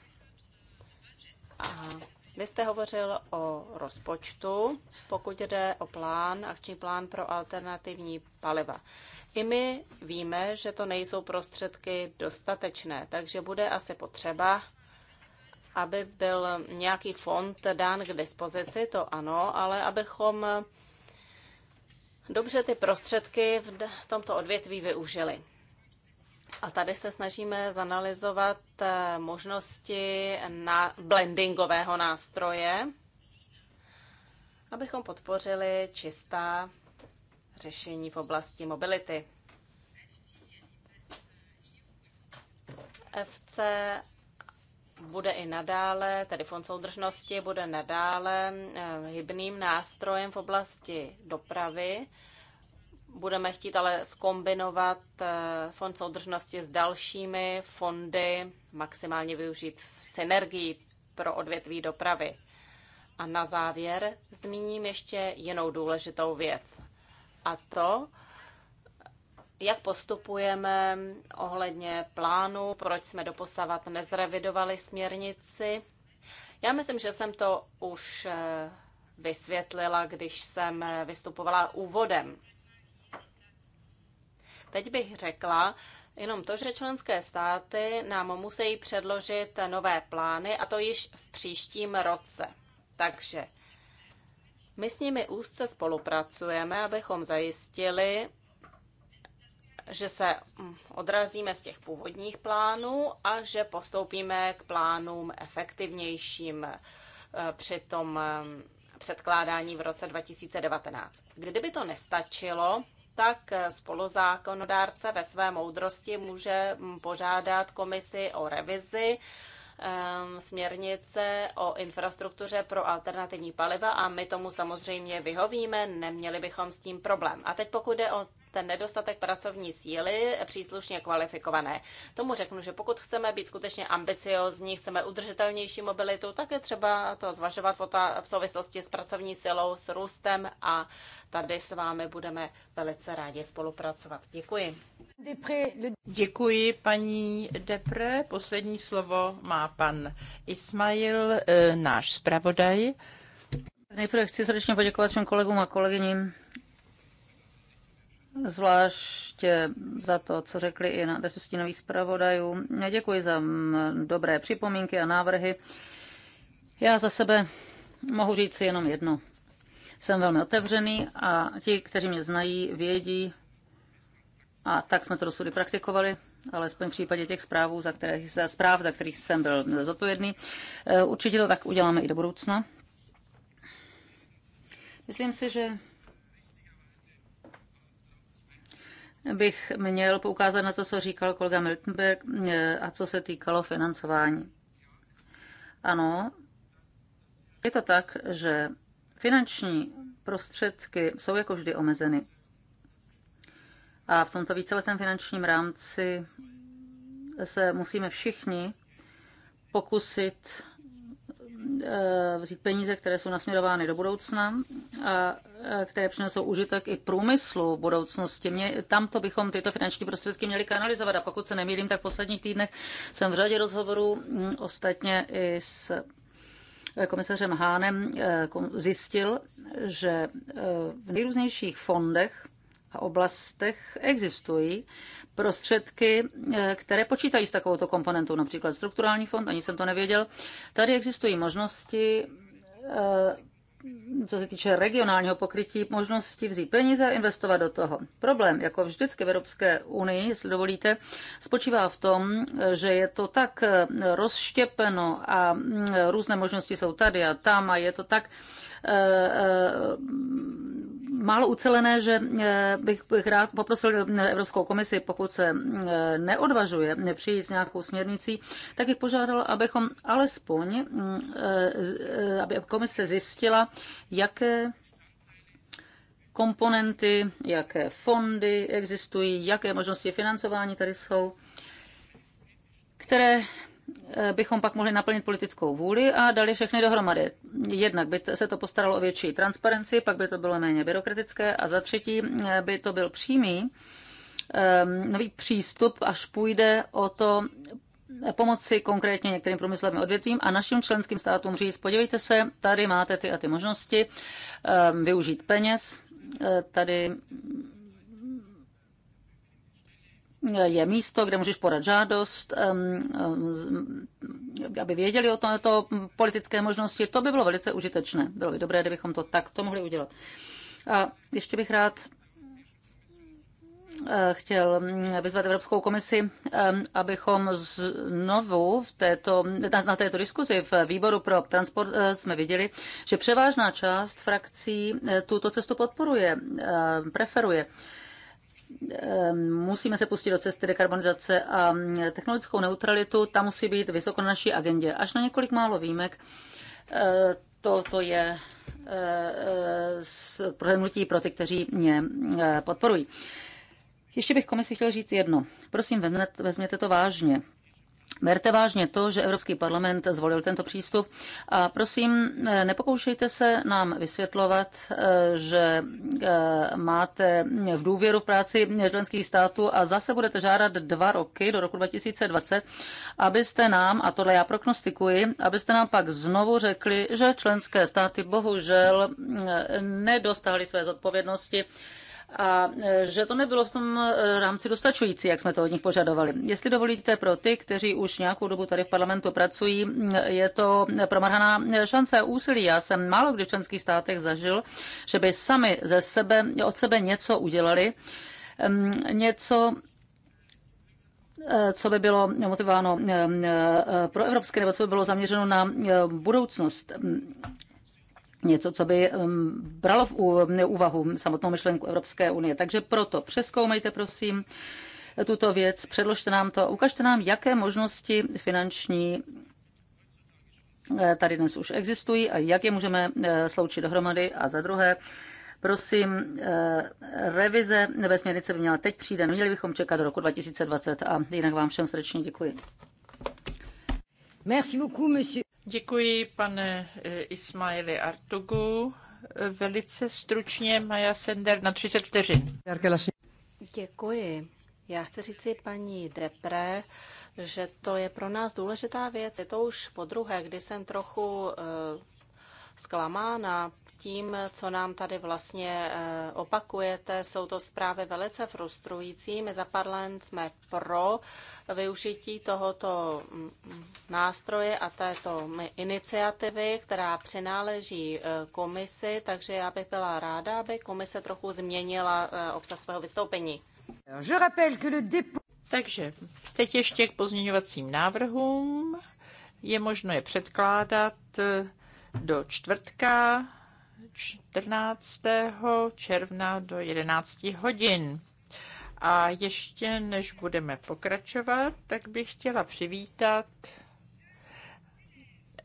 Speaker 2: A vy jste hovořil o rozpočtu, pokud jde o plán, akční plán pro alternativní paliva. I my víme, že to nejsou prostředky dostatečné, takže bude asi potřeba, aby byl nějaký fond dán k dispozici, to ano, ale abychom dobře ty prostředky v tomto odvětví využili. A tady se snažíme zanalizovat eh, možnosti na blendingového nástroje, abychom podpořili čistá řešení v oblasti mobility. FC bude i nadále, tedy Fond soudržnosti bude nadále eh, hybným nástrojem v oblasti dopravy. Budeme chtít ale skombinovat eh, fond soudržnosti s dalšími fondy, maximálně využít synergii pro odvětví dopravy. A na závěr zmíním ještě jinou důležitou věc. A to, jak postupujeme ohledně plánu, proč jsme doposavat nezrevidovali směrnici. Já myslím, že jsem to už eh, vysvětlila, když jsem eh, vystupovala úvodem teď bych řekla, Jenom to, že členské státy nám musí předložit nové plány, a to již v příštím roce. Takže my s nimi úzce spolupracujeme, abychom zajistili, že se mm, odrazíme z těch původních plánů a že postoupíme k plánům efektivnějším e, při tom předkládání v roce 2019. Kdyby to nestačilo, tak spoluzákonodárce ve své moudrosti může požádat komisi o revizi směrnice o infrastruktuře pro alternativní paliva a my tomu samozřejmě vyhovíme, neměli bychom s tím problém. A teď pokud jde o ten nedostatek pracovní síly příslušně kvalifikované. Tomu řeknu, že pokud chceme být skutečně ambiciozní, chceme udržitelnější mobilitu, tak je třeba to zvažovat v souvislosti s pracovní silou, s růstem a tady s vámi budeme velice rádi spolupracovat. Děkuji.
Speaker 1: Děkuji, paní Depre. Poslední slovo má pan Ismail, eh, náš zpravodaj. Nejprve chci srdečně poděkovat všem kolegům a kolegyním
Speaker 3: zvláště za to, co řekli i na adresu stínových zpravodajů. Děkuji za dobré připomínky a návrhy. Já za sebe mohu říct si jenom jedno. Jsem velmi otevřený a ti, kteří mě znají, vědí, a tak jsme to dosud praktikovali, alespoň v případě těch zprávů, za které, za zpráv, za kterých jsem byl zodpovědný. E, určitě to tak uděláme i do budoucna. Myslím si, že bych měl poukázat na to, co říkal kolega Miltenberg eh, a co se týkalo financování. Ano, je to tak, že finanční prostředky jsou jako vždy omezeny. A v tomto víceletém finančním rámci se musíme všichni pokusit Eh, vzít peníze, které jsou nasměrovány do budoucna a eh, které přinesou užitek i průmyslu v budoucnosti. Mě, tamto bychom tyto finanční prostředky měli kanalizovat a pokud se nemýlím, tak v posledních týdnech jsem v řadě rozhovorů hm, ostatně i s eh, komisařem Hánem zjistil, že v nejrůznějších fondech oblastech existují prostředky, eh, které počítají s takovouto komponentou, například strukturální fond, ani jsem to nevěděl. Tady existují možnosti eh, co se týče regionálního pokrytí, možnosti vzít peníze a investovat do toho. Problém, jako vždycky v Evropské unii, jestli dovolíte, spočívá v tom, že je to tak eh, rozštěpeno a mm, různé možnosti jsou tady a tam a je to tak Eh, eh, málo ucelené, že eh, bych, bych rád poprosil Evropskou komisi, pokud se neodvažuje přijít s nějakou směrnicí, tak bych požádal, abychom alespoň, mm, aby komise zjistila, jaké komponenty, jaké fondy existují, jaké možnosti financování tady jsou, které Eh, bychom pak mohli naplnit politickou vůli a dali všechny dohromady. Jednak by se to postaralo o větší transparenci, pak by to bylo méně byrokratické a za třetí eh, by to byl přímý ehm, nový přístup, až půjde o to eh, pomoci konkrétně některým průmyslovým odvětvím a našim členským státům říct, podívejte se, tady máte ty a ty možnosti ehm, využít peněz, tady je místo, kde můžeš podat žádost, aby věděli o této politické možnosti. To by bylo velice užitečné. Bylo by dobré, kdybychom to takto mohli udělat. A ještě bych rád eh, chtěl mm, vyzvat Evropskou komisi, abychom znovu v této, na, na této diskuzi v výboru pro transport eh, jsme viděli, že převážná část frakcí eh, tuto cestu podporuje, preferuje. Ehm, musíme se pustit do cesty dekarbonizace a mm, technologickou neutralitu, ta musí být vysoko na naší agendě. Až na několik málo výjimek, eh, to, je je eh, eh, prohlednutí pro ty, kteří mě podporují. Ještě bych komisi chtěl říct jedno. Prosím, vezměte to vážně, Berte vážně to, že Evropský parlament zvolil tento přístup a prosím, nepokoušejte se nám vysvětlovat, že eh, máte v důvěru v práci členských států a zase budete žádat dva roky do roku 2020, abyste nám, a tohle já prognostikuji, abyste nám pak znovu řekli, že členské státy bohužel eh, nedostáhly své zodpovědnosti a e, že to nebylo v tom e, rámci dostačující, jak jsme to od nich požadovali. Jestli dovolíte pro ty, kteří už nějakou dobu tady v parlamentu pracují, e, je to promarhaná šance a úsilí. Já jsem málo kdy v členských státech zažil, že by sami ze sebe, od sebe něco udělali, něco co by bylo motivováno pro evropské, nebo co by bylo zaměřeno na budoucnost něco, co by um, bralo v úvahu samotnou myšlenku Evropské unie. Takže proto přeskoumejte, prosím, tuto věc, předložte nám to, ukažte nám, jaké možnosti finanční eh, tady dnes už existují a jak je můžeme eh, sloučit dohromady. A za druhé, prosím, eh, revize ve směrnice by měla teď přijde, neměli bychom čekat do roku 2020 a jinak vám všem srdečně
Speaker 1: děkuji. Merci beaucoup, monsieur. Děkuji, pane eh, Ismaili Artugu. Velice stručně, Maja Sender, na 30 vteřin. Děkuji. Já chci říci paní Depre,
Speaker 2: že to je pro nás důležitá věc. Je to už po druhé, kdy jsem trochu uh, eh, zklamána, tím, co nám tady vlastně eh, opakujete. Jsou to zprávy velice frustrující. My za parlament jsme pro využití tohoto mm, nástroje a této mm, iniciativy, která přináleží eh, komisi, takže já bych byla ráda, aby komise trochu změnila
Speaker 1: eh, obsah svého vystoupení. Takže teď ještě k pozměňovacím návrhům. Je možno je předkládat do čtvrtka 14. června do 11 hodin. A ještě než budeme pokračovat, tak bych chtěla přivítat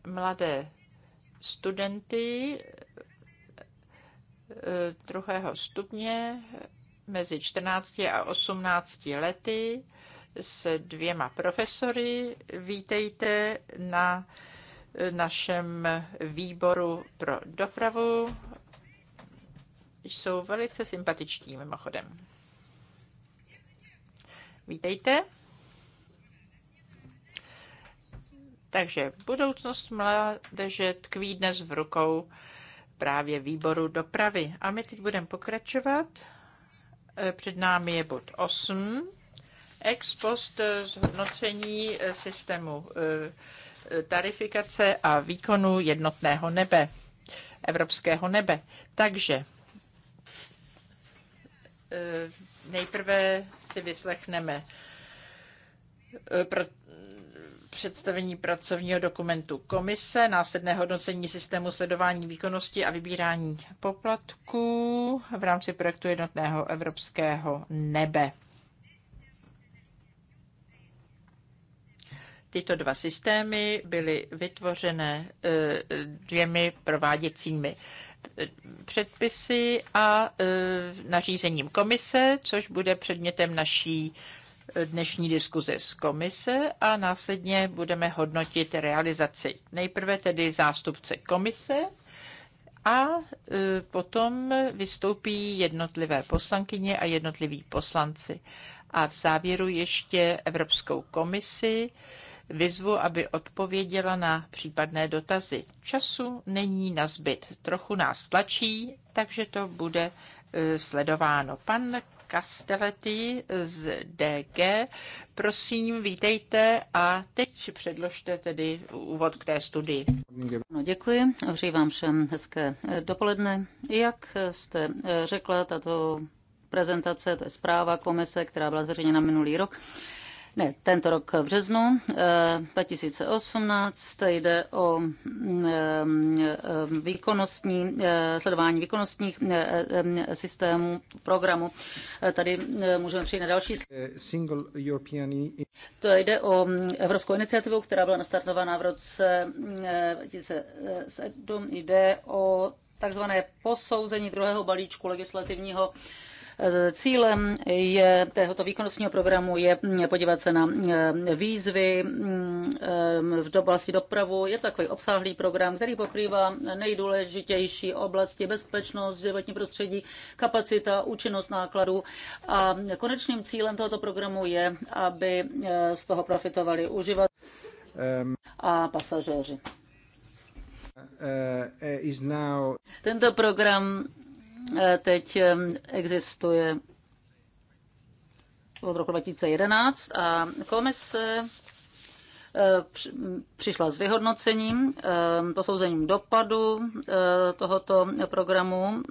Speaker 1: mladé studenty eh, druhého stupně mezi 14 a 18 lety s dvěma profesory. Vítejte na našem výboru pro dopravu. Jsou velice sympatiční mimochodem. Vítejte. Takže budoucnost mládeže tkví dnes v rukou právě výboru dopravy. A my teď budeme pokračovat. Eh, před námi je bod 8. Ex post zhodnocení eh, systému eh, tarifikace a výkonu jednotného nebe, evropského nebe. Takže eh, nejprve si vyslechneme eh, pro představení pracovního dokumentu komise, následné hodnocení systému sledování výkonnosti a vybírání poplatků v rámci projektu jednotného evropského nebe. Tyto dva systémy byly vytvořené e, dvěmi prováděcími e, předpisy a e, nařízením komise, což bude předmětem naší dnešní diskuze z komise a následně budeme hodnotit realizaci. Nejprve tedy zástupce komise a potom vystoupí jednotlivé poslankyně a jednotliví poslanci. A v závěru ještě Evropskou komisi vyzvu, aby odpověděla na případné dotazy. Času není na zbyt. Trochu nás tlačí, takže to bude e, sledováno. Pan Castelletti z DG. Prosím, vítejte a teď předložte tedy úvod k té studii. No, děkuji,
Speaker 3: přeji vám všem hezké e, dopoledne. Jak jste e, řekla, tato prezentace, to je zpráva komise, která byla zveřejněna minulý rok, ne, tento rok v březnu 2018 eh, jde o mm, eh, výkonnostní, eh, sledování výkonnostních systémů programu. Tady můžeme přijít na další.
Speaker 1: Single European...
Speaker 3: To jde o mm, evropskou iniciativu, která byla nastartovaná v roce 2007. Mm, jde o takzvané posouzení druhého balíčku legislativního Cílem je tohoto výkonnostního programu je podívat se na eh, výzvy mm, eh, v oblasti dopravu. Je to takový obsáhlý program, který pokrývá nejdůležitější oblasti bezpečnost, životní prostředí, kapacita, účinnost nákladů. A konečným cílem tohoto programu je, aby eh, z toho profitovali uživatelé a pasažéři. Tento program Eh, teď existuje od roku 2011 a komise eh, přišla s vyhodnocením, posouzením dopadu eh, tohoto programu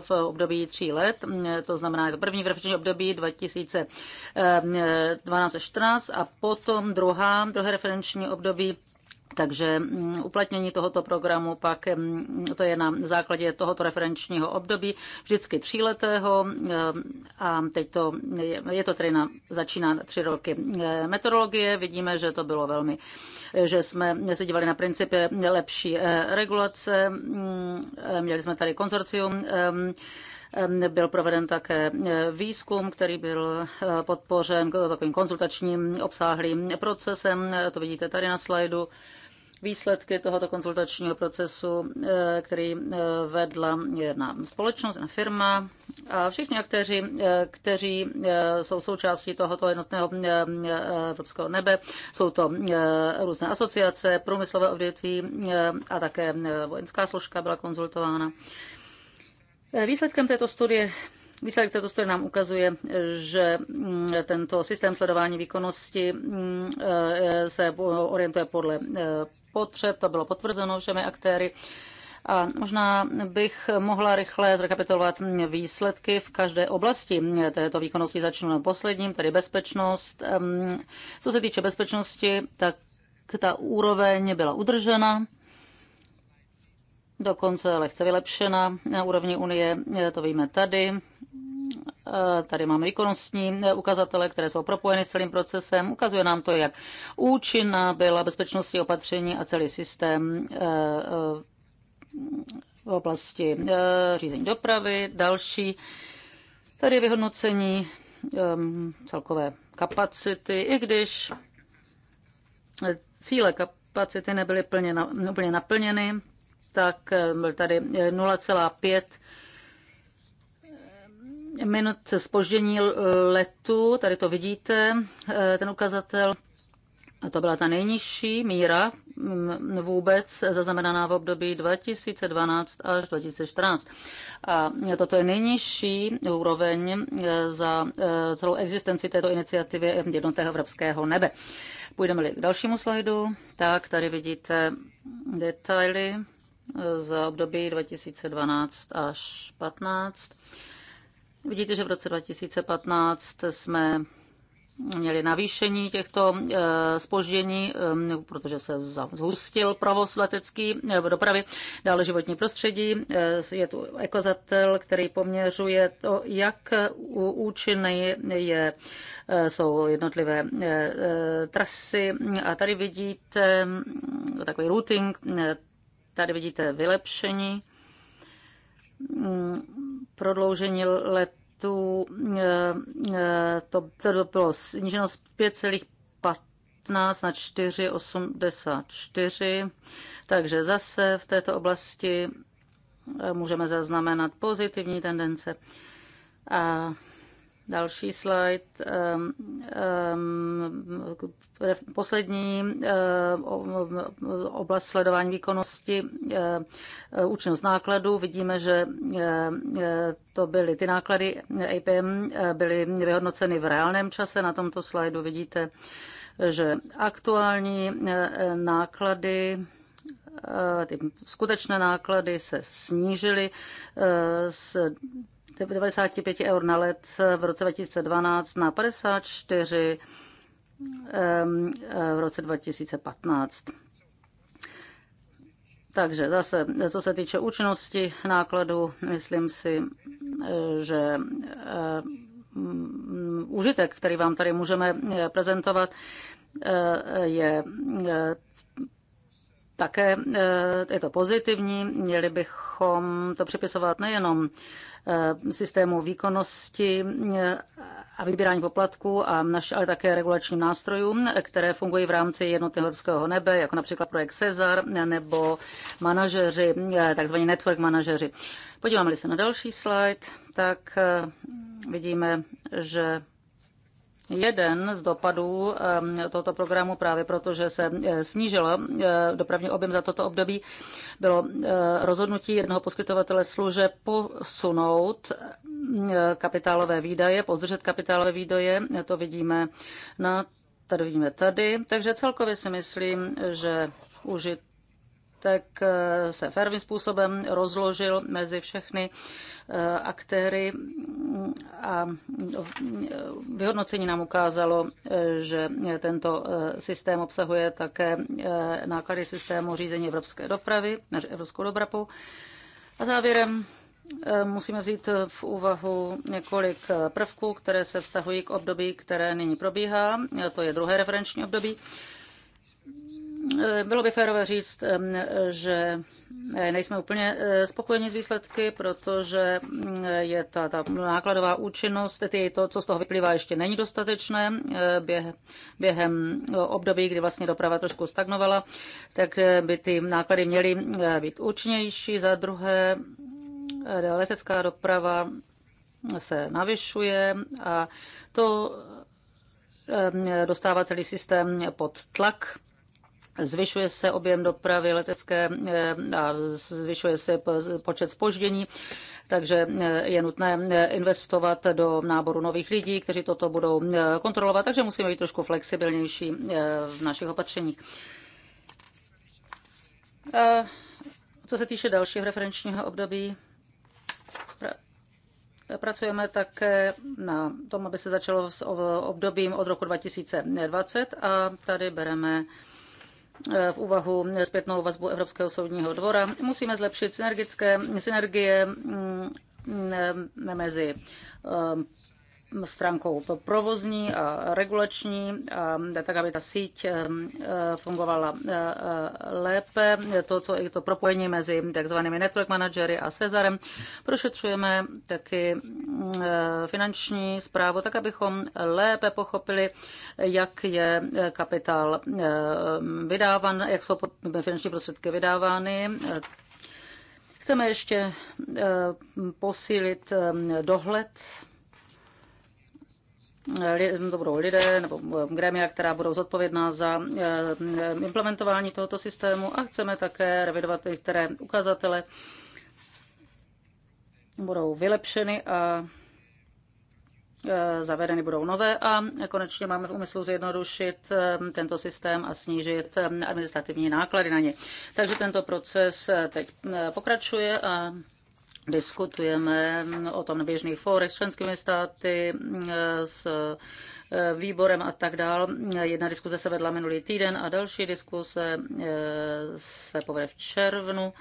Speaker 3: v období tří let, to znamená je to jako první referenční období 2012-14 a potom druhá, druhé referenční období takže mm, uplatnění tohoto programu pak mm, to je na základě tohoto referenčního období vždycky tříletého eh, a teď to, je to tedy na, začíná na tři roky eh, meteorologie. Vidíme, že to bylo velmi, eh, že jsme se dívali na principy lepší regulace. Mm, měli jsme tady konzorcium byl proveden také výzkum, který byl podpořen takovým konzultačním obsáhlým procesem. To vidíte tady na slajdu výsledky tohoto konzultačního procesu, eh, který eh, vedla jedna společnost, jedna firma a všichni aktéři, eh, kteří jsou součástí tohoto jednotného evropského nebe, jsou to různé asociace, průmyslové odvětví a také vojenská složka byla konzultována. Výsledkem této studie Výsledek této studie nám ukazuje, že mm, tento systém sledování výkonnosti mm, se orientuje podle potřeb. To bylo potvrzeno všemi aktéry. A možná bych mohla rychle zrekapitulovat výsledky v každé oblasti této výkonnosti. Začnu na posledním, tedy bezpečnost. Co se týče bezpečnosti, tak ta úroveň byla udržena dokonce lehce vylepšena na úrovni Unie, to víme tady. Eh, tady máme výkonnostní eh, ukazatele, které jsou propojeny s celým procesem. Ukazuje nám to, jak účinná byla bezpečnostní opatření a celý systém eh, v oblasti řízení dopravy. Další tady je vyhodnocení ehm, celkové kapacity, i když cíle kapacity nebyly plně, úplně naplněny, tak byl tady 0,5 minut spoždění letu, tady to vidíte, eh, ten ukazatel, to byla ta nejnižší míra mm, vůbec zaznamenaná v období 2012 až 2014. A toto je nejnižší úroveň eh, za eh, celou existenci této iniciativy jednotného evropského nebe. Půjdeme-li k dalšímu slajdu, tak tady vidíte detaily za období 2012 až 2015. Vidíte, že v roce 2015 jsme měli navýšení těchto spoždění, eh, ehm, protože se zhustil provoz letecký eh, dopravy, dále životní prostředí. Eh, je tu ekozatel, který poměřuje to, jak účinný je, jsou jednotlivé trasy. A tady vidíte mm, takový routing, tady vidíte vylepšení mm, prodloužení letu eh, eh, to, to bylo sníženo z 5,15 na 4,84, takže zase v této oblasti eh, můžeme zaznamenat pozitivní tendence. A Další slide. Ehm, ehm, poslední ehm, oblast sledování výkonnosti, účinnost nákladů. Vidíme, že to byly ty náklady APM, byly vyhodnoceny v reálném čase. Na tomto slajdu vidíte, že aktuální náklady ty skutečné náklady se snížily z 95 eur na let v roce 2012 na 54 eh, v roce 2015. Takže zase, co se týče účinnosti nákladu, myslím si, eh, že eh, užitek, který vám tady můžeme prezentovat, je také je to pozitivní. Měli bychom to připisovat nejenom Eh, systému výkonnosti eh, a vybírání poplatků, a ale také regulačním nástrojům, které fungují v rámci jednotného evropského nebe, jako například projekt Cezar nebo manažeři, eh, takzvaní network manažeři. Podíváme-li se na další slide, tak vidíme, že jeden z dopadů tohoto programu právě proto, že se eh, snížil eh, dopravní objem za toto období, bylo eh, rozhodnutí jednoho poskytovatele služeb posunout kapitálové výdaje, pozdržet kapitálové výdaje, to vidíme na tady vidíme tady, takže celkově si myslím, že užit tak eh, se férovým způsobem rozložil mezi všechny eh, aktéry mm, a mm, vyhodnocení nám ukázalo, eh, že tento systém obsahuje také náklady systému řízení evropské dopravy, evropskou dopravu. A závěrem musíme vzít v úvahu několik prvků, které se vztahují k období, které nyní probíhá. To je druhé referenční období. Eh, bylo by férové říct, že eh, nejsme úplně eh, spokojeni s výsledky, protože mm, je ta, ta nákladová účinnost, ty, to, co z toho vyplývá, ještě není dostatečné během, během období, kdy vlastně doprava trošku stagnovala, tak by ty náklady měly být účinnější. Za druhé, letecká doprava se navyšuje a to dostává celý systém pod tlak Zvyšuje se objem dopravy letecké eh, a zvyšuje se počet spoždění, takže eh, je nutné eh, investovat do náboru nových lidí, kteří toto budou kontrolovat, takže musíme být trošku flexibilnější v našich opatřeních. Co se týče dalšího referenčního období, Pracujeme také na tom, aby se začalo s obdobím od roku 2020 a tady bereme v úvahu zpětnou vazbu Evropského soudního dvora. Musíme zlepšit synergické synergie mm, mm, mezi stránkou provozní a regulační, tak aby ta síť eh, fungovala eh, eh, lépe. To, co je to propojení mezi takzvanými network managery a Cezarem, prošetřujeme taky mm, finanční zprávu, tak abychom lépe pochopili, jak je kapitál vydáván, jak jsou finanční prostředky vydávány, Chceme ještě posílit dohled to budou lidé nebo eh, gremia, která budou zodpovědná za eh, implementování tohoto systému a chceme také revidovat některé ukazatele, budou vylepšeny a eh, zavedeny budou nové a konečně máme v úmyslu zjednodušit tento systém a snížit administrativní náklady na ně. Takže tento proces teď pokračuje a diskutujeme o tom na běžných fórech s členskými státy, s eh, výborem a tak dál. Jedna diskuze se vedla minulý týden a další diskuze eh, se povede v červnu.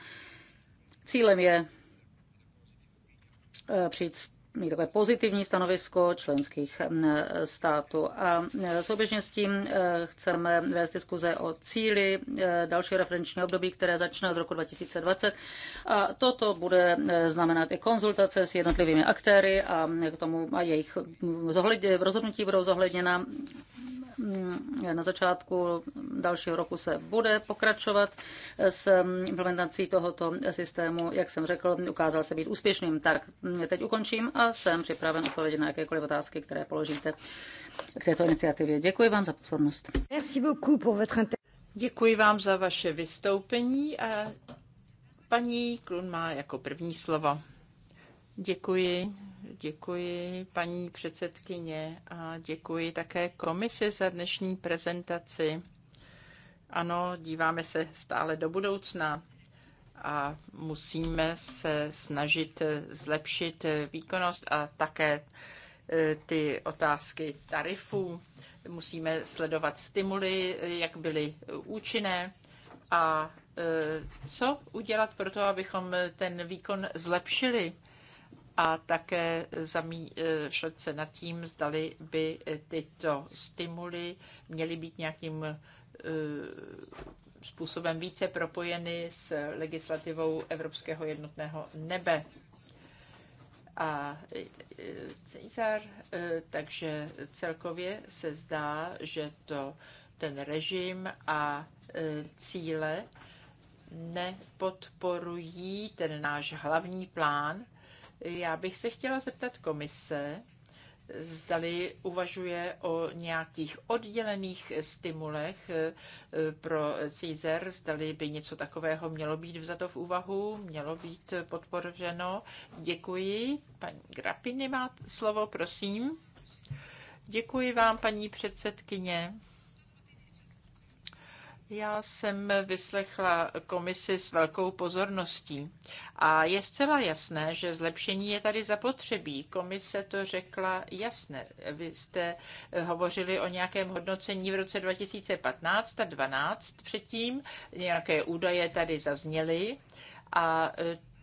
Speaker 3: Cílem je eh, přijít s mít takové pozitivní stanovisko členských států. A e, souběžně s tím e, chceme vést diskuze o cíli e, další referenční období, které začne od roku 2020. A toto bude znamenat i konzultace s jednotlivými aktéry a k tomu a jejich rozhodnutí budou zohledněna Mm, na začátku dalšího roku se bude pokračovat s implementací tohoto systému. Jak jsem řekl, ukázal se být úspěšným. Tak teď ukončím a jsem připraven odpovědět na jakékoliv otázky, které položíte k této iniciativě. Děkuji vám za pozornost.
Speaker 1: Děkuji vám za vaše vystoupení a paní Klun má jako první slovo. Děkuji, Děkuji paní předsedkyně a děkuji také komisi za dnešní prezentaci. Ano, díváme se stále do budoucna a musíme se snažit zlepšit výkonnost a také e, ty otázky tarifů. Musíme sledovat stimuly, jak byly účinné a e, co udělat pro to, abychom ten výkon zlepšili a také zamýšlet se nad tím, zdali by tyto stimuly měly být nějakým eh, způsobem více propojeny s legislativou Evropského jednotného nebe. A eh, Cezar, eh, takže celkově se zdá, že to ten režim a cíle nepodporují ten náš hlavní plán, já bych se chtěla zeptat komise, zdali uvažuje o nějakých oddělených stimulech eh, pro CIZER, zdali by něco takového mělo být vzato v úvahu, mělo být podporženo. Děkuji. Paní Grapiny má slovo, prosím. Děkuji vám, paní předsedkyně. Já jsem vyslechla komisi s velkou pozorností a je zcela jasné, že zlepšení je tady zapotřebí. Komise to řekla jasně. Vy jste hovořili o nějakém hodnocení v roce 2015 a 2012 předtím, nějaké údaje tady zazněly a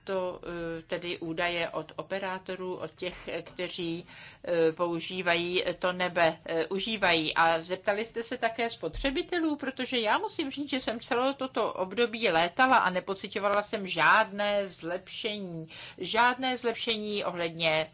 Speaker 1: to eh, tedy údaje od operátorů, od těch, eh, kteří eh, používají to nebe, užívají. A zeptali jste se také spotřebitelů, protože já musím říct, že jsem celé toto období létala a nepocitovala jsem žádné zlepšení, žádné zlepšení ohledně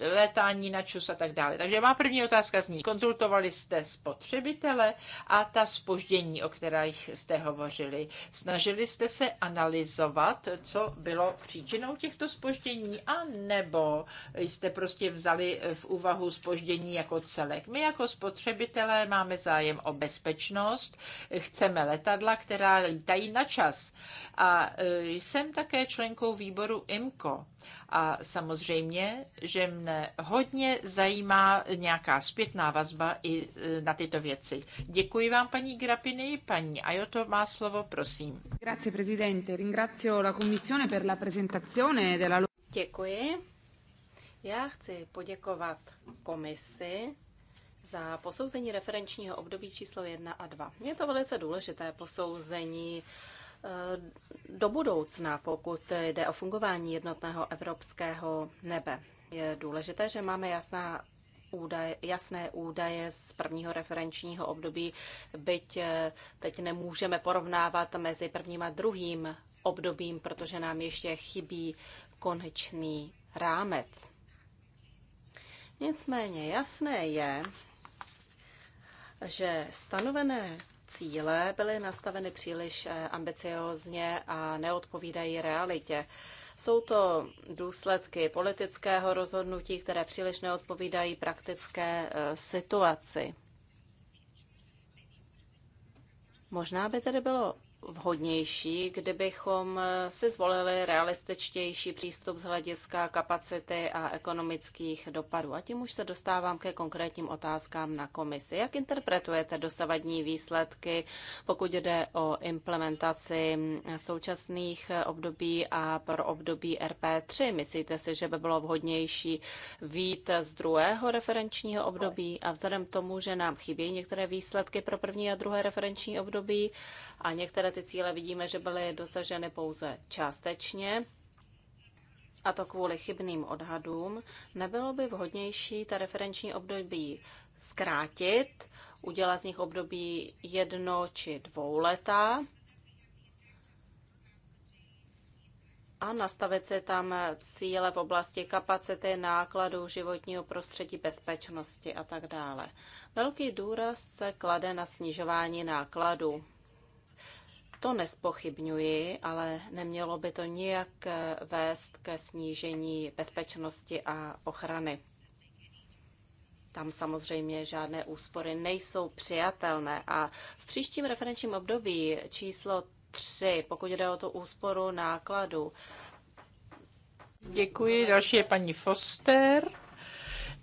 Speaker 1: létání na čus a tak dále. Takže má první otázka zní, konzultovali jste spotřebitele a ta spoždění, o kterých jste hovořili, snažili jste se analyzovat, co bylo příčinou těchto spoždění, a nebo jste prostě vzali v úvahu spoždění jako celek. My jako spotřebitelé máme zájem o bezpečnost, chceme letadla, která lítají na čas. A e, jsem také členkou výboru IMCO a samozřejmě, že mne hodně zajímá nějaká zpětná vazba i e, na tyto věci. Děkuji vám, paní Grapiny. Paní Ajoto má slovo, prosím.
Speaker 2: Grazie, Presidente, Ringrazio la commissione per la presentazione della...
Speaker 1: Děkuji. Já chci
Speaker 2: poděkovat komisi za posouzení referenčního období číslo 1 a 2. Je to velice důležité posouzení Eh, do budoucna, pokud jde o fungování jednotného evropského nebe. Je důležité, že máme jasná údaje, jasné údaje z prvního referenčního období, byť eh, teď nemůžeme porovnávat mezi prvním a druhým obdobím, protože nám ještě chybí konečný rámec. Nicméně jasné je, že stanovené cíle byly nastaveny příliš eh, ambiciozně a neodpovídají realitě. Jsou to důsledky politického rozhodnutí, které příliš neodpovídají praktické eh, situaci. Možná by tedy bylo vhodnější, kdybychom si zvolili realističtější přístup z hlediska kapacity a ekonomických dopadů. A tím už se dostávám ke konkrétním otázkám na komisi. Jak interpretujete dosavadní výsledky, pokud jde o implementaci současných období a pro období RP3? Myslíte si, že by bylo vhodnější vít z druhého referenčního období a vzhledem k tomu, že nám chybí některé výsledky pro první a druhé referenční období a některé ty cíle vidíme, že byly dosaženy pouze částečně, a to kvůli chybným odhadům, nebylo by vhodnější ta referenční období zkrátit, udělat z nich období jedno či dvou leta a nastavit si tam cíle v oblasti kapacity, nákladů, životního prostředí, bezpečnosti a tak dále. Velký důraz se klade na snižování nákladů. To nespochybňuji, ale nemělo by to nijak eh, vést ke snížení bezpečnosti a ochrany. Tam samozřejmě žádné úspory nejsou přijatelné a v příštím referenčním období číslo 3, pokud jde o tu úsporu nákladu.
Speaker 1: Děkuji, další je paní Foster.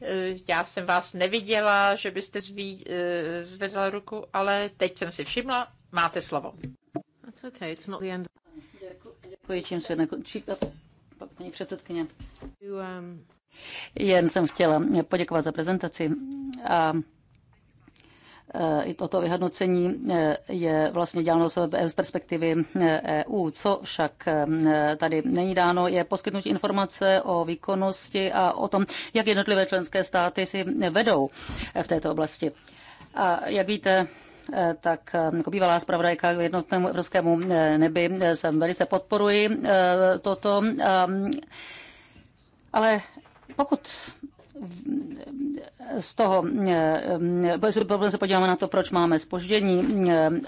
Speaker 1: Eh, já jsem vás neviděla, že byste eh, zvedla ruku, ale teď jsem si všimla, máte slovo. That's okay, it's not the end. Děkuji, čím
Speaker 3: svět nekončí.
Speaker 1: paní předsedkyně.
Speaker 3: Um, Jen jsem chtěla poděkovat za prezentaci a e, i toto vyhodnocení e, je vlastně děláno z perspektivy EU. E Co však tady není dáno, je poskytnutí informace o výkonnosti a o tom, jak jednotlivé členské státy si vedou v této oblasti. A jak víte, Eh, tak eh, jako bývalá zpravodajka k jednotnému evropskému eh, nebi jsem velice podporuji toto. Ehm, ale pokud z toho, problém ehm, se podíváme na to, proč máme spoždění, ehm,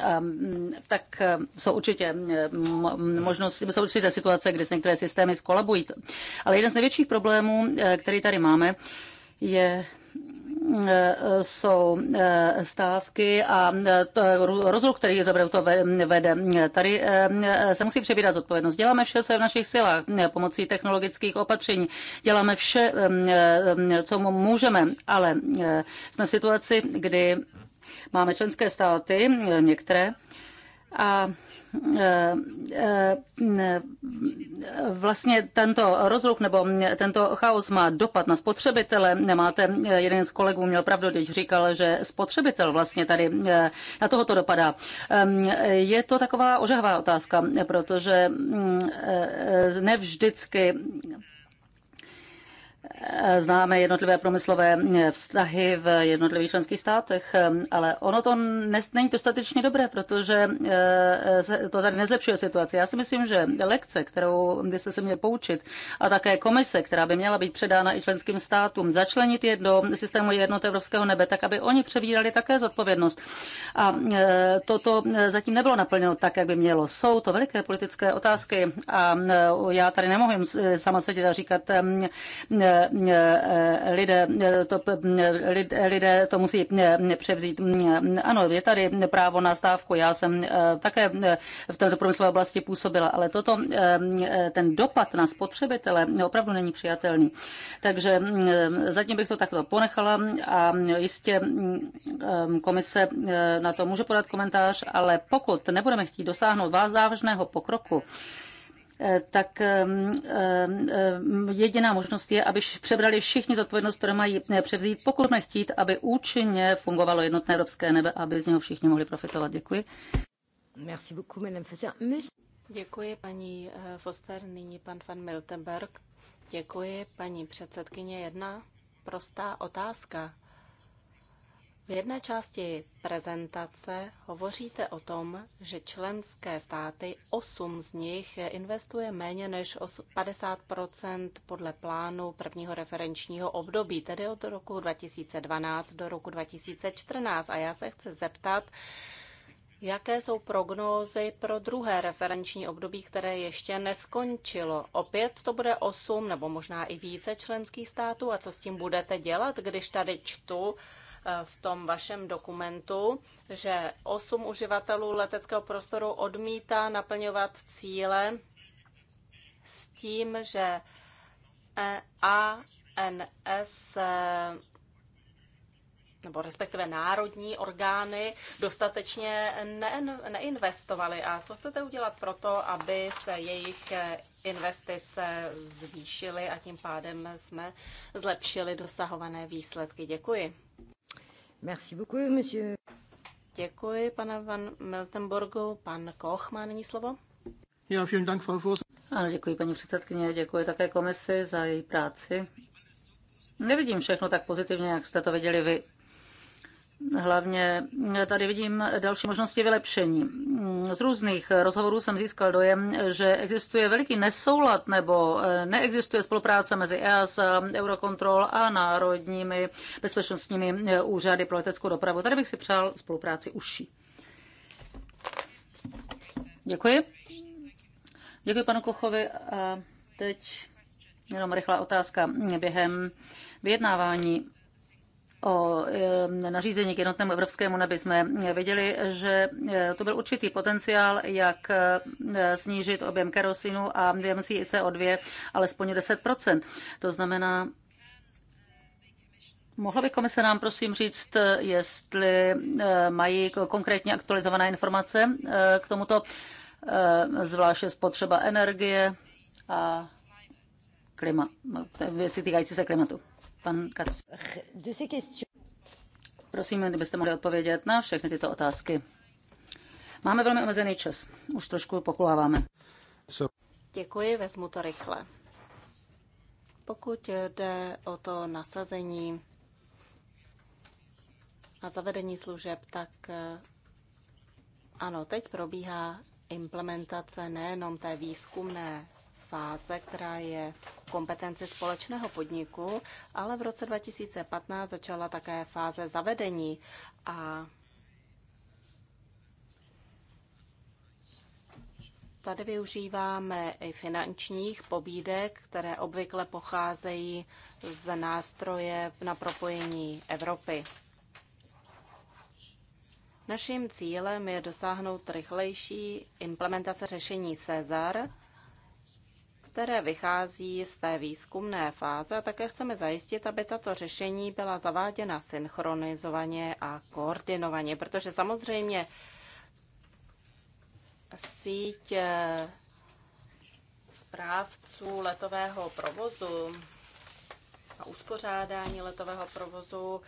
Speaker 3: tak jsou určitě možnosti, jsou určitě situace, kdy se některé systémy skolabují. Ale jeden z největších problémů, který tady máme, je jsou eh, stávky a eh, rozruch, který to vede. Tady eh, se musí přebírat zodpovědnost. Děláme vše, co je v našich silách pomocí technologických opatření. Děláme vše, co můžeme, ale jsme v situaci, kdy máme členské státy, některé, a vlastně tento rozruch nebo tento chaos má dopad na spotřebitele. Nemáte, jeden z kolegů měl pravdu, když říkal, že spotřebitel vlastně tady eh, na toho to dopadá. Ehm, je to taková ožahová otázka, protože mm, eh, nevždycky Známe jednotlivé průmyslové eh, vztahy v jednotlivých členských státech, eh, ale ono to není dostatečně dobré, protože eh, to tady nezlepšuje situaci. Já si myslím, že lekce, kterou byste se měli poučit, a také komise, která by měla být předána i členským státům, začlenit je do systému jednoty evropského nebe, tak aby oni převírali také zodpovědnost. A toto zatím nebylo naplněno tak, jak by mělo. Jsou to veliké politické otázky a já tady nemohu sama sedět a říkat, Eh, eh, lidé eh, to, lidé to musí převzít. Mm, ano, je tady právo na stávku. Já jsem také v této průmyslové oblasti působila, ale toto, ten dopad na spotřebitele opravdu není přijatelný. Takže mm, zatím bych to takto ponechala a jistě mm, komise na to může podat komentář, ale pokud nebudeme chtít dosáhnout vázávažného pokroku, tak jediná možnost je, aby přebrali všichni zodpovědnost, které mají eh, převzít, pokud budeme chtít, aby účinně fungovalo jednotné evropské nebe, aby z něho všichni mohli profitovat. Děkuji. Merci beaucoup, Madame Foster.
Speaker 2: Děkuji, paní eh, Foster. Nyní pan van Miltenberg. Děkuji, paní předsedkyně. Jedna prostá otázka. V jedné části prezentace hovoříte o tom, že členské státy, osm z nich, investuje méně než 50 podle plánu prvního referenčního období, tedy od roku 2012 do roku 2014. A já se chci zeptat, Jaké jsou prognózy pro druhé referenční období, které ještě neskončilo? Opět to bude osm nebo možná i více členských států. A co s tím budete dělat, když tady čtu v tom vašem dokumentu, že 8 uživatelů leteckého prostoru odmítá naplňovat cíle s tím, že e ANS nebo respektive národní orgány dostatečně neinvestovaly. A co chcete udělat pro to, aby se jejich investice zvýšily a tím pádem jsme zlepšili dosahované výsledky? Děkuji. Merci beaucoup, monsieur. Děkuji, pane Van Miltenborgu. Pan Koch má nyní slovo.
Speaker 1: Ja, vielen Dank, Frau Vos. Ano,
Speaker 3: děkuji, paní předsedkyně, děkuji také komisi za její práci. Nevidím všechno tak pozitivně, jak jste to viděli vy. Hlavně tady vidím další možnosti vylepšení. Z různých rozhovorů jsem získal dojem, že existuje veliký nesoulad nebo neexistuje spolupráce mezi EAS, Eurocontrol a národními bezpečnostními úřady pro leteckou dopravu. Tady bych si přál spolupráci uší. Děkuji. Děkuji panu Kochovi a teď jenom rychlá otázka během vyjednávání o nařízení k jednotnému evropskému nebi jsme viděli, že e, to byl určitý potenciál, jak e, snížit objem kerosinu a emisí i CO2 alespoň 10 To znamená, Mohla by komise nám prosím říct, e, jestli mají konkrétně aktualizované informace k tomuto, zvláště spotřeba energie a klima, no, věci týkající se klimatu. Pan Kac. Prosím, kdybyste mohli odpovědět na všechny tyto otázky. Máme velmi omezený čas. Už trošku pokuláváme.
Speaker 2: Děkuji, vezmu to rychle. Pokud jde o to nasazení a zavedení služeb, tak eh, ano, teď probíhá implementace nejenom té výzkumné fáze, která je v kompetenci společného podniku, ale v roce 2015 začala také fáze zavedení a Tady využíváme i finančních pobídek, které obvykle pocházejí z nástroje na propojení Evropy. Naším cílem je dosáhnout rychlejší implementace řešení CESAR které vychází z té výzkumné fáze a také chceme zajistit, aby tato řešení byla zaváděna synchronizovaně a koordinovaně, protože samozřejmě síť eh, správců letového provozu a uspořádání letového provozu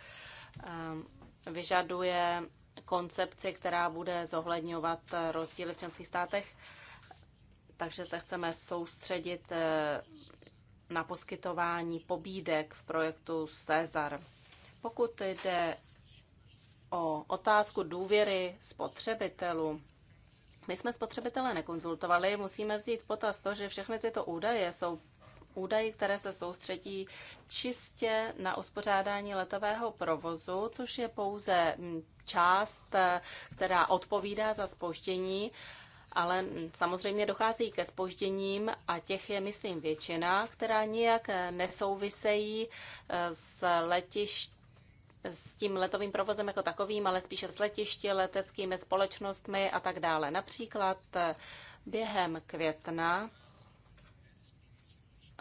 Speaker 2: eh, vyžaduje koncepci, která bude zohledňovat rozdíly v členských státech takže se chceme soustředit eh, na poskytování pobídek v projektu Cezar. Pokud jde o otázku důvěry spotřebitelů, my jsme spotřebitele nekonzultovali, musíme vzít v potaz to, že všechny tyto údaje jsou údaje, které se soustředí čistě na uspořádání letového provozu, což je pouze část, eh, která odpovídá za spouštění ale samozřejmě dochází ke spožděním a těch je, myslím, většina, která nijak nesouvisejí eh, s letišť s tím letovým provozem jako takovým, ale spíše s letiště, leteckými společnostmi a tak dále. Například eh, během května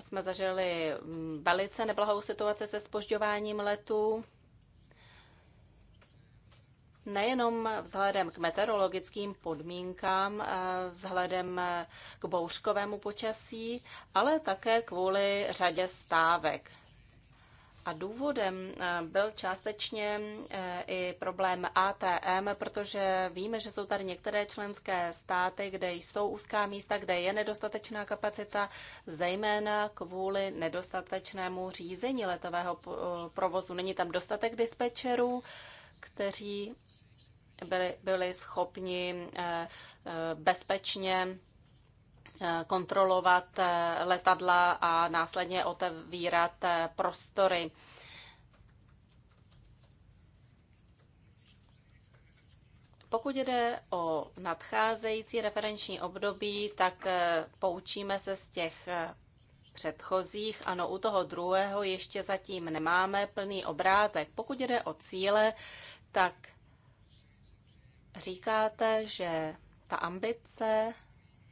Speaker 2: jsme zažili mm, velice neblahou situaci se spožďováním letů nejenom vzhledem k meteorologickým podmínkám, eh, vzhledem eh, k bouřkovému počasí, ale také kvůli řadě stávek. A důvodem eh, byl částečně i problém ATM, protože víme, že jsou tady některé členské státy, kde jsou úzká místa, kde je nedostatečná kapacita, zejména kvůli nedostatečnému řízení letového provozu. Není tam dostatek dispečerů, kteří byli, byli schopni eh, eh, bezpečně eh, kontrolovat letadla a následně otevírat prostory. Pokud jde o nadcházející referenční období, tak poučíme se z těch předchozích. Ano, u toho druhého ještě zatím nemáme plný obrázek. Pokud jde o cíle, tak říkáte, že ta ambice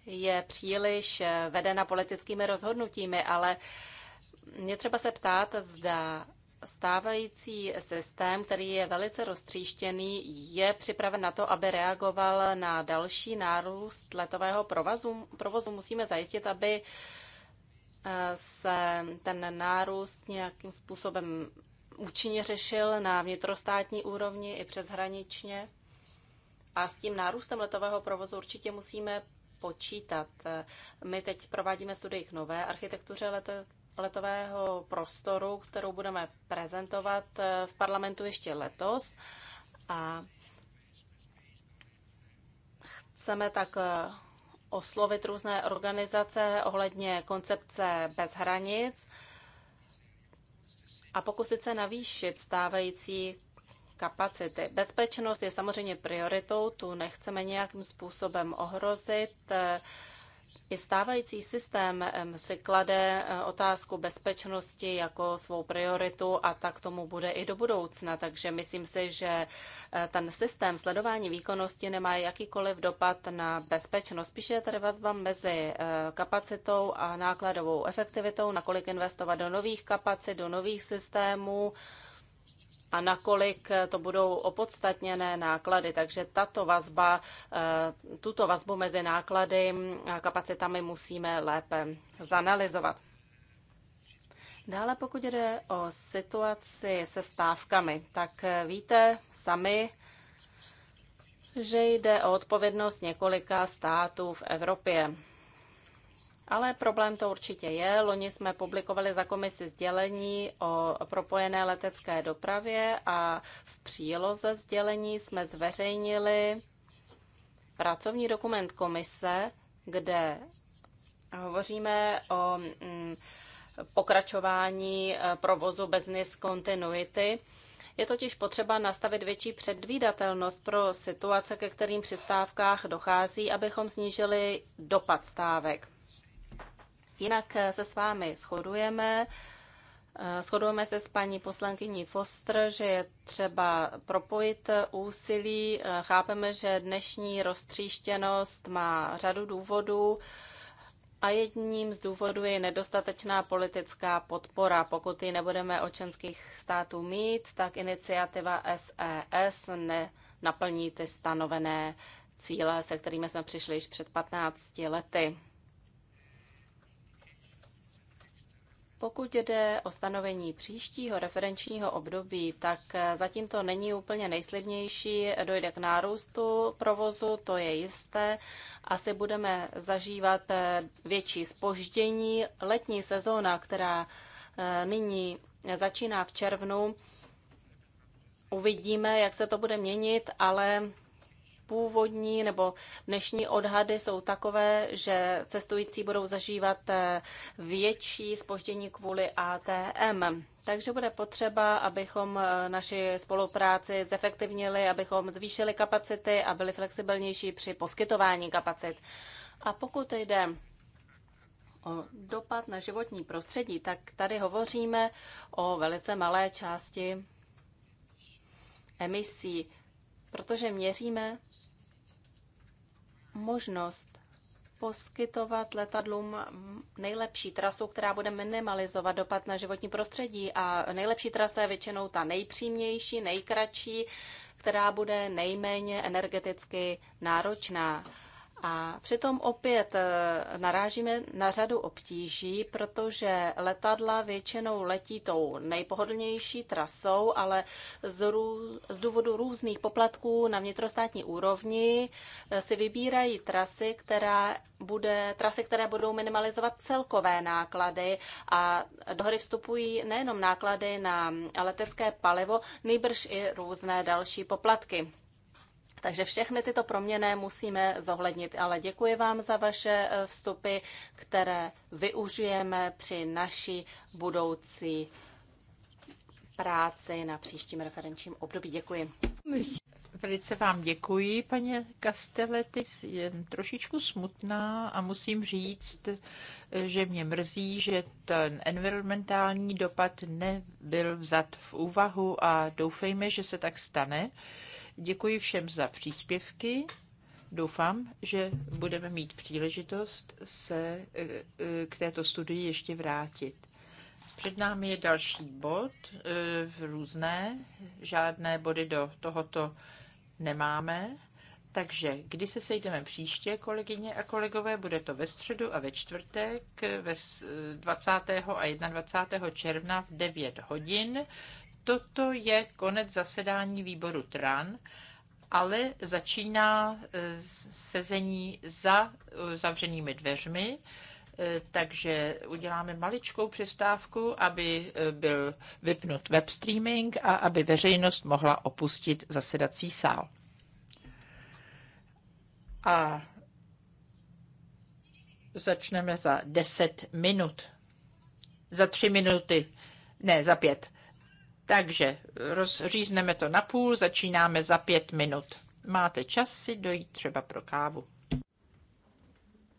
Speaker 2: je příliš eh, vedena politickými rozhodnutími, ale mě třeba se ptát, zda stávající systém, který je velice roztříštěný, je připraven na to, aby reagoval na další nárůst letového provozu. provozu. Musíme zajistit, aby eh, se ten nárůst nějakým způsobem účinně řešil na vnitrostátní úrovni i přeshraničně. A s tím nárůstem letového provozu určitě musíme počítat. My teď provádíme studii k nové architektuře leto, letového prostoru, kterou budeme prezentovat eh, v parlamentu ještě letos. A chceme tak eh, oslovit různé organizace ohledně koncepce bez hranic a pokusit se navýšit stávající kapacity. Bezpečnost je samozřejmě prioritou, tu nechceme nějakým způsobem ohrozit. I stávající systém si klade eh, otázku bezpečnosti jako svou prioritu a tak tomu bude i do budoucna. Takže myslím si, že eh, ten systém sledování výkonnosti nemá jakýkoliv dopad na bezpečnost. Spíše je tady vazba mezi eh, kapacitou a nákladovou efektivitou, nakolik investovat do nových kapacit, do nových systémů a nakolik eh, to budou opodstatněné náklady. Takže tato vazba, eh, tuto vazbu mezi náklady a kapacitami musíme lépe zanalizovat. Dále pokud jde o situaci se stávkami, tak eh, víte sami, že jde o odpovědnost několika států v Evropě. Ale problém to určitě je. Loni jsme publikovali za komisi sdělení o propojené letecké dopravě a v příloze sdělení jsme zveřejnili pracovní dokument komise, kde hovoříme o mm, pokračování eh, provozu business continuity. Je totiž potřeba nastavit větší předvídatelnost pro situace, ke kterým při stávkách dochází, abychom snížili dopad stávek. Jinak eh, se s vámi shodujeme. Eh, shodujeme se s paní poslankyní Foster, že je třeba propojit eh, úsilí. Chápeme, že dnešní roztříštěnost má řadu důvodů a jedním z důvodů je nedostatečná politická podpora. Pokud ji nebudeme od členských států mít, tak iniciativa SES e nenaplní ty stanovené cíle, se kterými jsme přišli již před 15 lety. Pokud jde o stanovení příštího referenčního období, tak eh, zatím to není úplně nejslibnější. Dojde k nárůstu provozu, to je jisté. Asi budeme zažívat eh, větší spoždění. Letní sezóna, která eh, nyní začíná v červnu, uvidíme, jak se to bude měnit, ale původní nebo dnešní odhady jsou takové, že cestující budou zažívat eh, větší spoždění kvůli ATM. Takže bude potřeba, abychom eh, naši spolupráci zefektivnili, abychom zvýšili kapacity a byli flexibilnější při poskytování kapacit. A pokud jde o dopad na životní prostředí, tak tady hovoříme o velice malé části emisí, protože měříme možnost poskytovat letadlům nejlepší trasu, která bude minimalizovat dopad na životní prostředí. A nejlepší trasa je většinou ta nejpřímější, nejkratší, která bude nejméně energeticky náročná. A přitom opět eh, narážíme na řadu obtíží, protože letadla většinou letí tou nejpohodlnější trasou, ale z, rů, z důvodu různých poplatků na vnitrostátní úrovni eh, si vybírají trasy, která bude, trasy, které budou minimalizovat celkové náklady a do hry vstupují nejenom náklady na letecké palivo, nejbrž i různé další poplatky. Takže všechny tyto proměny musíme zohlednit. Ale děkuji vám za vaše eh, vstupy, které využijeme při naší budoucí práci
Speaker 1: na příštím referenčním období. Děkuji. Velice vám děkuji, paně Castelletti. Jsem trošičku smutná a musím říct, eh, že mě mrzí, že ten environmentální dopad nebyl vzat v úvahu a doufejme, že se tak stane Děkuji všem za příspěvky. Doufám, že budeme mít příležitost se eh, eh, k této studii ještě vrátit. Před námi je další bod, eh, v různé, žádné body do tohoto nemáme. Takže kdy se sejdeme příště, kolegyně a kolegové, bude to ve středu a ve čtvrtek ve 20. a 21. června v 9 hodin toto je konec zasedání výboru TRAN, ale začíná e, sezení za e, zavřenými dveřmi e, takže uděláme maličkou přestávku, aby byl vypnut web streaming a aby veřejnost mohla opustit zasedací sál. A začneme za 10 minut. Za 3 minuty. Ne, za 5. Takže rozřízneme to na půl, začínáme za pět minut. Máte čas si dojít třeba pro kávu.